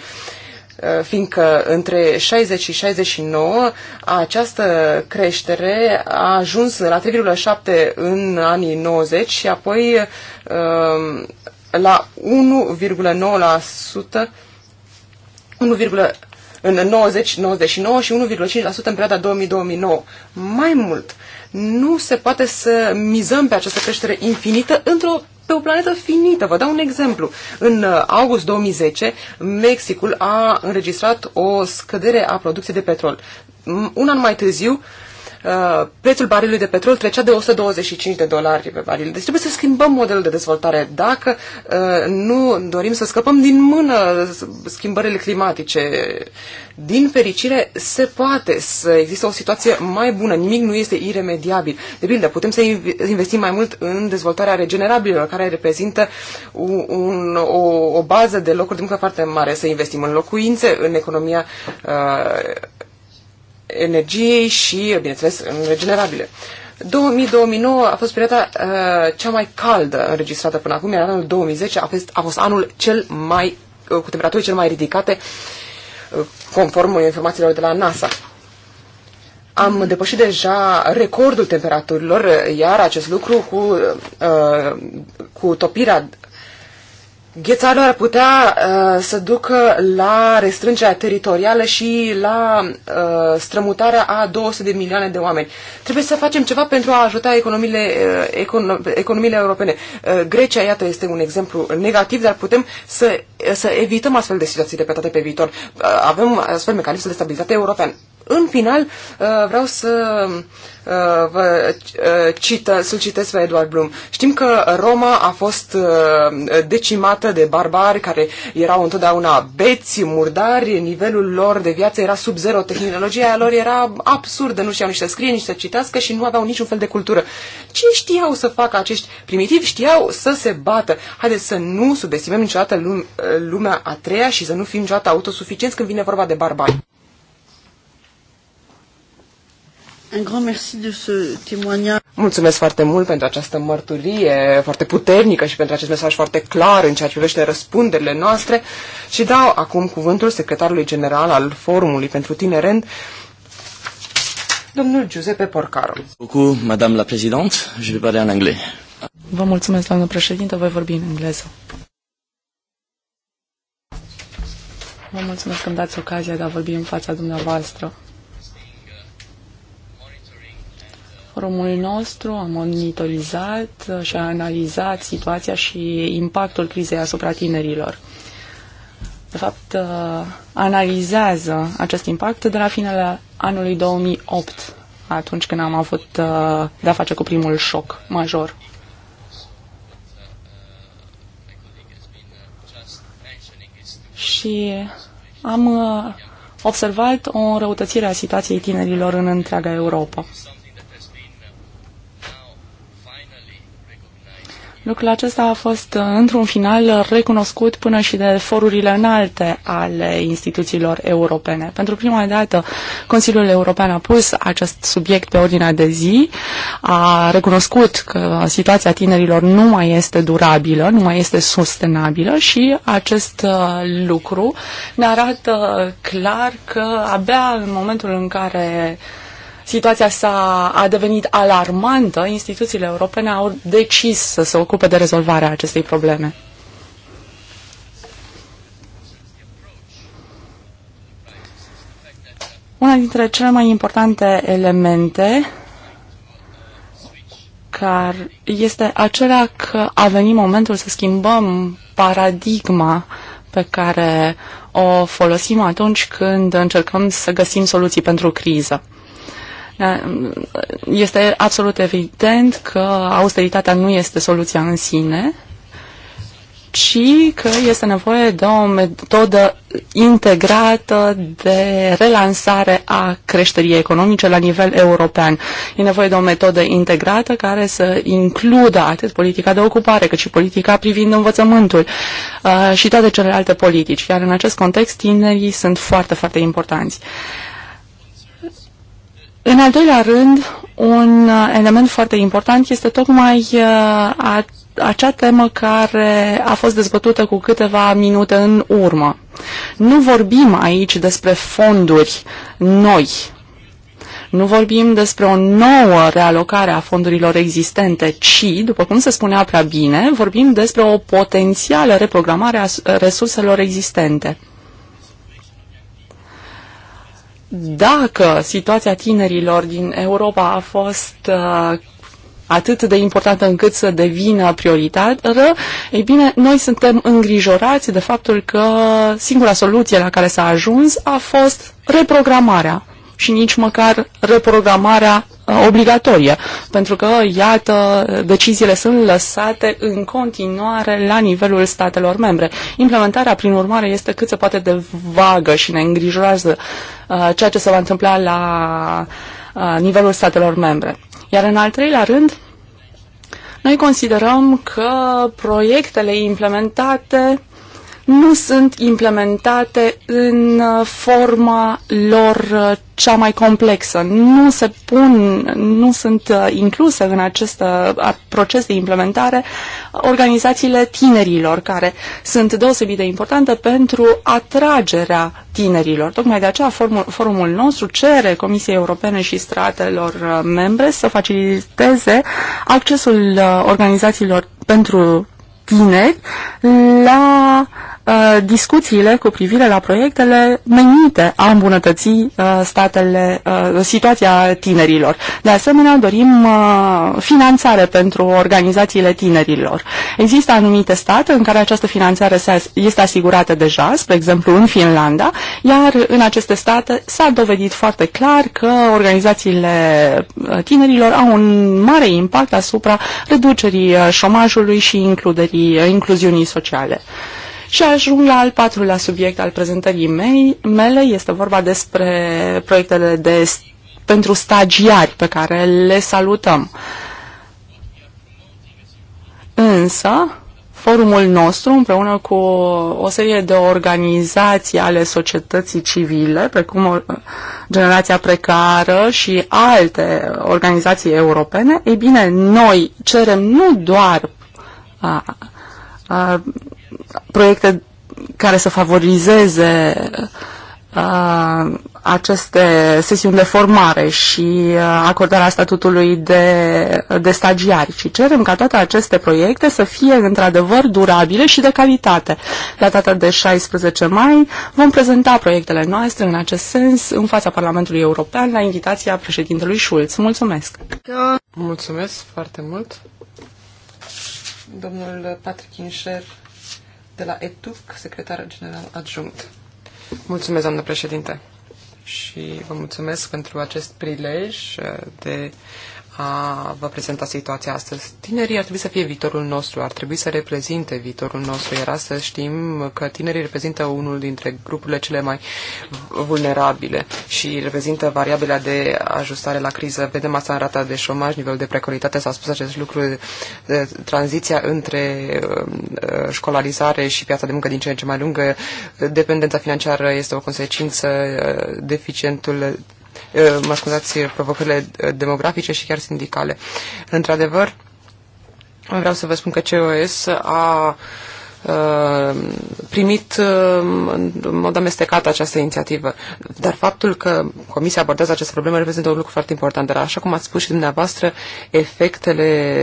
Eh, fiindcă între 60 și 69 această creștere a ajuns la 3,7 în anii 90 și apoi ehm, la 1,9% în 90-99 și 1,5% în perioada 2000-2009. Mai mult, nu se poate să mizăm pe această creștere infinită într-o pe o planetă finită. Vă dau un exemplu. În uh, august 2010, Mexicul a înregistrat o scădere a producției de petrol. Un an mai târziu, Uh, prețul barilului de petrol trecea de 125 de dolari pe baril. Deci trebuie să schimbăm modelul de dezvoltare. Dacă uh, nu dorim să scăpăm din mână schimbările climatice, din fericire se poate să există o situație mai bună. Nimic nu este iremediabil. De pildă, putem să investim mai mult în dezvoltarea regenerabilă, care reprezintă un, un, o, o bază de locuri de muncă foarte mare. Să investim în locuințe, în economia uh, energiei și, bineînțeles, în regenerabile. 2000-2009 a fost perioada uh, cea mai caldă înregistrată până acum, iar anul 2010 a fost, a fost anul cel mai, uh, cu temperaturi cel mai ridicate, uh, conform informațiilor de la NASA. Am depășit deja recordul temperaturilor, uh, iar acest lucru cu, uh, cu topirea Ghețarul ar putea uh, să ducă la restrângerea teritorială și la uh, strămutarea a 200 de milioane de oameni. Trebuie să facem ceva pentru a ajuta economiile, uh, econo- economiile europene. Uh, Grecia, iată, este un exemplu negativ, dar putem să, să evităm astfel de situații repetate pe viitor. Uh, avem astfel mecanismul de stabilitate european. În final, uh, vreau să uh, vă uh, cită, să-l citesc pe Edward Bloom. Știm că Roma a fost decimată de barbari care erau întotdeauna beți, murdari, nivelul lor de viață era sub zero, tehnologia lor era absurdă, nu știau nici să scrie, nici să citească și nu aveau niciun fel de cultură. Ce știau să facă acești primitivi? Știau să se bată. Haideți să nu subestimăm niciodată lumea a treia și să nu fim niciodată autosuficienți când vine vorba de barbari. Un grand merci de ce témoignage. Mulțumesc foarte mult pentru această mărturie foarte puternică și pentru acest mesaj foarte clar în ceea ce privește răspunderile noastre și dau acum cuvântul secretarului general al Forumului pentru Tinerent, domnul Giuseppe Porcaro. Cu madame la présidente, je vais parler en anglais. Vă mulțumesc, doamnă președinte, voi vorbi în engleză. Vă mulțumesc că îmi dați ocazia de a vorbi în fața dumneavoastră. Forumul nostru a monitorizat și a analizat situația și impactul crizei asupra tinerilor. De fapt, uh, analizează acest impact de la finele anului 2008, atunci când am avut uh, de-a face cu primul șoc major și am uh, observat o înrăutățire a situației tinerilor în întreaga Europa. Lucrul acesta a fost uh, într-un final uh, recunoscut până și de forurile înalte ale instituțiilor europene. Pentru prima dată, Consiliul European a pus acest subiect pe ordinea de zi, a recunoscut că situația tinerilor nu mai este durabilă, nu mai este sustenabilă și acest uh, lucru ne arată clar că abia în momentul în care situația s-a, a devenit alarmantă, instituțiile europene au decis să se ocupe de rezolvarea acestei probleme. Una dintre cele mai importante elemente care este acela că a venit momentul să schimbăm paradigma pe care o folosim atunci când încercăm să găsim soluții pentru criză. Este absolut evident că austeritatea nu este soluția în sine, ci că este nevoie de o metodă integrată de relansare a creșterii economice la nivel european. E nevoie de o metodă integrată care să includă atât politica de ocupare, cât și politica privind învățământul uh, și toate celelalte politici. Iar în acest context, tinerii sunt foarte, foarte importanți. Uh, în al doilea rând, un uh, element foarte important este tocmai uh, a, acea temă care a fost dezbătută cu câteva minute în urmă. Nu vorbim aici despre fonduri noi. Nu vorbim despre o nouă realocare a fondurilor existente, ci, după cum se spunea prea bine, vorbim despre o potențială reprogramare a resurselor existente. Dacă situația tinerilor din Europa a fost uh, atât de importantă încât să devină prioritară, ei bine, noi suntem îngrijorați de faptul că singura soluție la care s-a ajuns a fost reprogramarea și nici măcar reprogramarea obligatorie, pentru că, iată, deciziile sunt lăsate în continuare la nivelul statelor membre. Implementarea, prin urmare, este cât se poate de vagă și ne îngrijorează uh, ceea ce se va întâmpla la uh, nivelul statelor membre. Iar în al treilea rând, noi considerăm că proiectele implementate nu sunt implementate în uh, forma lor uh, cea mai complexă. Nu se pun, nu sunt uh, incluse în acest proces de implementare organizațiile tinerilor, care sunt deosebit de importante pentru atragerea tinerilor. Tocmai de aceea formul, forumul nostru cere Comisiei Europene și stratelor membre să faciliteze accesul organizațiilor pentru tineri la Uh, discuțiile cu privire la proiectele menite a îmbunătăți uh, statele, uh, situația tinerilor. De asemenea, dorim finanțare pentru organizațiile tinerilor. Există anumite state în care această finanțare este asigurată deja, spre exemplu în Finlanda, iar în aceste state s-a dovedit foarte clar că organizațiile tinerilor au un mare impact asupra reducerii șomajului și includerii, incluziunii sociale. Și ajung la al patrulea subiect al prezentării mei, mele, este vorba despre proiectele de, pentru stagiari pe care le salutăm. Însă, forumul nostru, împreună cu o serie de organizații ale societății civile, precum Generația Precară și alte organizații europene, ei bine, noi cerem nu doar a, a, proiecte care să favorizeze uh, aceste sesiuni de formare și uh, acordarea statutului de, de stagiari, ci cerem ca toate aceste proiecte să fie într-adevăr durabile și de calitate. La data de 16 mai vom prezenta proiectele noastre în acest sens în fața Parlamentului European la invitația președintelui Schulz. Mulțumesc! Mulțumesc foarte mult! Domnul Patrick Inșer de la ETUC, secretar general adjunct. Mulțumesc, doamnă președinte, și vă mulțumesc pentru acest prilej eh, de a vă prezenta situația astăzi. Tinerii ar trebui să fie viitorul nostru, ar trebui să reprezinte viitorul nostru, iar să știm că tinerii reprezintă unul dintre grupurile cele mai vulnerabile și reprezintă variabila de ajustare la criză. Vedem asta în rata de șomaj, nivelul de precaritate, s-a spus acest lucru, tranziția între școlarizare și piața de muncă din ce în ce mai lungă, dependența financiară este o consecință, deficientul mă scuzați, provocările demografice și chiar sindicale. Într-adevăr, vreau să vă spun că COS a uh, Uh, primit uh, în mod amestecat această inițiativă. Dar faptul că Comisia abordează această problemă reprezintă un lucru foarte important. Dar așa cum ați spus și dumneavoastră, efectele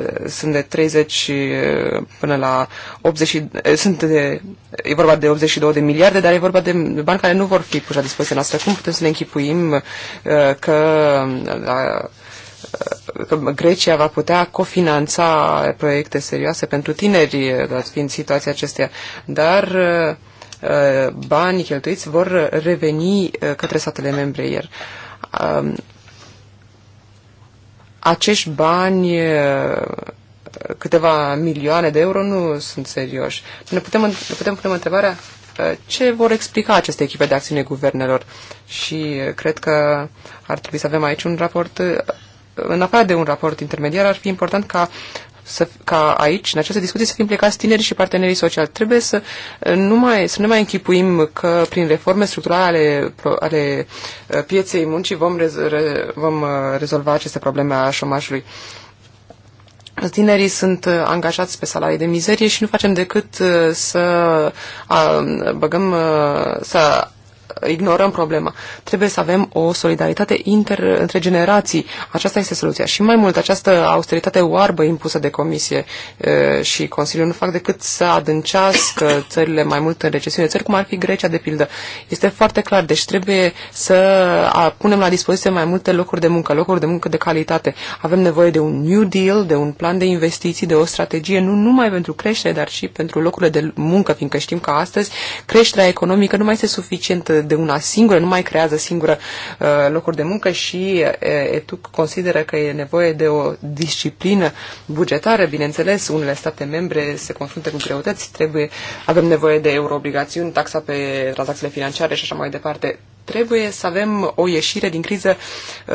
uh, sunt de 30 până la 80, sunt de, e vorba de 82 de miliarde, dar e vorba de bani care nu vor fi puși la dispoziția noastră. Cum putem să ne închipuim că la că Grecia va putea cofinanța proiecte serioase pentru tineri, dat fiind situația acesteia, dar uh, banii cheltuiți vor reveni uh, către statele membre, ieri. Um, acești bani uh, câteva milioane de euro nu sunt serioși. Ne putem, ne putem pune întrebarea ce vor explica aceste echipe de acțiune guvernelor și cred că ar trebui să avem aici un raport în afară de un raport intermediar, ar fi important ca să, ca aici, în această discuție, să fie implicați tinerii și partenerii sociali. Trebuie să uh, nu, mai, să nu mai închipuim că prin reforme structurale ale, ale uh, pieței muncii vom, rez, re, vom uh, rezolva aceste probleme a șomajului. Tinerii sunt angajați pe salarii de mizerie și nu facem decât să a, băgăm, să ignorăm problema. Trebuie să avem o solidaritate inter, între generații. Aceasta este soluția. Și mai mult, această austeritate oarbă impusă de Comisie e, și Consiliul nu fac decât să adâncească țările mai mult în recesiune, țări cum ar fi Grecia, de pildă. Este foarte clar, deci trebuie să punem la dispoziție mai multe locuri de muncă, locuri de muncă de calitate. Avem nevoie de un New Deal, de un plan de investiții, de o strategie, nu numai pentru creștere, dar și pentru locurile de muncă, fiindcă știm că astăzi creșterea economică nu mai este suficientă de una singură, nu mai creează singură uh, locuri de muncă și uh, ETUC consideră că e nevoie de o disciplină bugetară. Bineînțeles, unele state membre se confruntă cu greutăți, trebuie, avem nevoie de euroobligațiuni, taxa pe tranzacțiile financiare și așa mai departe. Trebuie să avem o ieșire din criză uh,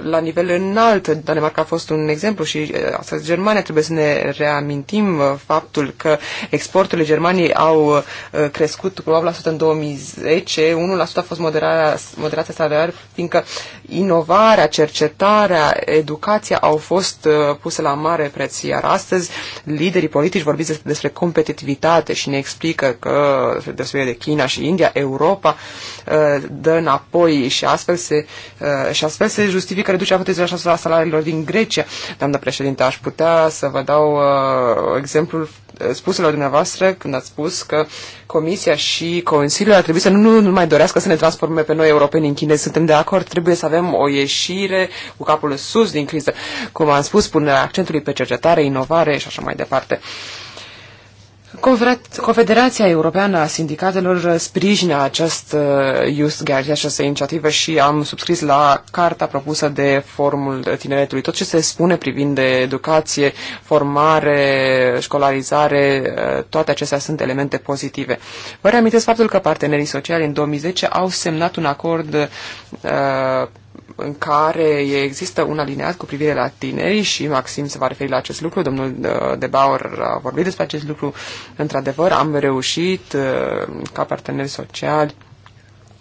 la nivel înalt. Danemarca a fost un exemplu și uh, Germania. Trebuie să ne reamintim uh, faptul că exporturile Germaniei au uh, crescut cu 8% în 2010. 1% a fost moderarea, moderația salarială, fiindcă inovarea, cercetarea, educația au fost uh, puse la mare preț. Iar astăzi liderii politici vorbiți despre competitivitate și ne explică că, despre de China și India, Europa uh, dă înapoi și astfel se, uh, și astfel se justifică reducerea cu 36% a salariilor din Grecia. Doamna președinte, aș putea să vă dau uh, exemplul uh, spuselor dumneavoastră când ați spus că Comisia și Consiliul ar trebui să nu, nu mai dorească să ne transforme pe noi europeni în chinezi. Suntem de acord, trebuie să avem o ieșire cu capul sus din criză. Cum am spus, punerea accentului pe cercetare, inovare și așa mai departe. Uh, Confederația Europeană a Sindicatelor sprijină acest Just uh, Guarantee, această inițiativă și am subscris la carta propusă de formul Tineretului. Tot ce se spune privind de educație, formare, școlarizare, uh, toate acestea sunt elemente pozitive. Vă reamintesc faptul că partenerii sociali în 2010 au semnat un acord uh, în care există un alineat cu privire la tineri și Maxim se va referi la acest lucru. Domnul uh, De Bauer a vorbit despre acest lucru. Într-adevăr, am reușit uh, ca parteneri sociali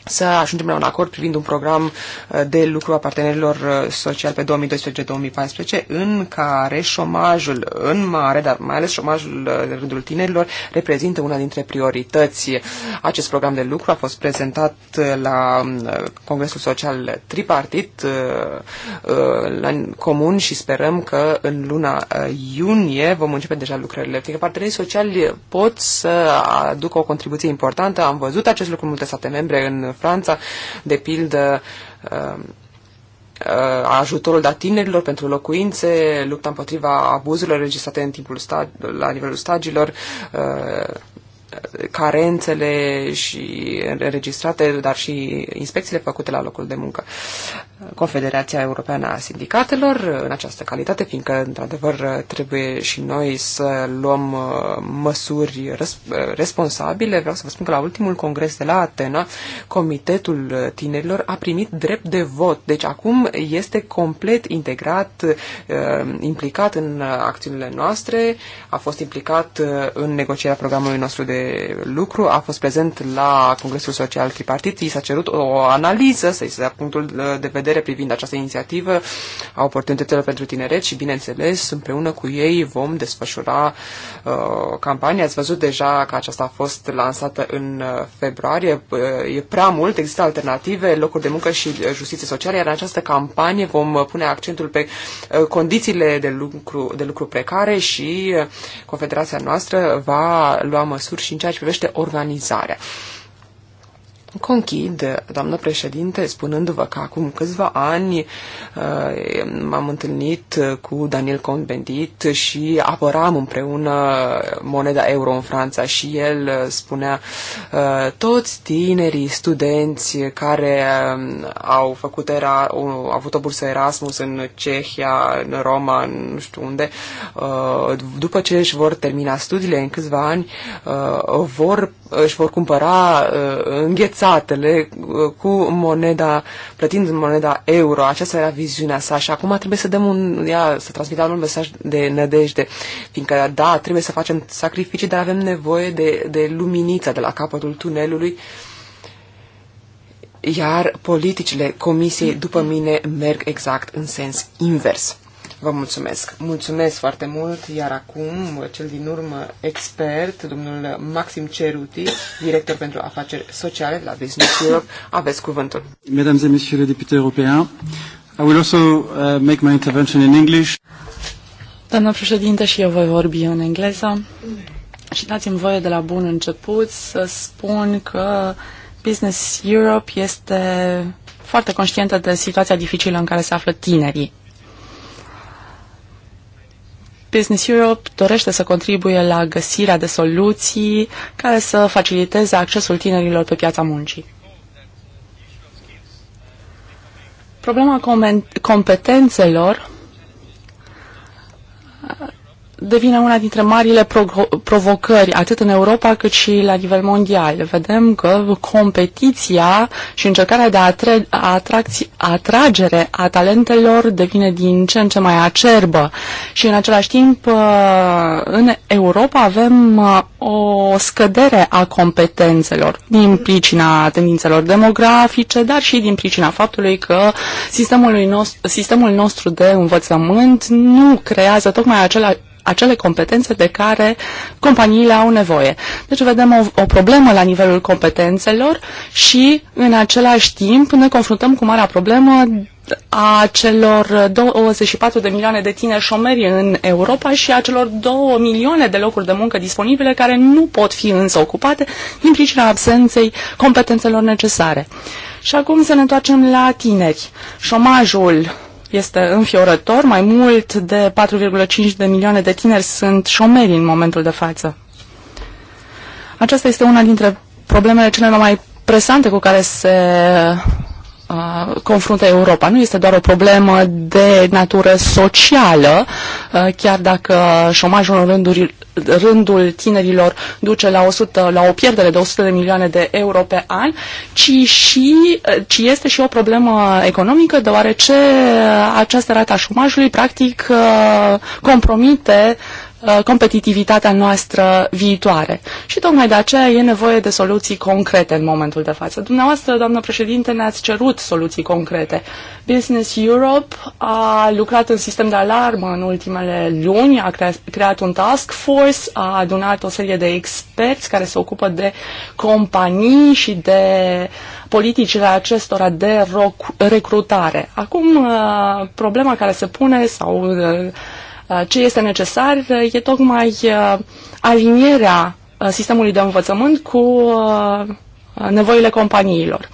să ajungem la un acord privind un program uh, de lucru a partenerilor uh, sociali pe 2012-2014, în care șomajul în mare, dar mai ales șomajul în uh, rândul tinerilor, reprezintă una dintre priorități. Acest program de lucru a fost prezentat la um, Congresul Social Tripartit la comun și sperăm că în luna iunie vom începe deja lucrările, fiindcă partenerii sociali pot să aducă o contribuție importantă. Am văzut acest lucru în multe state membre în în Franța, de pildă um, uh, ajutorul dat tinerilor pentru locuințe, lupta împotriva abuzurilor registrate în timpul la nivelul stagiilor, uh, carențele și înregistrate, dar și inspecțiile făcute la locul de muncă. Confederația Europeană a Sindicatelor în această calitate, fiindcă, într-adevăr, trebuie și noi să luăm uh, măsuri uh, responsabile. Vreau să vă spun că la ultimul congres de la Atena, Comitetul Tinerilor a primit drept de vot. Deci acum este complet integrat, uh, implicat în acțiunile noastre, a fost implicat în negocierea programului nostru de lucru, a fost prezent la Congresul Social Tripartit, i s-a cerut o analiză, să-i se dea punctul de vedere vedere privind această inițiativă a oportunităților pentru tineret și, bineînțeles, împreună cu ei vom desfășura uh, campania. Ați văzut deja că aceasta a fost lansată în uh, februarie. Uh, e prea mult, există alternative, locuri de muncă și uh, justiție socială, iar în această campanie vom uh, pune accentul pe uh, condițiile de lucru, de lucru precare și Confederația noastră va lua măsuri și în ceea ce privește organizarea. Conchid, doamnă președinte, spunându-vă că acum câțiva ani uh, m-am întâlnit cu Daniel Cohn-Bendit și apăram împreună moneda euro în Franța și el spunea uh, toți tinerii studenți care um, au făcut era, au avut o bursă Erasmus în Cehia, în Roma, nu știu unde, uh, după ce își vor termina studiile în câțiva ani, vor, își vor cumpăra îngheț satele uh, cu moneda, plătind moneda euro. Aceasta era viziunea sa și acum trebuie să dăm un, ia, să transmitem un mesaj de nădejde, fiindcă, da, trebuie să facem sacrificii, dar avem nevoie de, de luminița de la capătul tunelului iar politicile comisiei după mine merg exact în sens invers. Vă mulțumesc. Mulțumesc foarte mult, iar acum cel din urmă expert, domnul Maxim Ceruti, director pentru afaceri sociale la Business Europe. Aveți cuvântul. Mesdames et messieurs les députés européens, I will also uh, make my intervention in English. Doamna președinte, și eu voi vorbi în engleză. Și dați-mi voie de la bun început să spun că Business Europe este foarte conștientă de situația dificilă în care se află tinerii Business Europe dorește să contribuie la găsirea de soluții care să faciliteze accesul tinerilor pe piața muncii. Problema competențelor devine una dintre marile provocări, atât în Europa cât și la nivel mondial. Vedem că competiția și încercarea de atre- atracți- atragere a talentelor devine din ce în ce mai acerbă. Și în același timp, uh, în Europa avem uh, o scădere a competențelor din pricina tendințelor demografice, dar și din pricina faptului că sistemul nostru, sistemul nostru de învățământ nu creează tocmai acela, acele competențe de care companiile au nevoie. Deci vedem o, o problemă la nivelul competențelor și în același timp ne confruntăm cu marea problemă a celor 24 de milioane de tineri șomeri în Europa și a celor 2 milioane de locuri de muncă disponibile care nu pot fi însă ocupate din pricina absenței competențelor necesare. Și acum să ne întoarcem la tineri. Șomajul este înfiorător. Mai mult de 4,5 de milioane de tineri sunt șomeri în momentul de față. Aceasta este una dintre problemele cele mai presante cu care se Uh, confruntă Europa. Nu este doar o problemă de natură socială, uh, chiar dacă șomajul în rândul, rândul tinerilor duce la, 100, la o pierdere de 100 de milioane de euro pe an, ci, și, uh, ci este și o problemă economică, deoarece această rata șomajului practic compromite Uh, competitivitatea noastră viitoare. Și tocmai de aceea e nevoie de soluții concrete în momentul de față. Dumneavoastră, doamnă președinte, ne-ați cerut soluții concrete. Business Europe a lucrat în sistem de alarmă în ultimele luni, a creat un task force, a adunat o serie de experți care se ocupă de companii și de politicile acestora de recrutare. Acum, uh, problema care se pune sau uh, Uh, ce este necesar uh, e tocmai uh, alinierea sistemului de învățământ cu nevoile companiilor.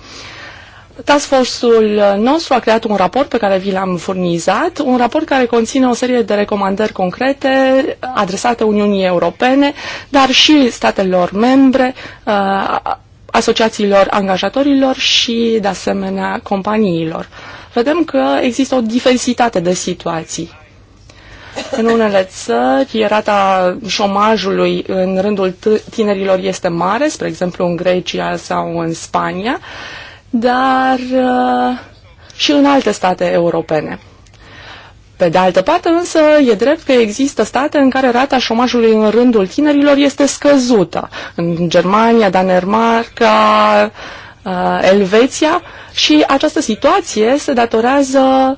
Task Force-ul nostru a creat un raport pe care vi l-am furnizat, un raport care conține o serie de recomandări concrete adresate Uniunii Europene, dar și statelor membre, asociațiilor angajatorilor și, de asemenea, companiilor. Vedem că există o diversitate de situații. În unele țări, rata șomajului în rândul tinerilor este mare, spre exemplu în Grecia sau în Spania, dar uh, și în alte state europene. Pe de altă parte, însă, e drept că există state în care rata șomajului în rândul tinerilor este scăzută. În Germania, Danemarca, uh, Elveția și această situație se datorează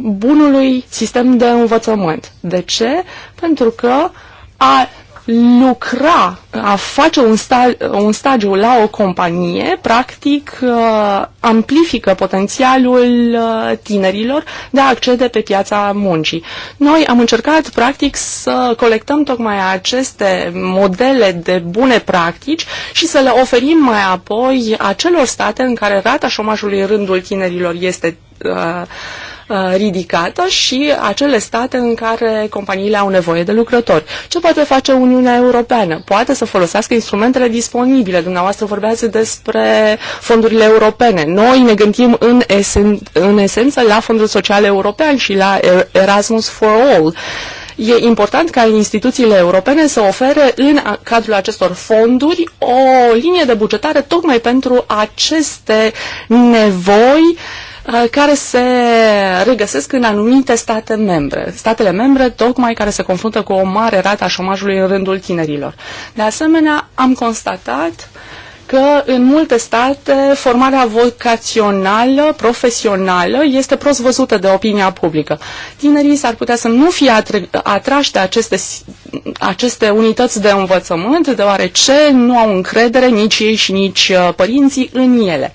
bunului sistem de învățământ. De ce? Pentru că a lucra, a face un, sta, un stagiu la o companie, practic uh, amplifică potențialul uh, tinerilor de a accede pe piața muncii. Noi am încercat, practic, să colectăm tocmai aceste modele de bune practici și să le oferim mai apoi acelor state în care rata șomajului în rândul tinerilor este uh, Uh, ridicată și acele state în care companiile au nevoie de lucrători. Ce poate face Uniunea Europeană? Poate să folosească instrumentele disponibile. Dumneavoastră vorbeați despre fondurile europene. Noi ne gândim în, esen, în esență la Fondul Social European și la Erasmus for All e important ca instituțiile europene să ofere în cadrul acestor fonduri o linie de bugetare tocmai pentru aceste nevoi uh, Uh, care se regăsesc în anumite state membre. Statele membre tocmai care se confruntă cu o mare rată a șomajului în rândul tinerilor. De asemenea, am constatat că în multe state formarea vocațională, profesională, este prost văzută de opinia publică. Tinerii s-ar putea să nu fie atrași de aceste, aceste unități de învățământ, deoarece nu au încredere nici ei și nici uh, părinții în ele.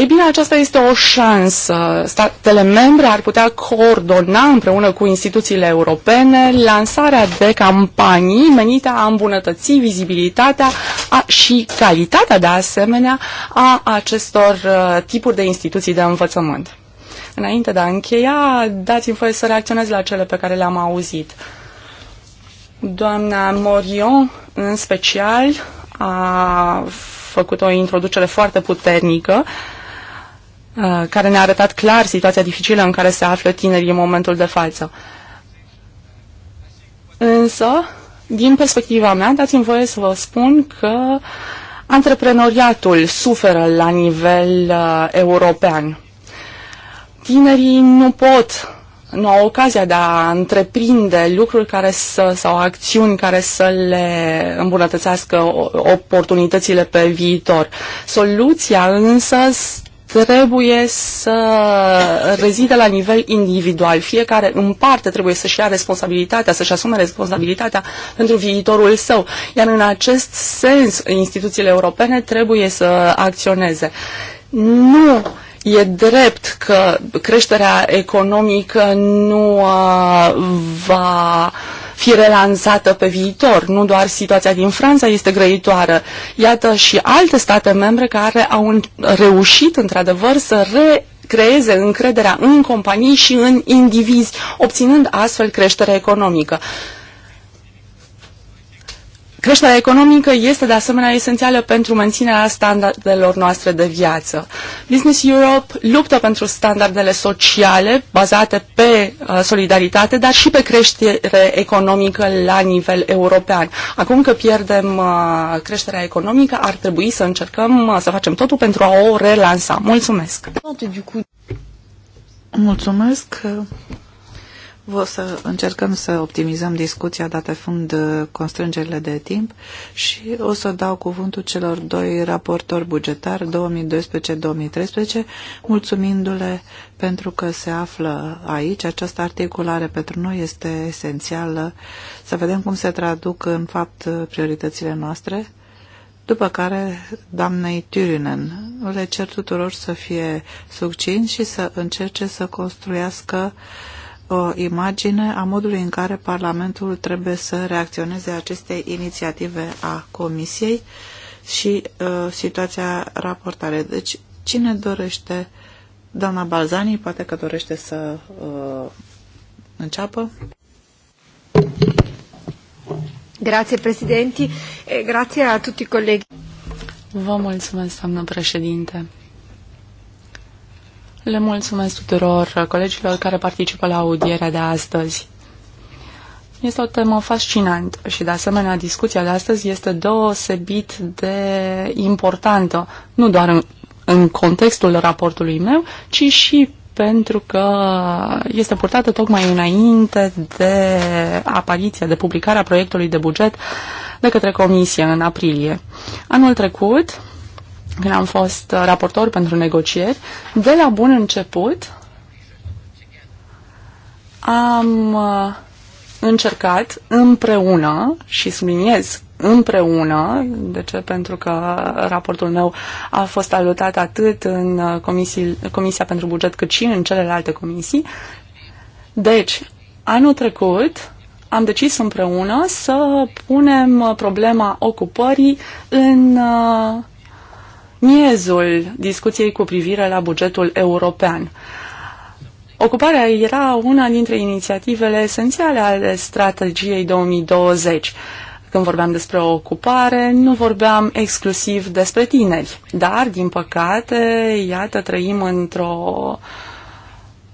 Ei bine, aceasta este o șansă. Statele membre ar putea coordona împreună cu instituțiile europene lansarea de campanii menite a îmbunătăți vizibilitatea a, și calitatea de asemenea a acestor uh, tipuri de instituții de învățământ. Înainte de a încheia, dați-mi voie să reacționez la cele pe care le-am auzit. Doamna Morion, în special, a făcut o introducere foarte puternică Uh, care ne-a arătat clar situația dificilă în care se află tinerii în momentul de față. Însă, din perspectiva mea, dați-mi voie să vă spun că antreprenoriatul suferă la nivel uh, european. Tinerii nu pot, nu au ocazia de a întreprinde lucruri care să, sau acțiuni care să le îmbunătățească oportunitățile pe viitor. Soluția însă trebuie să rezide la nivel individual. Fiecare în parte trebuie să-și ia responsabilitatea, să-și asume responsabilitatea pentru viitorul său. Iar în acest sens, instituțiile europene trebuie să acționeze. Nu E drept că creșterea economică nu uh, va uh, fi relansată pe viitor. Nu doar situația din Franța este grăitoare. Iată și alte state membre care au reușit într-adevăr să re creeze încrederea în companii și în indivizi, obținând astfel creștere economică. Creșterea economică este de asemenea esențială pentru menținerea standardelor noastre de viață. Business Europe luptă pentru standardele sociale bazate pe uh, solidaritate, dar și pe creștere economică la nivel european. Acum că pierdem uh, creșterea economică, ar trebui să încercăm uh, să facem totul pentru a o relansa. Mulțumesc! Mulțumesc! O să încercăm să optimizăm discuția date fiind uh, constrângerile de timp și o să dau cuvântul celor doi raportori bugetari 2012-2013, mulțumindu-le pentru că se află aici. Această articulare pentru noi este esențială să vedem cum se traduc în fapt uh, prioritățile noastre după care doamnei Turinen le cer tuturor să fie succint și să încerce să construiască uh, o imagine a modului în care Parlamentul trebuie să reacționeze aceste inițiative a Comisiei și uh, situația raportare. Deci, cine dorește, doamna Balzani, poate că dorește să uh, înceapă. Grazie, președinte. grazie a tutti colegi. Vă mulțumesc, doamnă președinte. Le mulțumesc tuturor colegilor care participă la audierea de astăzi. Este o temă fascinantă și, de asemenea, discuția de astăzi este deosebit de importantă, nu doar în, în contextul raportului meu, ci și pentru că este purtată tocmai înainte de apariția, de publicarea proiectului de buget de către Comisie în aprilie. Anul trecut, când am fost uh, raportor pentru negocieri, de la bun început am uh, încercat împreună și subliniez împreună, de ce? Pentru că raportul meu a fost alutat atât în uh, comisii, Comisia pentru Buget cât și în celelalte comisii. Deci, anul trecut am decis împreună să punem problema ocupării în uh, miezul discuției cu privire la bugetul european. Ocuparea era una dintre inițiativele esențiale ale strategiei 2020. Când vorbeam despre o ocupare, nu vorbeam exclusiv despre tineri, dar, din păcate, iată, trăim într-o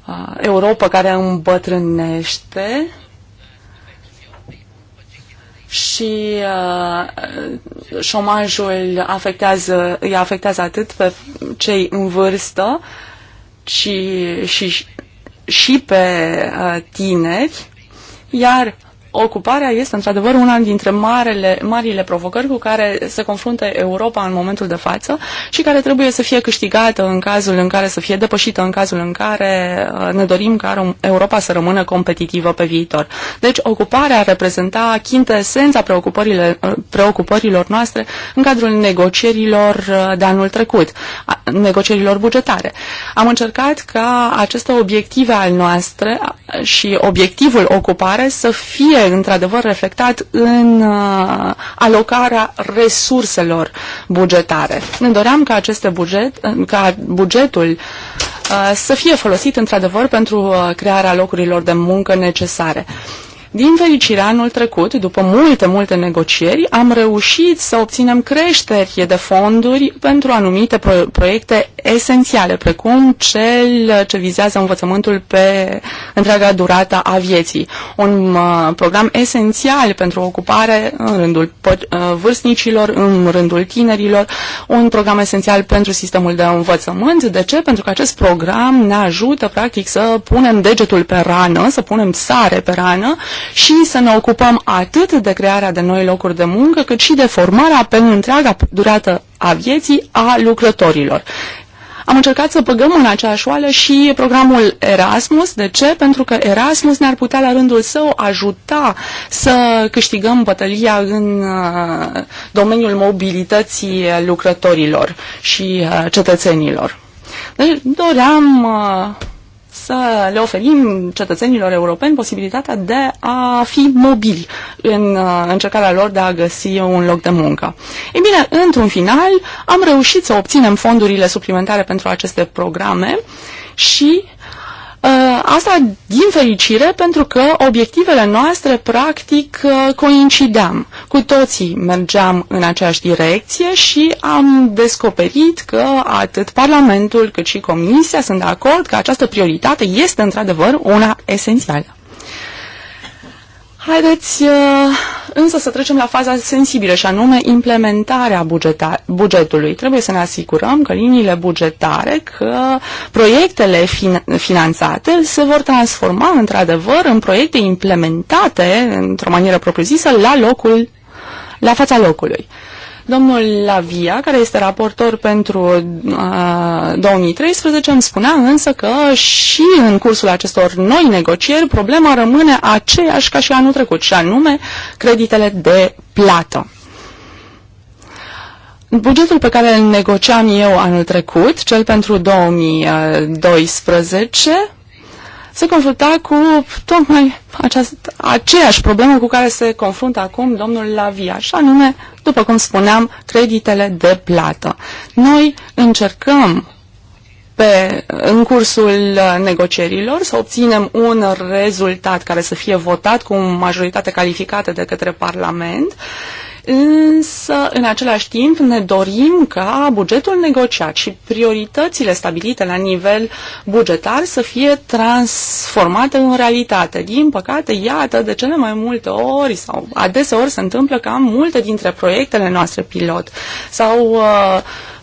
uh, Europa care îmbătrânește și uh, șomajul afectează, îi afectează atât pe cei în vârstă, ci și, și pe uh, tineri, iar ocuparea este într-adevăr una dintre marele, marile provocări cu care se confruntă Europa în momentul de față și care trebuie să fie câștigată în cazul în care să fie depășită în cazul în care uh, ne dorim ca Europa să rămână competitivă pe viitor. Deci ocuparea reprezenta chintă esența uh, preocupărilor noastre în cadrul negocierilor uh, de anul trecut, negocierilor bugetare. Am încercat ca aceste obiective al noastre și obiectivul ocupare să fie într-adevăr reflectat în uh, alocarea resurselor bugetare. Ne doream ca aceste buget, uh, ca bugetul uh, să fie folosit într-adevăr pentru uh, crearea locurilor de muncă necesare. Uh, din fericire, anul trecut, după multe, multe negocieri, am reușit să obținem creșteri de fonduri pentru anumite pro proiecte esențiale, precum cel ce vizează învățământul pe întreaga durata a vieții. Un uh, program esențial pentru ocupare în rândul uh, vârstnicilor, în rândul tinerilor, un program esențial pentru sistemul de învățământ. De ce? Pentru că acest program ne ajută, practic, să punem degetul pe rană, să punem sare pe rană și să ne ocupăm atât de crearea de noi locuri de muncă, cât și de formarea pe întreaga durată a vieții a lucrătorilor. Am încercat să băgăm în aceeași oală și programul Erasmus. De ce? Pentru că Erasmus ne-ar putea la rândul său ajuta să câștigăm bătălia în uh, domeniul mobilității lucrătorilor și uh, cetățenilor. Deci doream uh, să le oferim cetățenilor europeni posibilitatea de a fi mobili în uh, încercarea lor de a găsi un loc de muncă. Ei bine, într-un final am reușit să obținem fondurile suplimentare pentru aceste programe și Uh, asta din fericire pentru că obiectivele noastre practic uh, coincideam. Cu toții mergeam în aceeași direcție și am descoperit că atât Parlamentul cât și Comisia sunt de acord că această prioritate este într-adevăr una esențială. Haideți uh, însă să trecem la faza sensibilă și anume implementarea bugeta- bugetului. Trebuie să ne asigurăm că liniile bugetare, că proiectele fin- finanțate se vor transforma într-adevăr în proiecte implementate într-o manieră propriu-zisă la locul, la fața locului. Uh, Domnul Lavia, care este raportor pentru uh, 2013, îmi spunea însă că și în cursul acestor noi negocieri problema rămâne aceeași ca și anul trecut, și anume creditele de plată. Bugetul pe care îl negociam eu anul trecut, cel pentru 2012, se confrunta cu tocmai aceast, aceeași problemă cu care se confruntă acum domnul Lavia, și anume, după cum spuneam, creditele de plată. Noi încercăm pe, în cursul negocierilor să obținem un rezultat care să fie votat cu majoritate calificată de către Parlament însă în același timp ne dorim ca bugetul negociat și prioritățile stabilite la nivel bugetar să fie transformate în realitate. Din păcate, iată, de cele mai multe ori sau adeseori se întâmplă ca multe dintre proiectele noastre pilot sau uh,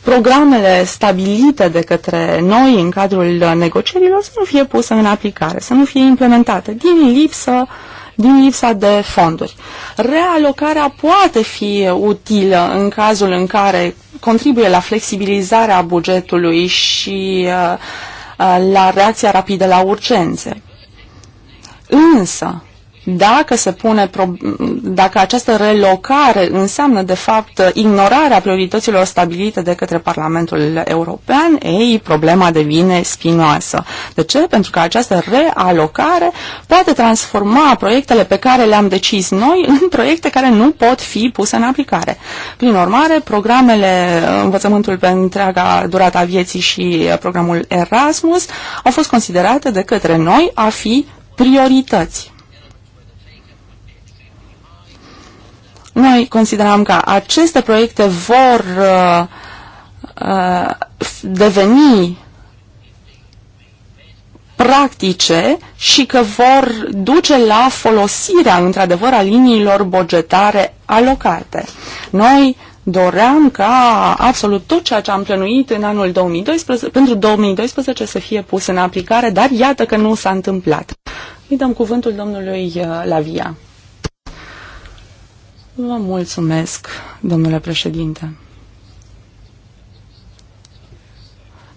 programele stabilite de către noi în cadrul negocierilor să nu fie puse în aplicare, să nu fie implementate din lipsă uh, din lipsa de fonduri. Realocarea poate fi utilă în cazul în care contribuie la flexibilizarea bugetului și uh, uh, la reacția rapidă la urgențe. Însă, dacă se pune, dacă această relocare înseamnă de fapt ignorarea priorităților stabilite de către Parlamentul European, ei, problema devine spinoasă. De ce? Pentru că această realocare poate transforma proiectele pe care le-am decis noi în proiecte care nu pot fi puse în aplicare. Prin urmare, programele învățământul pe întreaga durata vieții și programul Erasmus au fost considerate de către noi a fi priorități. Noi considerăm că aceste proiecte vor uh, uh, deveni practice și că vor duce la folosirea, într-adevăr, a liniilor bugetare alocate. Noi doream ca absolut tot ceea ce am plănuit în anul 2012, pentru 2012 să fie pus în aplicare, dar iată că nu s-a întâmplat. Îi dăm cuvântul domnului uh, Lavia. Vă mulțumesc, domnule președinte.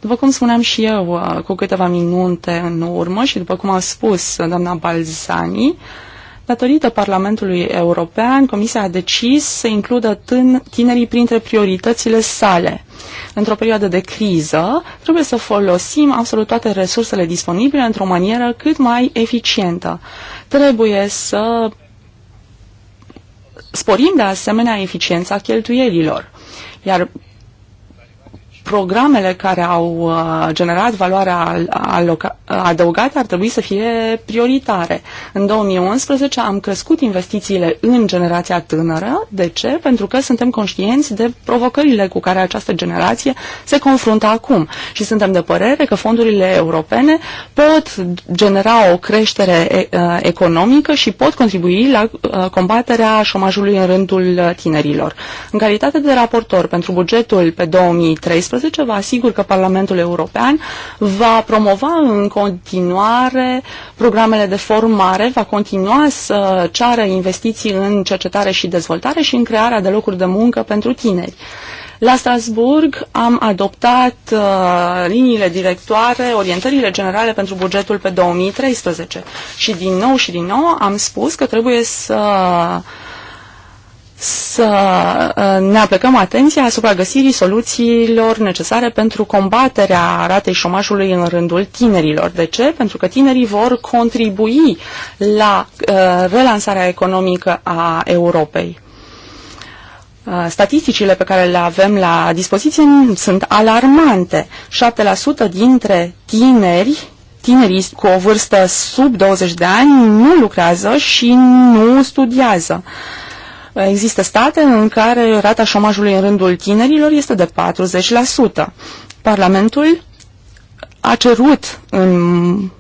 După cum spuneam și eu uh, cu câteva minute în urmă și după cum a spus doamna Balzani, datorită Parlamentului European, Comisia a decis să includă tinerii printre prioritățile sale. Într-o perioadă de criză, trebuie să folosim absolut toate resursele disponibile într-o manieră cât mai eficientă. Trebuie să Sporim de asemenea eficiența cheltuielilor. Iar programele care au uh, generat valoarea adăugată ar trebui să fie prioritare. În 2011 am crescut investițiile în generația tânără. De ce? Pentru că suntem conștienți de provocările cu care această generație se confruntă acum și suntem de părere că fondurile europene pot genera o creștere uh, economică și pot contribui la uh, combaterea șomajului în rândul tinerilor. În calitate de raportor pentru bugetul pe 2013, 2012, vă asigur că Parlamentul European va promova în continuare programele de formare, va continua să ceară investiții în cercetare și dezvoltare și în crearea de locuri de muncă pentru tineri. La Strasburg am adoptat uh, liniile directoare, orientările generale pentru bugetul pe 2013 și din nou și din nou am spus că trebuie să uh, să uh, ne aplicăm atenția asupra găsirii soluțiilor necesare pentru combaterea ratei șomajului în rândul tinerilor. De ce? Pentru că tinerii vor contribui la uh, relansarea economică a Europei. Uh, statisticile pe care le avem la dispoziție sunt alarmante. 7% dintre tineri tinerii cu o vârstă sub 20 de ani nu lucrează și nu studiază. Uh, Există state în care rata șomajului în rândul tinerilor este de 40%. Parlamentul a cerut în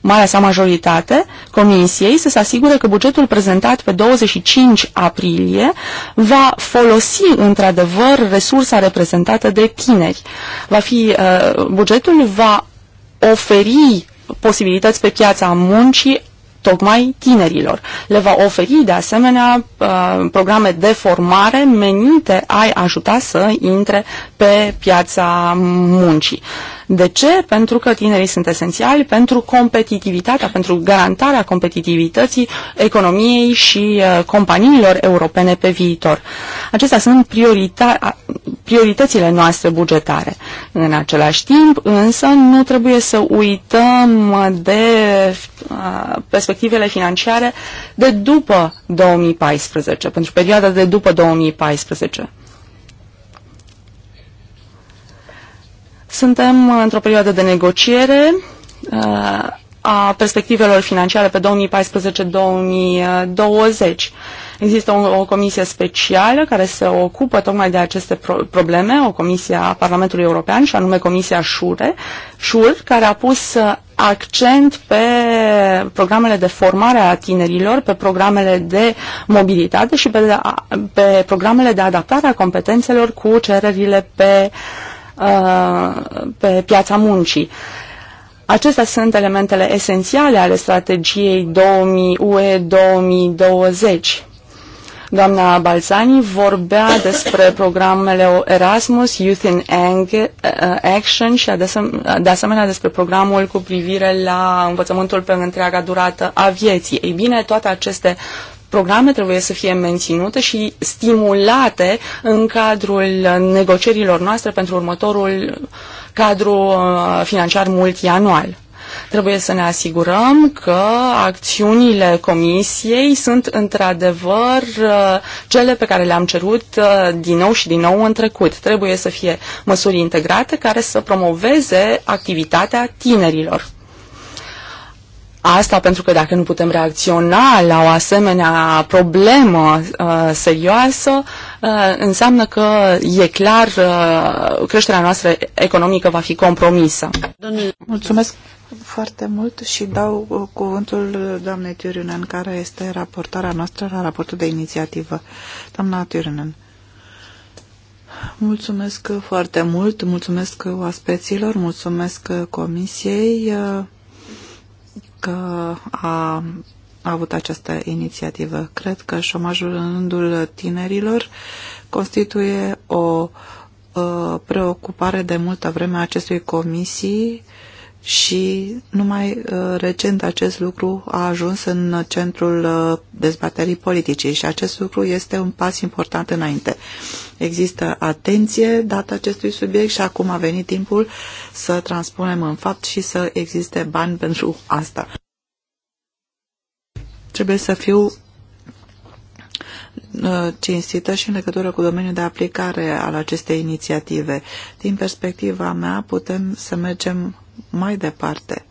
marea sa majoritate Comisiei să se asigure că bugetul prezentat pe 25 aprilie va folosi într-adevăr resursa reprezentată de tineri. Va fi, uh, bugetul va oferi posibilități pe piața muncii tocmai tinerilor. Le va oferi, de asemenea, uh, programe de formare menite a ajuta să intre pe piața muncii. De ce? Pentru că tinerii sunt esențiali pentru competitivitatea, pentru garantarea competitivității economiei și uh, companiilor europene pe viitor. Acestea sunt priorita- prioritățile noastre bugetare. În același timp, însă, nu trebuie să uităm de uh, perspectivele financiare de după 2014, pentru perioada de după 2014. Suntem uh, într-o perioadă de negociere uh, a perspectivelor financiare pe 2014-2020. Există o, comisie specială care se ocupă tocmai de aceste probleme, o comisie a Parlamentului European și anume Comisia Șure, Șur, care a pus uh, accent pe programele de formare a tinerilor, pe programele de mobilitate și pe, pe programele de adaptare a competențelor cu cererile pe uh, Uh, pe piața muncii. Acestea sunt elementele esențiale ale strategiei 2000 UE 2020. Doamna Balzani vorbea despre programele Erasmus, Youth in uh, Action și de asemenea despre programul cu privire la învățământul pe întreaga durată a vieții. Ei bine, toate aceste programe trebuie să fie menținute și stimulate în cadrul negocierilor noastre pentru următorul cadru uh, financiar multianual. Trebuie să ne asigurăm că acțiunile comisiei sunt într-adevăr uh, cele pe care le-am cerut uh, din nou și din nou în trecut. Trebuie să fie măsuri integrate care să promoveze activitatea tinerilor. Asta pentru că dacă nu putem reacționa la o asemenea problemă uh, serioasă, uh, înseamnă că e clar uh, creșterea noastră economică va fi compromisă. Mulțumesc foarte mult și dau uh, cuvântul doamnei Tiurinen, care este raportarea noastră la raportul de inițiativă. Doamna Tiurinen. Mulțumesc foarte mult, mulțumesc oaspeților, mulțumesc uh, comisiei. Uh, că a a avut această inițiativă. Cred că șomajul în rândul tinerilor constituie o uh, preocupare de multă vreme a acestui comisii și numai uh, recent acest lucru a ajuns în centrul uh, dezbaterii politicii și acest lucru este un pas important înainte. Există atenție dată acestui subiect și acum a venit timpul să transpunem în fapt și să existe bani pentru asta. Trebuie să fiu uh, cinstită și în legătură cu domeniul de aplicare al acestei inițiative. Din perspectiva mea putem să mergem mai departe.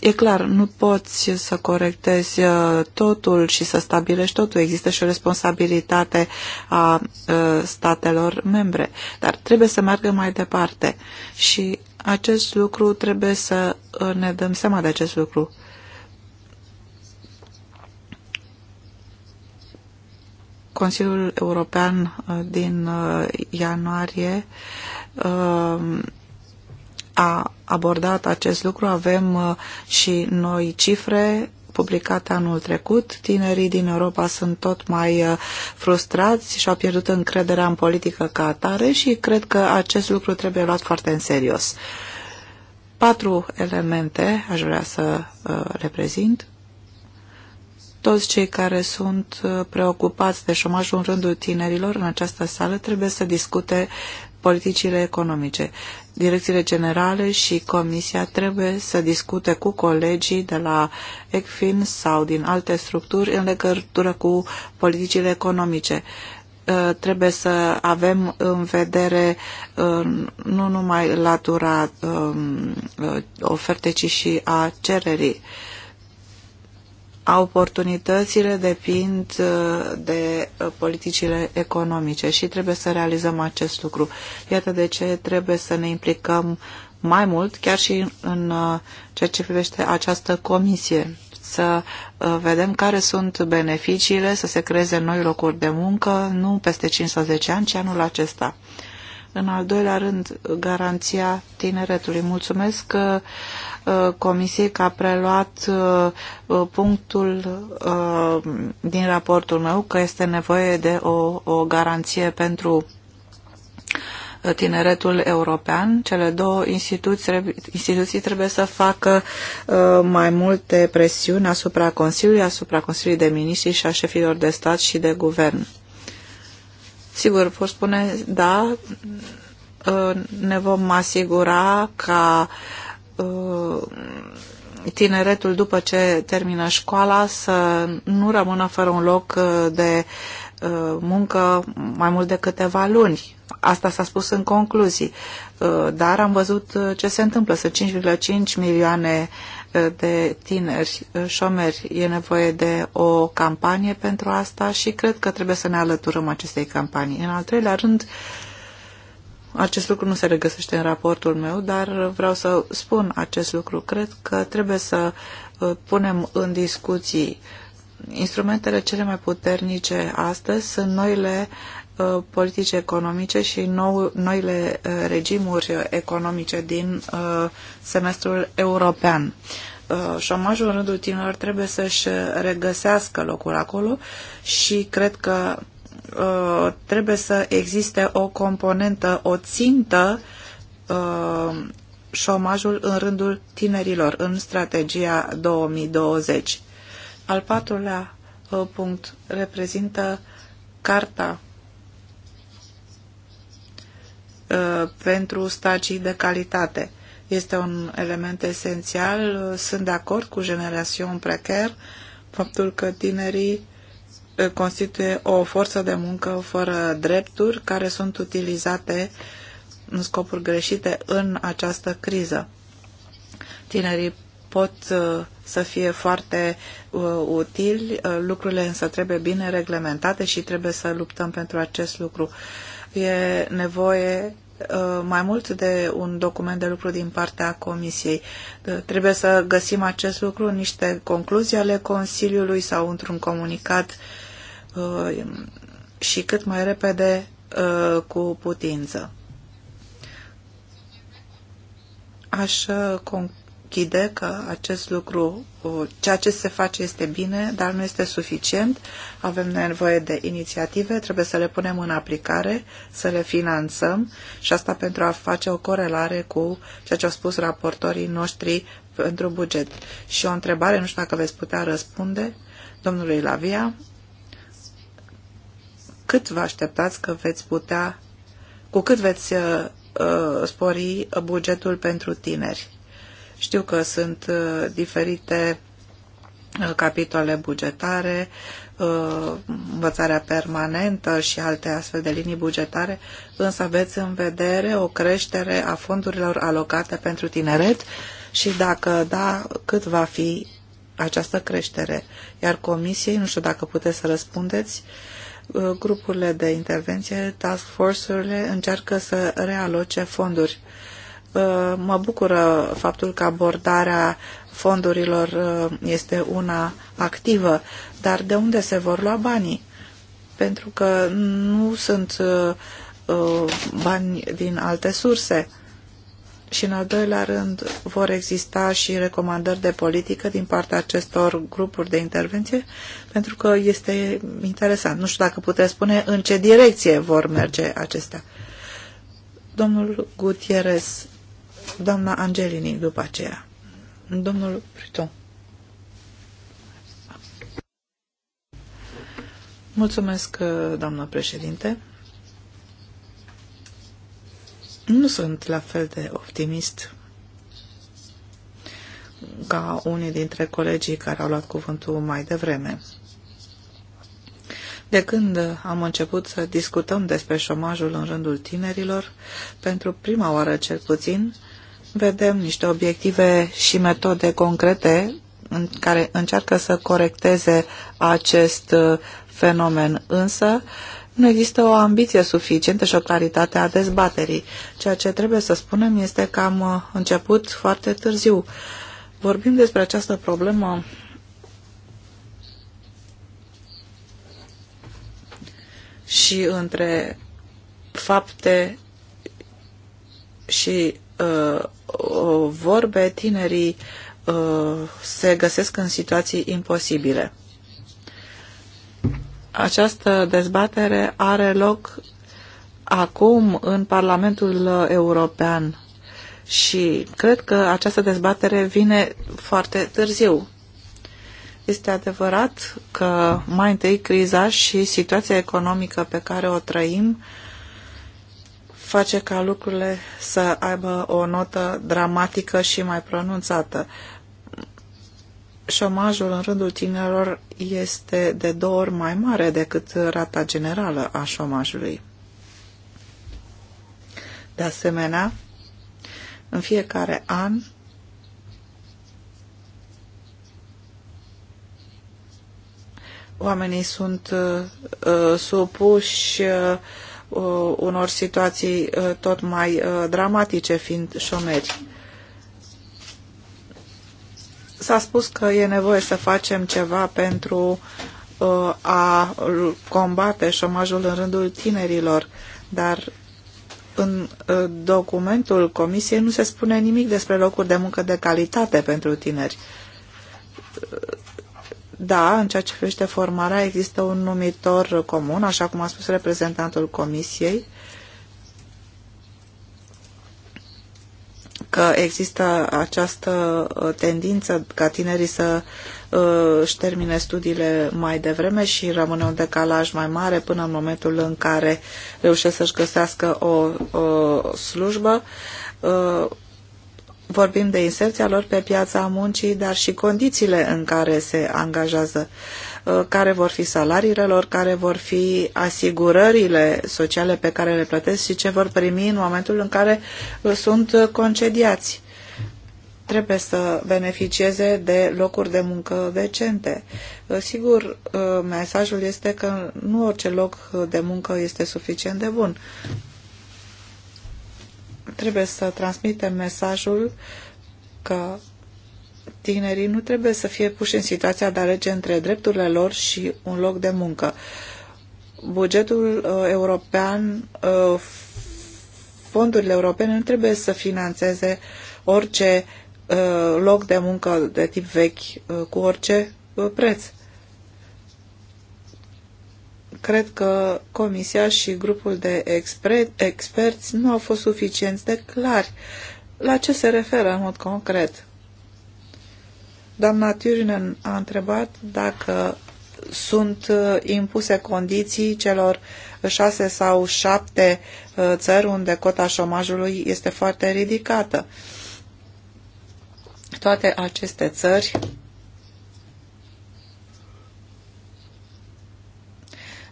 E clar, nu poți să corectezi uh, totul și să stabilești totul. Există și o responsabilitate a uh, statelor membre, dar trebuie să meargă mai departe și acest lucru trebuie să uh, ne dăm seama de acest lucru. Consiliul European din ianuarie a abordat acest lucru. Avem uh, și noi cifre publicate anul trecut. Tinerii din Europa sunt tot mai uh, frustrați și au pierdut încrederea în politică ca atare și cred că acest lucru trebuie luat foarte în serios. Patru elemente aș vrea să uh, reprezint toți cei care sunt preocupați de șomajul în rândul tinerilor în această sală trebuie să discute politicile economice. Direcțiile generale și comisia trebuie să discute cu colegii de la ECFIN sau din alte structuri în legătură cu politicile economice uh, trebuie să avem în vedere uh, nu numai latura um, uh, ofertei, ci și a cererii. Oportunitățile depind uh, de uh, politicile economice și trebuie să realizăm acest lucru. Iată de ce trebuie să ne implicăm mai mult, chiar și în uh, ceea ce privește această comisie să vedem care sunt beneficiile, să se creeze noi locuri de muncă, nu peste 15 ani, ci anul acesta. În al doilea rând, garanția tineretului. Mulțumesc că uh, uh, Comisiei că a preluat uh, punctul din raportul meu că este nevoie de o, o garanție pentru tineretul european. Cele două instituții, instituții trebuie să facă uh, mai multe presiuni asupra Consiliului, asupra Consiliului de Ministri și a șefilor de stat și de guvern. Sigur, vor spune, da, ă, ne vom asigura ca ă, tineretul după ce termină școala să nu rămână fără un loc ă, de muncă mai mult de câteva luni. Asta s-a spus în concluzii, dar am văzut ce se întâmplă. Sunt 5,5 milioane de tineri eh, șomeri. E nevoie de o campanie pentru asta și cred că trebuie să ne alăturăm acestei campanii. În al treilea rând, acest lucru nu se regăsește în raportul meu, dar vreau să spun acest lucru. Cred că trebuie să eh, punem în discuții instrumentele cele mai puternice astăzi sunt noile Uh, politici economice și nou, noile uh, regimuri economice din uh, semestrul european. Șomajul în rândul tinerilor trebuie să-și regăsească locul acolo și cred că trebuie să existe o componentă, o țintă șomajul în rândul tinerilor în strategia 2020. Al patrulea punct reprezintă Carta Uh, pentru stagii de calitate. Este un element esențial. Uh, sunt de acord cu generațion precar, faptul că tinerii uh, constituie o forță de muncă fără drepturi care sunt utilizate în scopuri greșite în această criză. Tinerii pot să fie foarte uh, utili, lucrurile însă trebuie bine reglementate și trebuie să luptăm pentru acest lucru. Uh, E nevoie uh, mai mult de un document de lucru din partea Comisiei. Uh, trebuie să găsim acest lucru în niște concluzii ale Consiliului sau într-un comunicat uh, și cât mai repede cu putință. Aș conchide că acest lucru ceea ce se face este bine, dar nu este suficient. Avem nevoie de inițiative, trebuie să le punem în aplicare, să le finanțăm și asta pentru a face o corelare cu ceea ce au spus raportorii noștri pentru buget. Și o întrebare, nu știu dacă veți putea răspunde, domnului Lavia, cât vă așteptați că veți putea, cu cât veți uh, spori bugetul pentru tineri? Știu că sunt uh, diferite uh, capitole bugetare, uh, învățarea permanentă și alte astfel de linii bugetare, însă aveți în vedere o creștere a fondurilor alocate pentru tineret și dacă da, cât va fi această creștere. Iar comisiei, nu știu dacă puteți să răspundeți, grupurile de intervenție, task force-urile încearcă să realoce fonduri Ă, mă bucură faptul că abordarea fondurilor ă, este una activă, dar de unde se vor lua banii? Pentru că nu sunt ă, bani din alte surse. Și în al doilea rând vor exista și recomandări de politică din partea acestor grupuri de intervenție, pentru că este interesant. Nu știu dacă puteți spune în ce direcție vor merge acestea. Domnul Gutierrez, doamna Angelini după aceea. Domnul Priton. Mulțumesc, uh, doamnă președinte. Nu sunt la fel de optimist ca unii dintre colegii care au luat cuvântul mai devreme. De când am început să discutăm despre șomajul în rândul tinerilor, pentru prima oară cel puțin, vedem niște obiective și metode concrete în care încearcă să corecteze acest uh, fenomen, însă nu există o ambiție suficientă și o claritate a dezbaterii. Ceea ce trebuie să spunem este că am uh, început foarte târziu. Vorbim despre această problemă și între fapte și Uh, uh, vorbe, tinerii uh, se găsesc în situații imposibile. Această dezbatere are loc acum în Parlamentul European și cred că această dezbatere vine foarte târziu. Este adevărat că mai întâi criza și situația economică pe care o trăim uh, face ca lucrurile să aibă o notă dramatică și mai pronunțată. Șomajul în rândul tinerilor este de două ori mai mare decât rata generală a șomajului. De asemenea, în fiecare an oamenii sunt uh, uh supuși uh, uh, unor situații uh, tot mai uh, dramatice fiind șomeri. S-a spus că e nevoie să facem ceva pentru uh, a combate șomajul în rândul tinerilor, dar în uh, documentul Comisiei nu se spune nimic despre locuri de muncă de calitate pentru tineri da, în ceea ce privește formarea există un numitor comun, așa cum a spus reprezentantul Comisiei, că există această uh, tendință ca tinerii să uh, își termine studiile mai devreme și rămâne un decalaj mai mare până în momentul în care reușesc să-și găsească o, o slujbă. Uh, vorbim de inserția lor pe piața muncii, dar și condițiile în care se angajează, uh, care vor fi salariile lor, care vor fi asigurările sociale pe care le plătesc și ce vor primi în momentul în care uh, sunt uh, concediați. Trebuie să beneficieze de locuri de muncă decente. Sigur, mesajul este că nu orice loc de muncă este suficient de bun trebuie să transmitem mesajul că tinerii nu trebuie să fie puși în situația de a alege între drepturile lor și un loc de muncă. Bugetul uh, european, uh, fondurile europene nu trebuie să financeze orice uh, loc de muncă de tip vechi uh, cu orice uh, preț cred că Comisia și grupul de exper experți nu au fost suficienți de clari la ce se referă în mod concret. Doamna Turinen a întrebat dacă sunt uh, impuse condiții celor șase sau șapte uh, țări unde cota șomajului este foarte ridicată. Toate aceste țări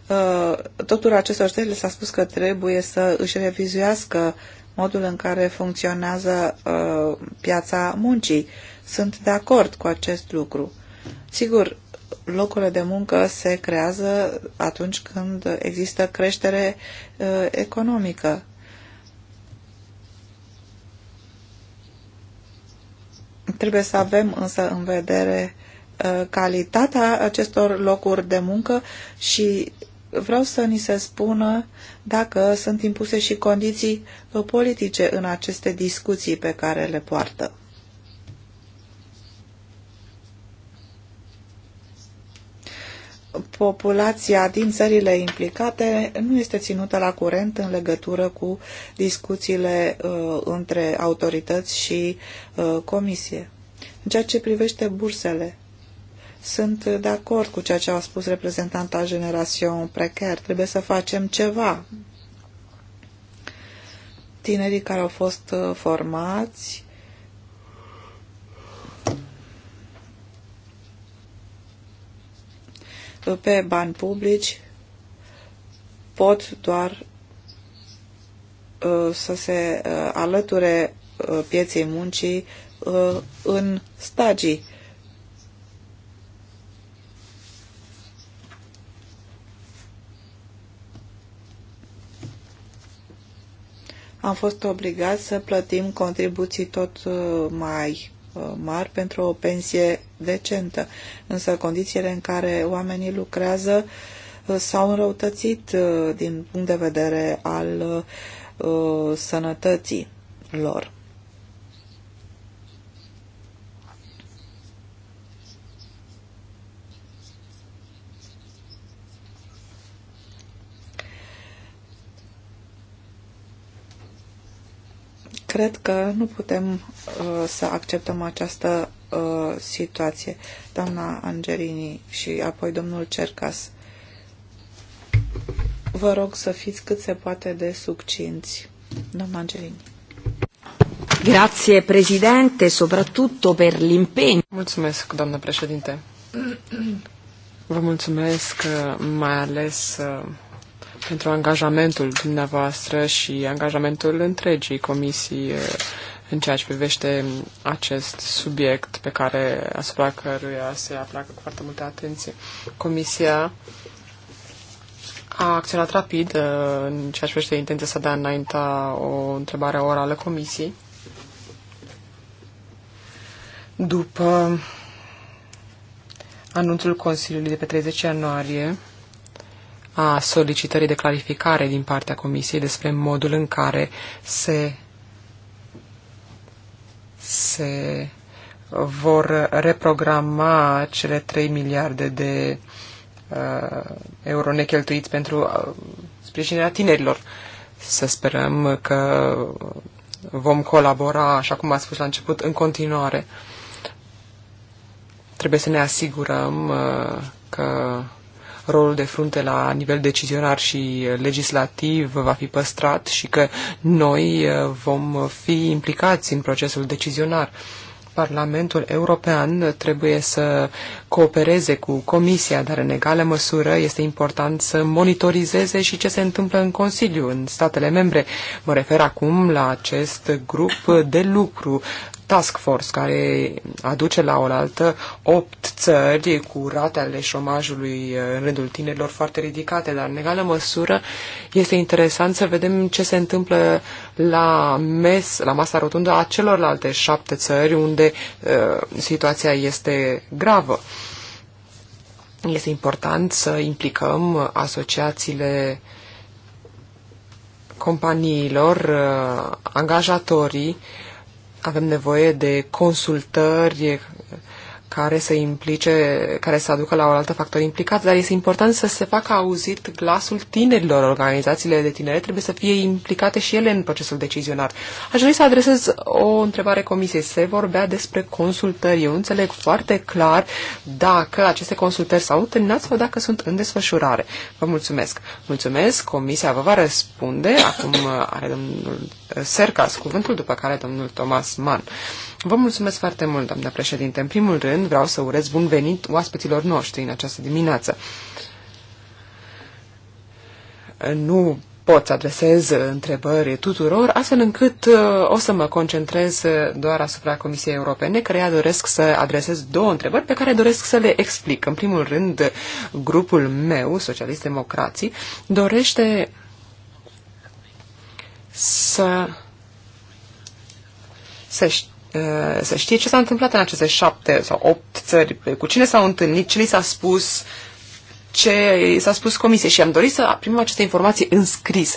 Uh, totul acestor țări s-a spus că trebuie să își revizuiască modul în care funcționează uh, piața muncii. Sunt de acord cu acest lucru. Sigur, locurile de muncă se creează atunci când există creștere uh, economică. Trebuie să avem însă în vedere uh, calitatea acestor locuri de muncă și vreau să ni se spună dacă sunt impuse și condiții politice în aceste discuții pe care le poartă. populația din țările implicate nu este ținută la curent în legătură cu discuțiile uh, între autorități și uh, comisie. În ceea ce privește bursele, sunt de acord cu ceea ce a spus reprezentanta generației precar. Trebuie să facem ceva. Tinerii care au fost uh, formați uh, pe bani publici pot doar uh, să se alăture pieței muncii în stagii am fost obligați să plătim contribuții tot uh, mai uh, mari pentru o pensie decentă. Însă condițiile în care oamenii lucrează uh, s-au înrăutățit din punct de vedere al sănătății lor. Cred că nu putem uh, să acceptăm această uh, situație. Doamna Angerini și apoi domnul Cercas. Vă rog să fiți cât se poate de succinți. Doamna Angerini. Grazie Presidente, soprattutto per l'impegno. Mulțumesc, doamnă președinte. Vă mulțumesc uh, mai ales uh, pentru angajamentul dumneavoastră și angajamentul întregii comisii eh, în ceea ce privește acest subiect pe care asupra căruia se aplacă cu foarte multă atenție. Comisia a acționat rapid eh, în ceea ce privește intenția să dea înainta o întrebare orală comisiei. După anunțul Consiliului de pe 30 ianuarie, a solicitării de clarificare din partea Comisiei despre modul în care se, se vor reprograma cele 3 miliarde de uh, euro necheltuiți pentru uh, sprijinirea tinerilor. Să sperăm că vom colabora, așa cum ați spus la început, în continuare. Trebuie să ne asigurăm uh, că rolul de frunte la nivel decizionar și legislativ va fi păstrat și că noi uh, vom fi implicați în procesul decizionar. Parlamentul European trebuie să coopereze cu Comisia, dar în egală măsură este important să monitorizeze și ce se întâmplă în Consiliu, în statele membre. Mă refer acum la acest grup de lucru task force care aduce la oaltă opt țări cu rate ale șomajului uh, în rândul tinerilor foarte ridicate, dar în egală măsură este interesant să vedem ce se întâmplă la mes, la masa rotundă a celorlalte șapte țări unde uh, situația este gravă. Este important să implicăm asociațiile companiilor, uh, angajatorii, uh, avem nevoie de consultări care să implice, care să aducă la o altă factor implicat, dar este important să se facă auzit glasul tinerilor. Organizațiile de tineri. trebuie să fie implicate și ele în procesul decizionar. Aș dori să adresez o întrebare comisiei. Se vorbea despre consultări. Eu înțeleg foarte clar dacă aceste consultări s-au terminat sau dacă sunt în desfășurare. Vă mulțumesc. Mulțumesc. Comisia vă va răspunde. Acum are domnul Sercas cuvântul, după care domnul Thomas Mann. Vă mulțumesc foarte mult, doamna președinte. În primul rând, vreau să urez bun venit oaspeților noștri în această dimineață. Nu pot să adresez întrebări tuturor, astfel încât uh, o să mă concentrez doar asupra Comisiei Europene, care doresc să adresez două întrebări pe care doresc să le explic. În primul rând, grupul meu, Socialist Democrații, dorește să să știe Uh, să știe ce s-a întâmplat în aceste șapte sau opt țări, cu cine s-au întâlnit, ce li s-a spus, ce s-a spus comisiei și am dorit să primim aceste informații în scris.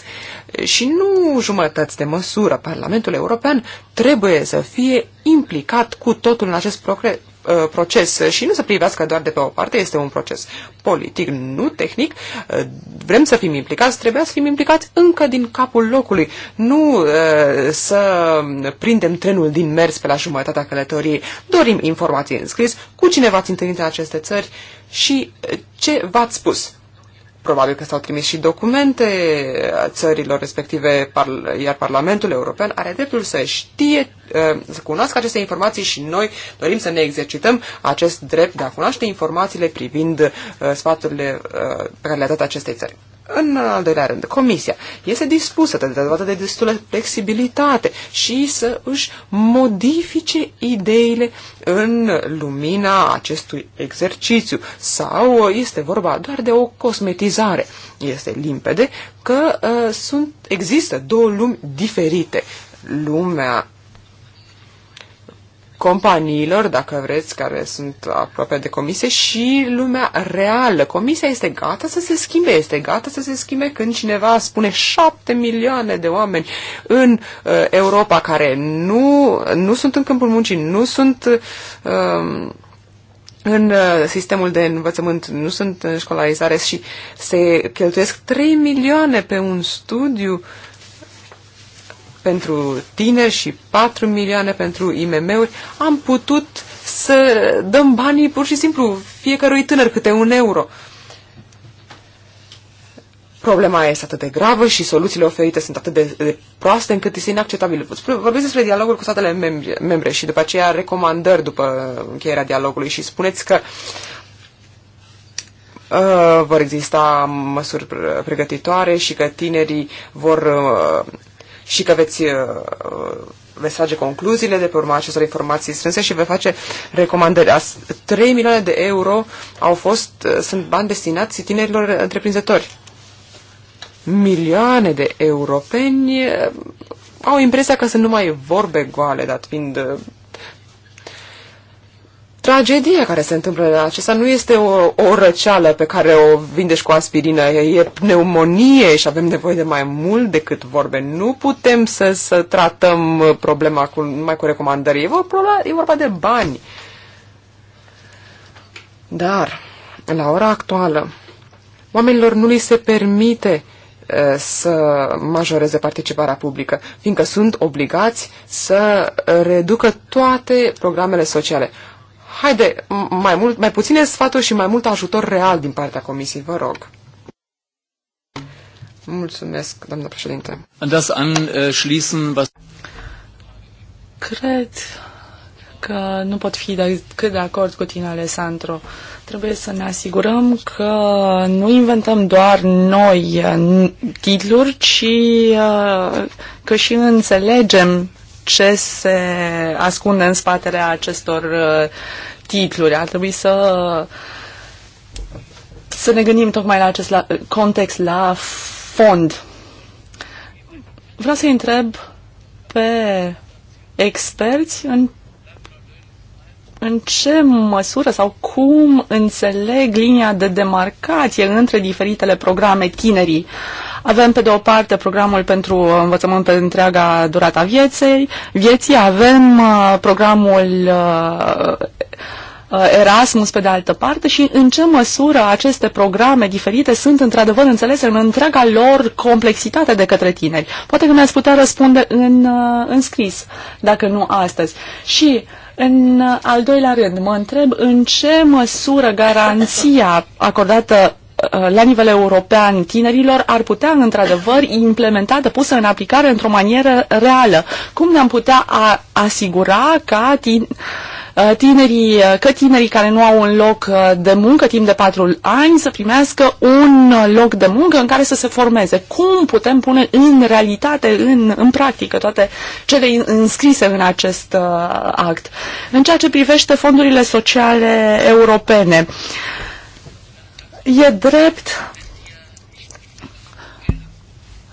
Și nu jumătăți de măsură. Parlamentul European trebuie să fie implicat cu totul în acest Uh, proces și nu se privească doar de pe o parte, este un proces politic, nu tehnic. Uh, vrem să fim implicați, trebuia să fim implicați încă din capul locului, nu uh, să prindem trenul din mers pe la jumătatea călătoriei. Dorim informații în scris, cu cine v-ați întâlnit în aceste țări și ce v-ați spus. Probabil că s-au trimis și documente țărilor respective, iar Parlamentul European are dreptul să știe, ă, să cunoască aceste informații și noi dorim să ne exercităm acest drept de a cunoaște informațiile privind ă, sfaturile ă, pe care le-a dat acestei țări. În al doilea rând, comisia este dispusă de dată de destulă flexibilitate și să își modifice ideile în lumina acestui exercițiu sau uh, este vorba doar de o cosmetizare. Este limpede că uh, sunt, există două lumi diferite lumea companiilor, dacă vreți, care sunt aproape de comisie și lumea reală. Comisia este gata să se schimbe, este gata să se schimbe când cineva spune șapte milioane de oameni în uh, Europa care nu, nu sunt în câmpul muncii, nu sunt uh, în uh, sistemul de învățământ, nu sunt în școlarizare și se cheltuiesc 3 milioane pe un studiu uh, pentru tineri și 4 milioane pentru IMM-uri, am putut să dăm banii pur și simplu fiecărui tânăr câte un euro. Problema este atât de gravă și soluțiile oferite sunt atât de, de proaste încât este inacceptabil. Vorbesc despre dialogul cu statele membre, membre și după aceea recomandări după încheierea dialogului și spuneți că uh, vor exista măsuri pregătitoare și că tinerii vor uh, și că veți veți uh, concluziile de pe urma acestor informații strânse și vei face recomandări. As 3 milioane de euro au fost, uh, sunt bani destinați tinerilor întreprinzători. Milioane de europeni uh, au impresia că sunt numai vorbe goale, dat fiind tragedie care se întâmplă. Acesta nu este o, o răceală pe care o vindești cu aspirină, e pneumonie și avem nevoie de mai mult decât vorbe. Nu putem să, să tratăm problema cu, numai cu recomandări. E vorba, e vorba de bani. Dar, la ora actuală, oamenilor nu li se permite să majoreze participarea publică, fiindcă sunt obligați să reducă toate programele sociale. Haide, mai, mult, mai puține sfaturi și mai mult ajutor real din partea Comisiei, vă rog. Mulțumesc, doamnă președinte. Das anschließen, was... Cred că nu pot fi decât de acord cu tine, Alessandro. Trebuie să ne asigurăm că nu inventăm doar noi uh, titluri, ci uh, că și înțelegem ce se ascunde în spatele acestor uh, titluri. Ar trebui să, să ne gândim tocmai la acest context, la fond. Vreau să întreb pe experți în în ce măsură sau cum înțeleg linia de demarcație între diferitele programe tinerii. Uh, avem, pe de o parte, programul pentru învățământ pe întreaga durata vieței, vieții, avem uh, programul uh, uh, Erasmus pe de altă parte și în ce măsură aceste programe diferite sunt într-adevăr înțelese în întreaga lor complexitate de către tineri. Poate că mi-ați putea răspunde în, uh, în scris, dacă nu astăzi. Și în al doilea rând, mă întreb în ce măsură garanția acordată Uh, la nivel european tinerilor ar putea, într-adevăr, implementată, pusă în aplicare într-o manieră reală. Cum ne-am putea a, asigura ca tin, uh, tinerii, uh, că tinerii care nu au un loc de muncă timp de patru ani să primească un loc de muncă în care să se formeze? Cum putem pune în realitate, în, în practică, toate cele înscrise în acest act? În ceea ce privește fondurile sociale europene, uh, E drept,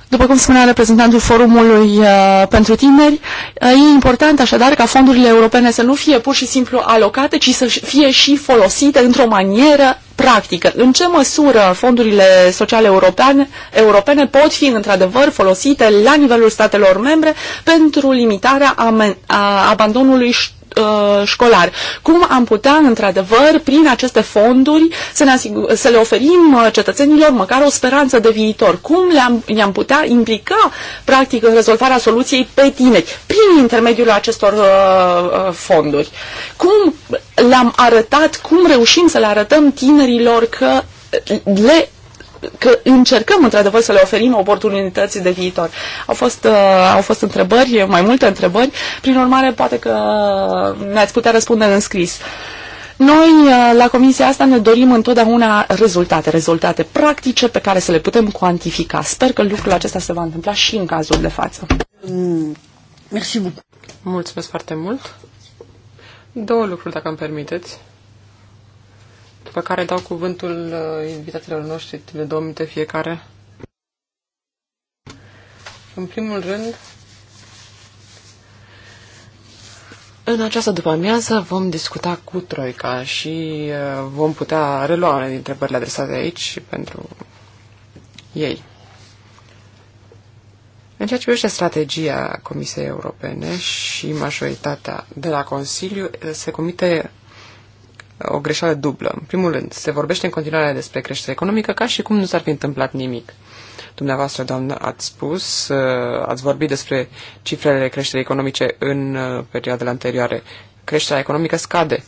după cum spunea reprezentantul Forumului uh, pentru Tineri, uh, e important așadar ca fondurile europene să nu fie pur și simplu alocate, ci să fie și folosite într-o manieră practică. În ce măsură fondurile sociale europene, europene pot fi într-adevăr folosite la nivelul statelor membre pentru limitarea a abandonului ș- uh, școlar. Cum am putea, într-adevăr, prin aceste fonduri să, ne asigur, să le oferim uh, cetățenilor măcar o speranță de viitor? Cum le-am, le am putea implica, practic, în rezolvarea soluției pe tineri, prin intermediul acestor uh, uh, fonduri? Cum le-am arătat, cum reușim să le arătăm tinerilor că le că încercăm într-adevăr să le oferim oportunități de viitor. Au fost, uh, au fost întrebări, mai multe întrebări, prin urmare poate că ne-ați putea răspunde în scris. Noi uh, la comisia asta ne dorim întotdeauna rezultate, rezultate practice pe care să le putem cuantifica. Sper că lucrul acesta se va întâmpla și în cazul de față. Mm, Mulțumesc foarte mult. Două lucruri, dacă îmi permiteți după care dau cuvântul uh, invitațiilor noștri de două minute fiecare. În primul rând, În această după-amiază vom discuta cu Troica și uh, vom putea relua unele dintre întrebările adresate aici pentru ei. În ceea ce privește strategia Comisiei Europene și majoritatea de la Consiliu, se comite o greșeală dublă. În primul rând, se vorbește în continuare despre creștere economică ca și cum nu s-ar fi întâmplat nimic. Dumneavoastră, doamnă, ați spus, uh, ați vorbit despre cifrele creșterii economice în uh, perioadele anterioare. Creșterea economică scade.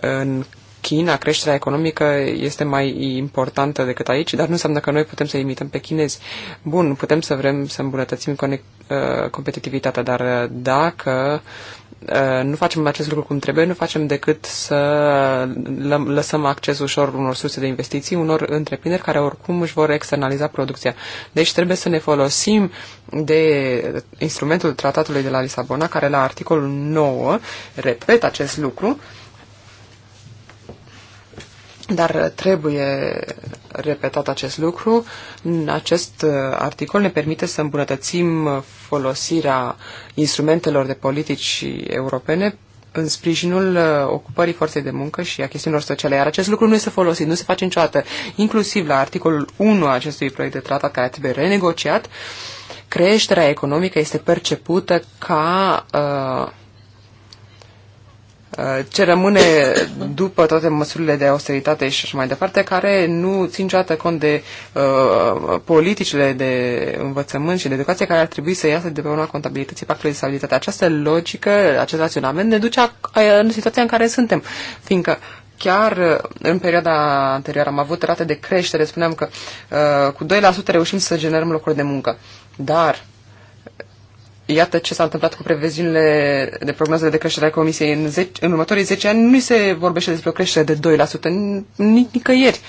În China, creșterea economică este mai importantă decât aici, dar nu înseamnă că noi putem să imităm pe chinezi. Bun, putem să vrem să îmbunătățim uh, competitivitatea, dar dacă Uh, nu facem acest lucru cum trebuie, nu facem decât să lăsăm acces ușor unor surse de investiții, unor întreprinderi care oricum își vor externaliza producția. Deci trebuie să ne folosim de instrumentul tratatului de la Lisabona, care la articolul 9, repet acest lucru, uh, dar trebuie repetat acest lucru. Acest uh, articol ne permite să îmbunătățim folosirea instrumentelor de politici europene în sprijinul uh, ocupării forței de muncă și a chestiunilor sociale. Iar acest lucru nu este folosit, nu se face niciodată. Inclusiv la articolul 1 a acestui proiect de tratat care trebuie renegociat, creșterea economică este percepută ca uh, Uh, ce rămâne după toate măsurile de austeritate și așa mai departe, care nu țin niciodată cont de uh, politicile de învățământ și de educație care ar trebui să iasă de pe una contabilității pactului de stabilitate. Această logică, acest raționament ne duce în situația în care suntem, fiindcă chiar uh, în perioada anterioară am avut rate de creștere, spuneam că uh, cu 2% reușim să generăm locuri de muncă, dar Iată ce s-a întâmplat cu previziunile de prognoză de creștere a Comisiei. În, zeci, în următorii 10 ani nu se vorbește despre o creștere de 2%, nici nicăieri.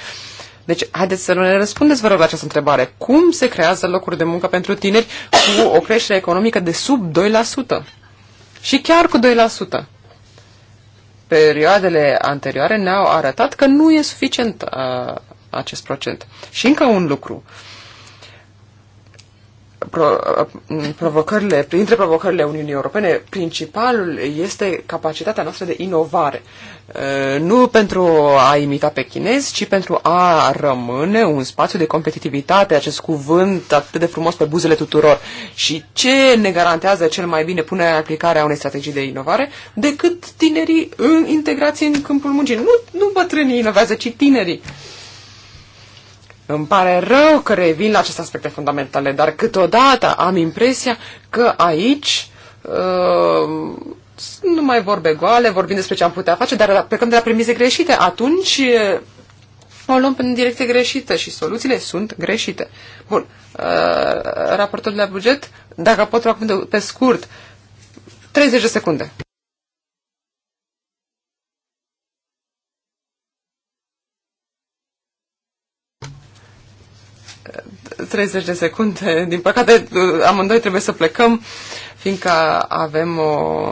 Deci, haideți să ne răspundeți, vă rog, la această întrebare. Cum se creează locuri de muncă pentru tineri cu o creștere economică de sub 2%? Și chiar cu 2%. Perioadele anterioare ne-au arătat că nu e suficient a, uh, acest procent. Și încă un lucru. Uh, pro, mm, provocările, printre provocările Uniunii Europene, principalul este capacitatea noastră de inovare. Nu pentru a imita pe chinezi, ci pentru a rămâne un spațiu de competitivitate, acest cuvânt atât de frumos pe buzele tuturor. Și ce ne garantează cel mai bine punerea în aplicare a unei strategii de inovare decât tinerii în uh, integrați în câmpul muncii. Nu, nu bătrânii inovează, ci tinerii. Uh, îmi pare rău că revin la aceste aspecte fundamentale, dar câteodată am impresia că aici uh, nu mai vorbe goale, vorbim despre ce am putea face, dar plecăm de la premise greșite. Atunci uh, o luăm în direcție greșită și soluțiile sunt greșite. Bun, uh, raportul de la buget, dacă pot acum pe scurt, 30 de secunde. 30 de secunde. Din păcate, amândoi trebuie să plecăm, fiindcă avem o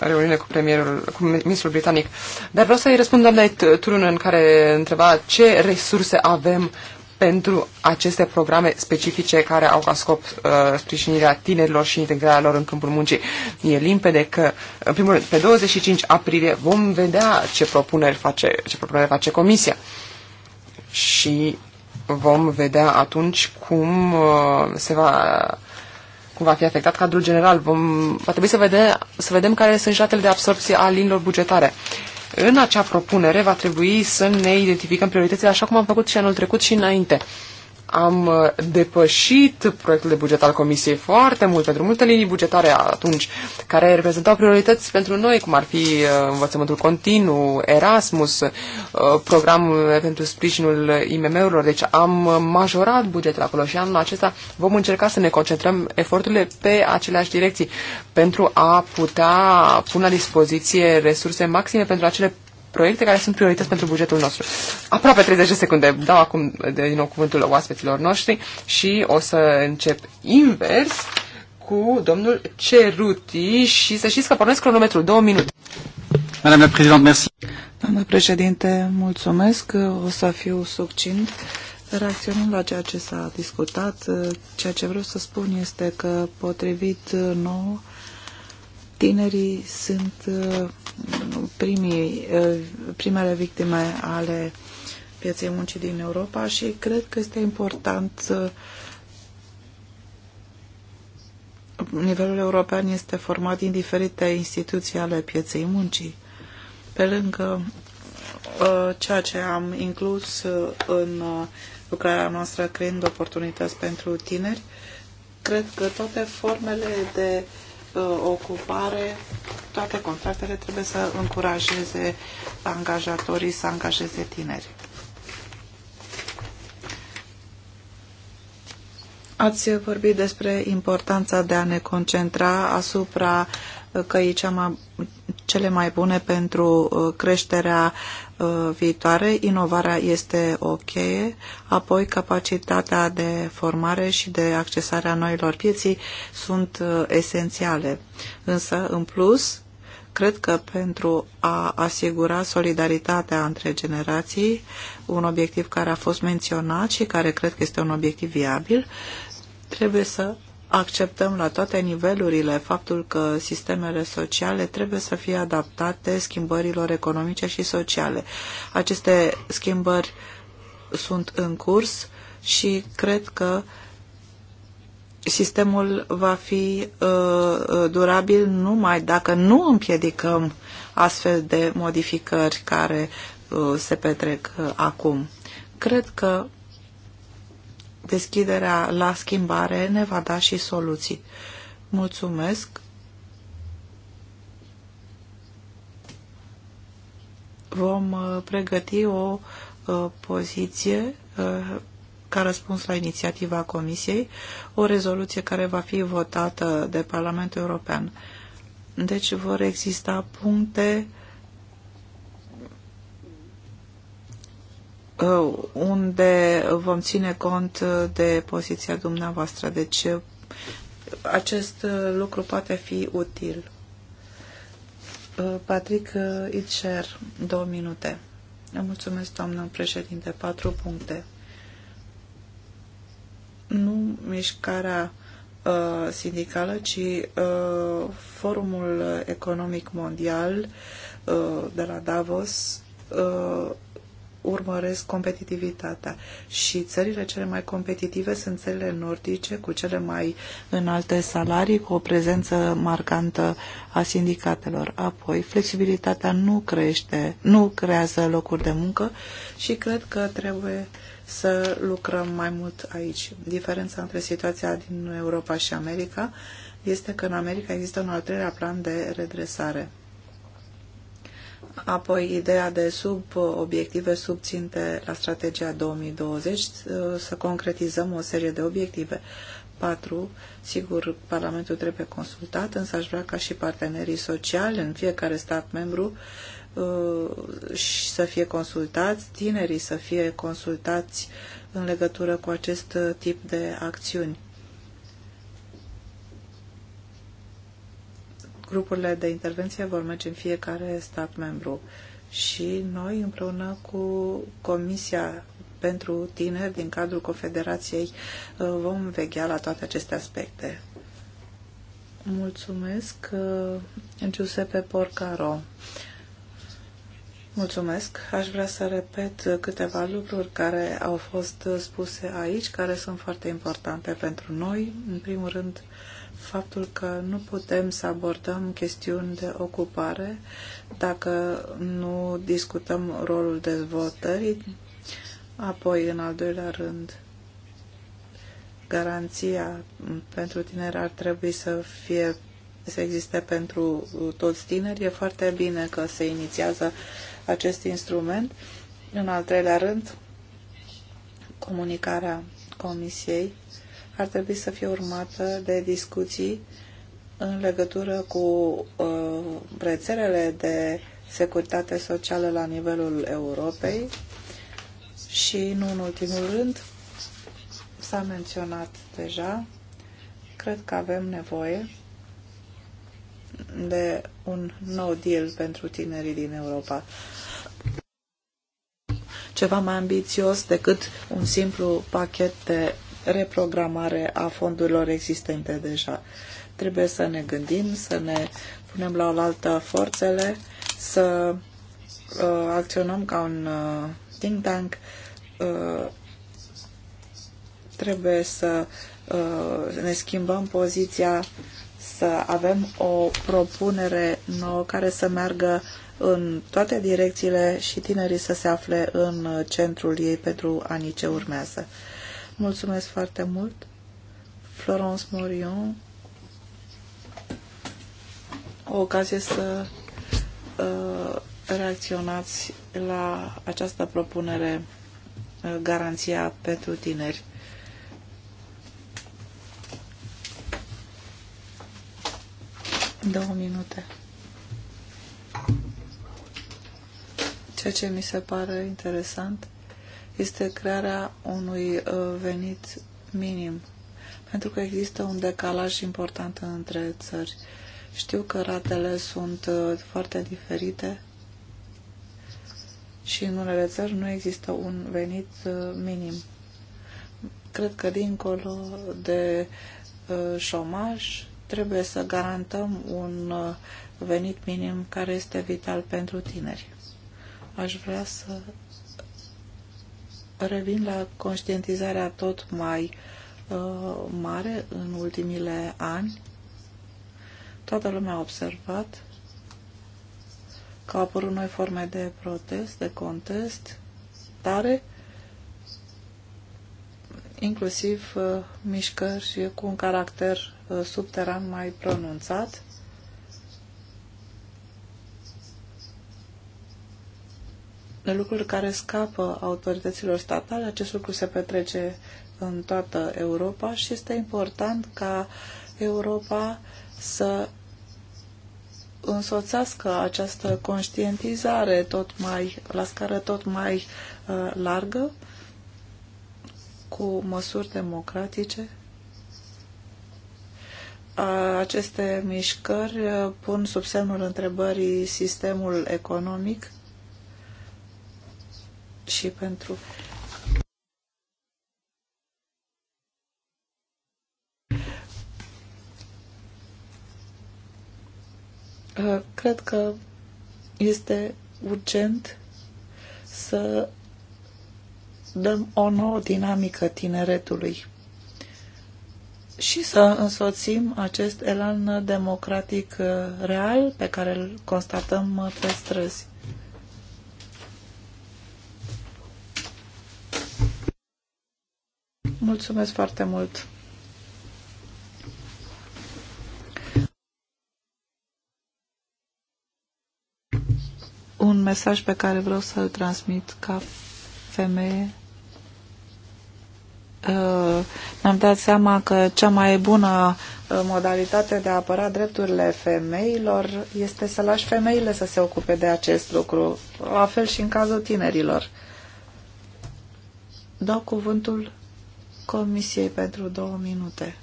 reuniune cu premierul, cu ministrul britanic. Dar vreau să-i răspund doamnei Turunen, care întreba ce resurse avem pentru aceste programe specifice care au ca scop uh, sprijinirea tinerilor și integrarea lor în câmpul muncii. E limpede că, în primul rând, pe 25 aprilie vom vedea ce propuneri face, ce propuneri face Comisia. Și vom vedea atunci cum uh, se va cum va fi afectat cadrul general. Vom, va trebui să, vede, să vedem care sunt jatele de absorpție a linilor bugetare. În acea propunere va trebui să ne identificăm prioritățile așa cum am făcut și anul trecut și înainte. Uh, am uh, depășit proiectul de buget al Comisiei foarte mult pentru multe linii bugetare atunci care reprezentau priorități pentru noi, cum ar fi uh, învățământul continuu, Erasmus, uh, programul pentru sprijinul IMM-urilor. Deci am majorat bugetul acolo și anul acesta vom încerca să ne concentrăm eforturile pe aceleași direcții pentru a putea pune la dispoziție resurse maxime pentru acele proiecte care sunt priorități pentru bugetul nostru. Aproape 30 de secunde. Dau acum din nou cuvântul oaspeților noștri și o să încep invers cu domnul Ceruti și să știți că pornesc cronometrul. Două minute. Madame la Présidente, merci. Doamna președinte, mulțumesc. O să fiu succint. Reacționând la ceea ce s-a discutat, ceea ce vreau să spun este că, potrivit nou, Tinerii sunt uh, primii, uh, primele victime ale pieței muncii din Europa și cred că este important uh, nivelul european este format din diferite instituții ale pieței muncii. Pe lângă ceea ce am inclus în lucrarea noastră creând oportunități pentru tineri, cred că toate formele de uh, Uh, ocupare, toate contractele trebuie să încurajeze angajatorii să angajeze tineri. Ați vorbit despre importanța de a ne concentra asupra căii cea mai, cele mai bune pentru uh, creșterea uh, viitoare. Inovarea este o cheie, apoi capacitatea de formare și de accesare a noilor pieții sunt uh, esențiale. Însă, în plus, Cred că pentru a asigura solidaritatea între generații, un obiectiv care a fost menționat și care cred că este un obiectiv viabil, trebuie să acceptăm la toate nivelurile faptul că sistemele sociale trebuie să fie adaptate schimbărilor economice și sociale. Aceste schimbări sunt în curs și cred că sistemul va fi uh, uh durabil numai dacă nu împiedicăm astfel de modificări care uh, se petrec uh, acum. Cred că deschiderea la schimbare ne va da și soluții. Mulțumesc! Vom uh, pregăti o uh, poziție uh, ca răspuns la inițiativa Comisiei, o rezoluție care va fi votată de Parlamentul European. Deci vor exista puncte uh, Uh, unde vom ține cont uh, de poziția dumneavoastră. Deci uh, acest lucru poate fi util. Patrick Itcher, două minute. Mulțumesc, doamnă președinte. Patru puncte. Nu mișcarea uh, sindicală, ci uh, Forumul Economic Mondial uh, de la Davos uh, urmăresc competitivitatea. Și țările cele mai competitive sunt țările nordice, cu cele mai înalte salarii, cu o prezență marcantă a sindicatelor. Apoi, flexibilitatea nu crește, nu creează locuri de muncă și cred că trebuie să lucrăm mai mult aici. Diferența între situația din Europa și America este că în America există un al treilea plan de redresare Apoi, ideea de sub uh, obiective subținte la strategia 2020, uh, să concretizăm o serie de obiective. 4. Sigur, Parlamentul trebuie consultat, însă aș vrea ca și partenerii sociali în fiecare stat membru uh, să fie consultați, tinerii să fie consultați în legătură cu acest tip de acțiuni. grupurile de intervenție vor merge în fiecare stat membru și noi împreună cu Comisia pentru Tineri din cadrul Confederației uh, vom veghea la toate aceste aspecte. Mulțumesc, uh, Giuseppe Porcaro. Mulțumesc. Aș vrea să repet câteva lucruri care au fost spuse aici, care sunt foarte importante pentru noi. În primul rând, faptul că nu putem să abordăm chestiuni de ocupare dacă nu discutăm rolul dezvoltării, apoi, în al doilea rând, garanția pentru tineri ar trebui să fie să existe pentru toți tineri. E foarte bine că se inițiază acest instrument. În al treilea rând, comunicarea Comisiei ar trebui să fie urmată de discuții în legătură cu uh, rețelele de securitate socială la nivelul Europei și, nu în ultimul rând, s-a menționat deja, cred că avem nevoie de un nou deal pentru tinerii din Europa. Ceva mai ambițios decât un simplu pachet de reprogramare a fondurilor existente deja. Trebuie să ne gândim, să ne punem la oaltă forțele, să uh, acționăm ca un uh, think tank. Uh, trebuie să uh, ne schimbăm poziția, să avem o propunere nouă care să meargă în toate direcțiile și tinerii să se afle în centrul ei pentru anii ce urmează. Mulțumesc foarte mult. Florence Morion. O ocazie să uh, reacționați la această propunere uh, garanția pentru tineri. Două minute. Ceea ce mi se pare interesant este crearea unui uh, venit minim, pentru că există un decalaj important între țări. Știu că ratele sunt uh, foarte diferite și în unele țări nu există un venit uh, minim. Cred că dincolo de șomaj trebuie să garantăm un venit minim care este vital pentru tineri. Aș vrea să revin la conștientizarea tot mai uh, mare în ultimile ani. Toată lumea a observat că au apărut noi forme de protest, de contest, tare, inclusiv uh, mișcări cu un caracter uh, subteran mai pronunțat lucruri care scapă autorităților statale. Acest lucru se petrece în toată Europa și este important ca Europa să însoțească această conștientizare tot mai, la scară tot mai uh, largă cu măsuri democratice. aceste mișcări uh, pun sub semnul întrebării sistemul economic și pentru uh, Cred că este urgent să dăm o nouă dinamică tineretului și să însoțim acest elan democratic uh, real pe care îl constatăm uh, pe străzi. Mulțumesc foarte mult! Un mesaj pe care vreau să-l transmit ca femeie. Uh, mi-am dat seama că cea mai bună uh, modalitate de a apăra drepturile femeilor este să lași femeile să se ocupe de acest lucru, la fel și în cazul tinerilor. Dau cuvântul Comisiei pentru două minute.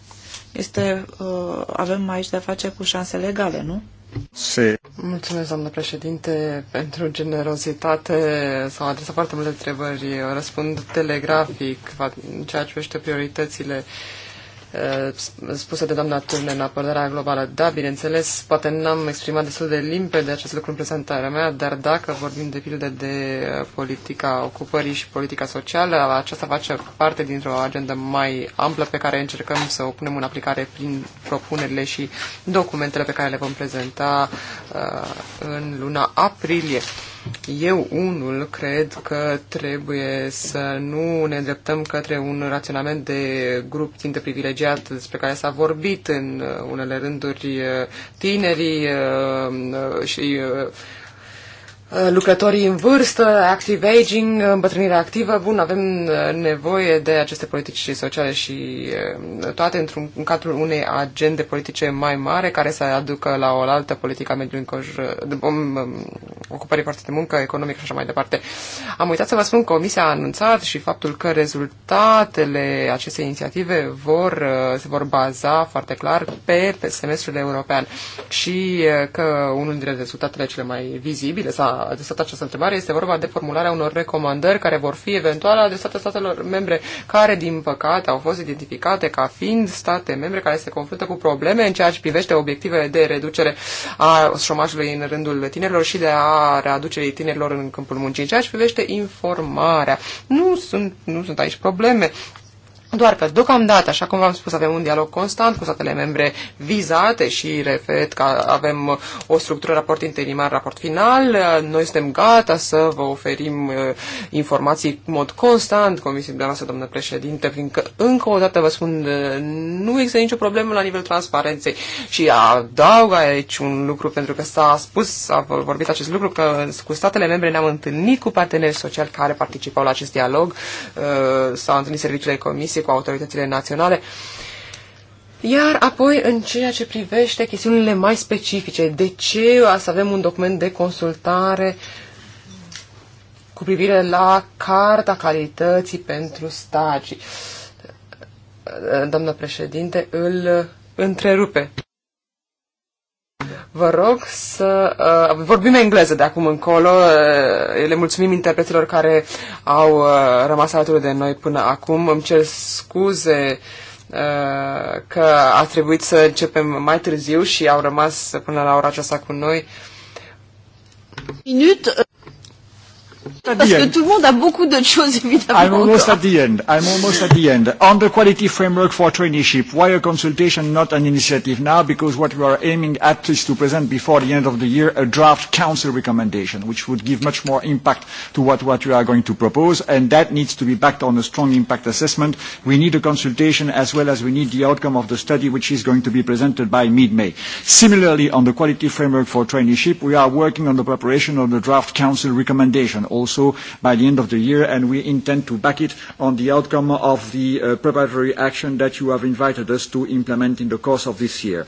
Este, uh, avem aici de-a face cu șanse legale, nu? Si. Mulțumesc, doamnă președinte, pentru generozitate. S-au adresat foarte multe întrebări. răspund telegrafic, ceea ce privește prioritățile uh, Uh, spuse de doamna Turne în apărarea globală. Da, bineînțeles, poate n-am exprimat destul de limpede acest lucru în prezentarea mea, dar dacă vorbim de pildă de uh, politica ocupării și politica socială, aceasta face parte dintr-o agendă mai amplă pe care încercăm să o punem în aplicare prin propunerile și documentele pe care le vom prezenta uh, în luna aprilie. Eu, unul, cred că trebuie să nu ne îndreptăm către un raționament de grup țintă privilegiat despre care s-a vorbit în uh, unele rânduri uh, tinerii uh, și lucrătorii în vârstă, active aging, îmbătrânirea activă. Bun, avem uh, nevoie de aceste politici sociale și uh, toate într-un în cadrul unei agende politice mai mare care să aducă la o altă politică a mediului înconjur, um, um, ocupării forței de muncă, economică și așa mai departe. Am uitat să vă spun că Comisia a anunțat și faptul că rezultatele acestei inițiative vor, uh, se vor baza foarte clar pe, pe semestrul european și că unul dintre rezultatele cele mai vizibile sau adresat această întrebare. Este vorba de formularea unor recomandări care vor fi eventual adresate statelor membre care, din păcate, au fost identificate ca fiind state membre care se confruntă cu probleme în ceea ce privește obiectivele de reducere a șomajului în rândul tinerilor și de a readucerii tinerilor în câmpul muncii. În ceea ce privește informarea, nu sunt, nu sunt aici probleme. Doar că, deocamdată, așa cum v-am spus, avem un dialog constant cu statele membre vizate și repet că avem o structură raport interimar, raport final. Noi suntem gata să vă oferim uh, informații în mod constant, Comisiei noastră, domnule președinte, fiindcă, încă o dată vă spun, uh, nu există nicio problemă la nivel transparenței. Și adaug aici un lucru, pentru că s-a spus, s-a vorbit acest lucru, că cu statele membre ne-am întâlnit cu parteneri sociali care participau la acest dialog, uh, s-au întâlnit serviciile Comisiei, discuții cu autoritățile naționale. Iar apoi, în ceea ce privește chestiunile mai specifice, de ce să avem un document de consultare cu privire la Carta Calității pentru Stagii? Doamna președinte, îl întrerupe. Vă rog să uh, vorbim engleză de acum încolo. Uh, le mulțumim interpreților care au uh, rămas alături de noi până acum. Îmi cer scuze uh, că a trebuit să începem mai târziu și au rămas până la ora aceasta cu noi. Minut. Parce que tout le monde a beaucoup d'autres choses, évidemment. I'm almost encore. at the end. I'm almost at the end. On the quality framework for traineeship, why a consultation, not an initiative now? Because what we are aiming at is to present before the end of the year a draft council recommendation, which would give much more impact to what, what we are going to propose, and that needs to be backed on a strong impact assessment. We need a consultation as well as we need the outcome of the study, which is going to be presented by mid-May. Similarly, on the quality framework for traineeship, we are working on the preparation of the draft council recommendation also by the end of the year, and we intend to back it on the outcome of the uh, preparatory action that you have invited us to implement in the course of this year.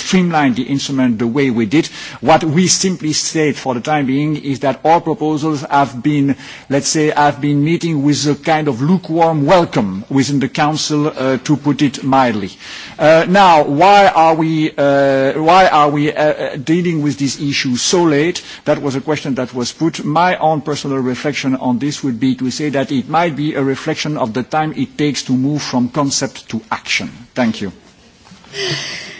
streamline the instrument the way we did. What we simply said for the time being is that our proposals have been, let's say, have been meeting with a kind of lukewarm welcome within the Council, uh, to put it mildly. Uh, now, why are we, uh, why are we uh, uh, dealing with this issue so late? That was a question that was put. My own personal reflection on this would be to say that it might be a reflection of the time it takes to move from concept to action. Thank you.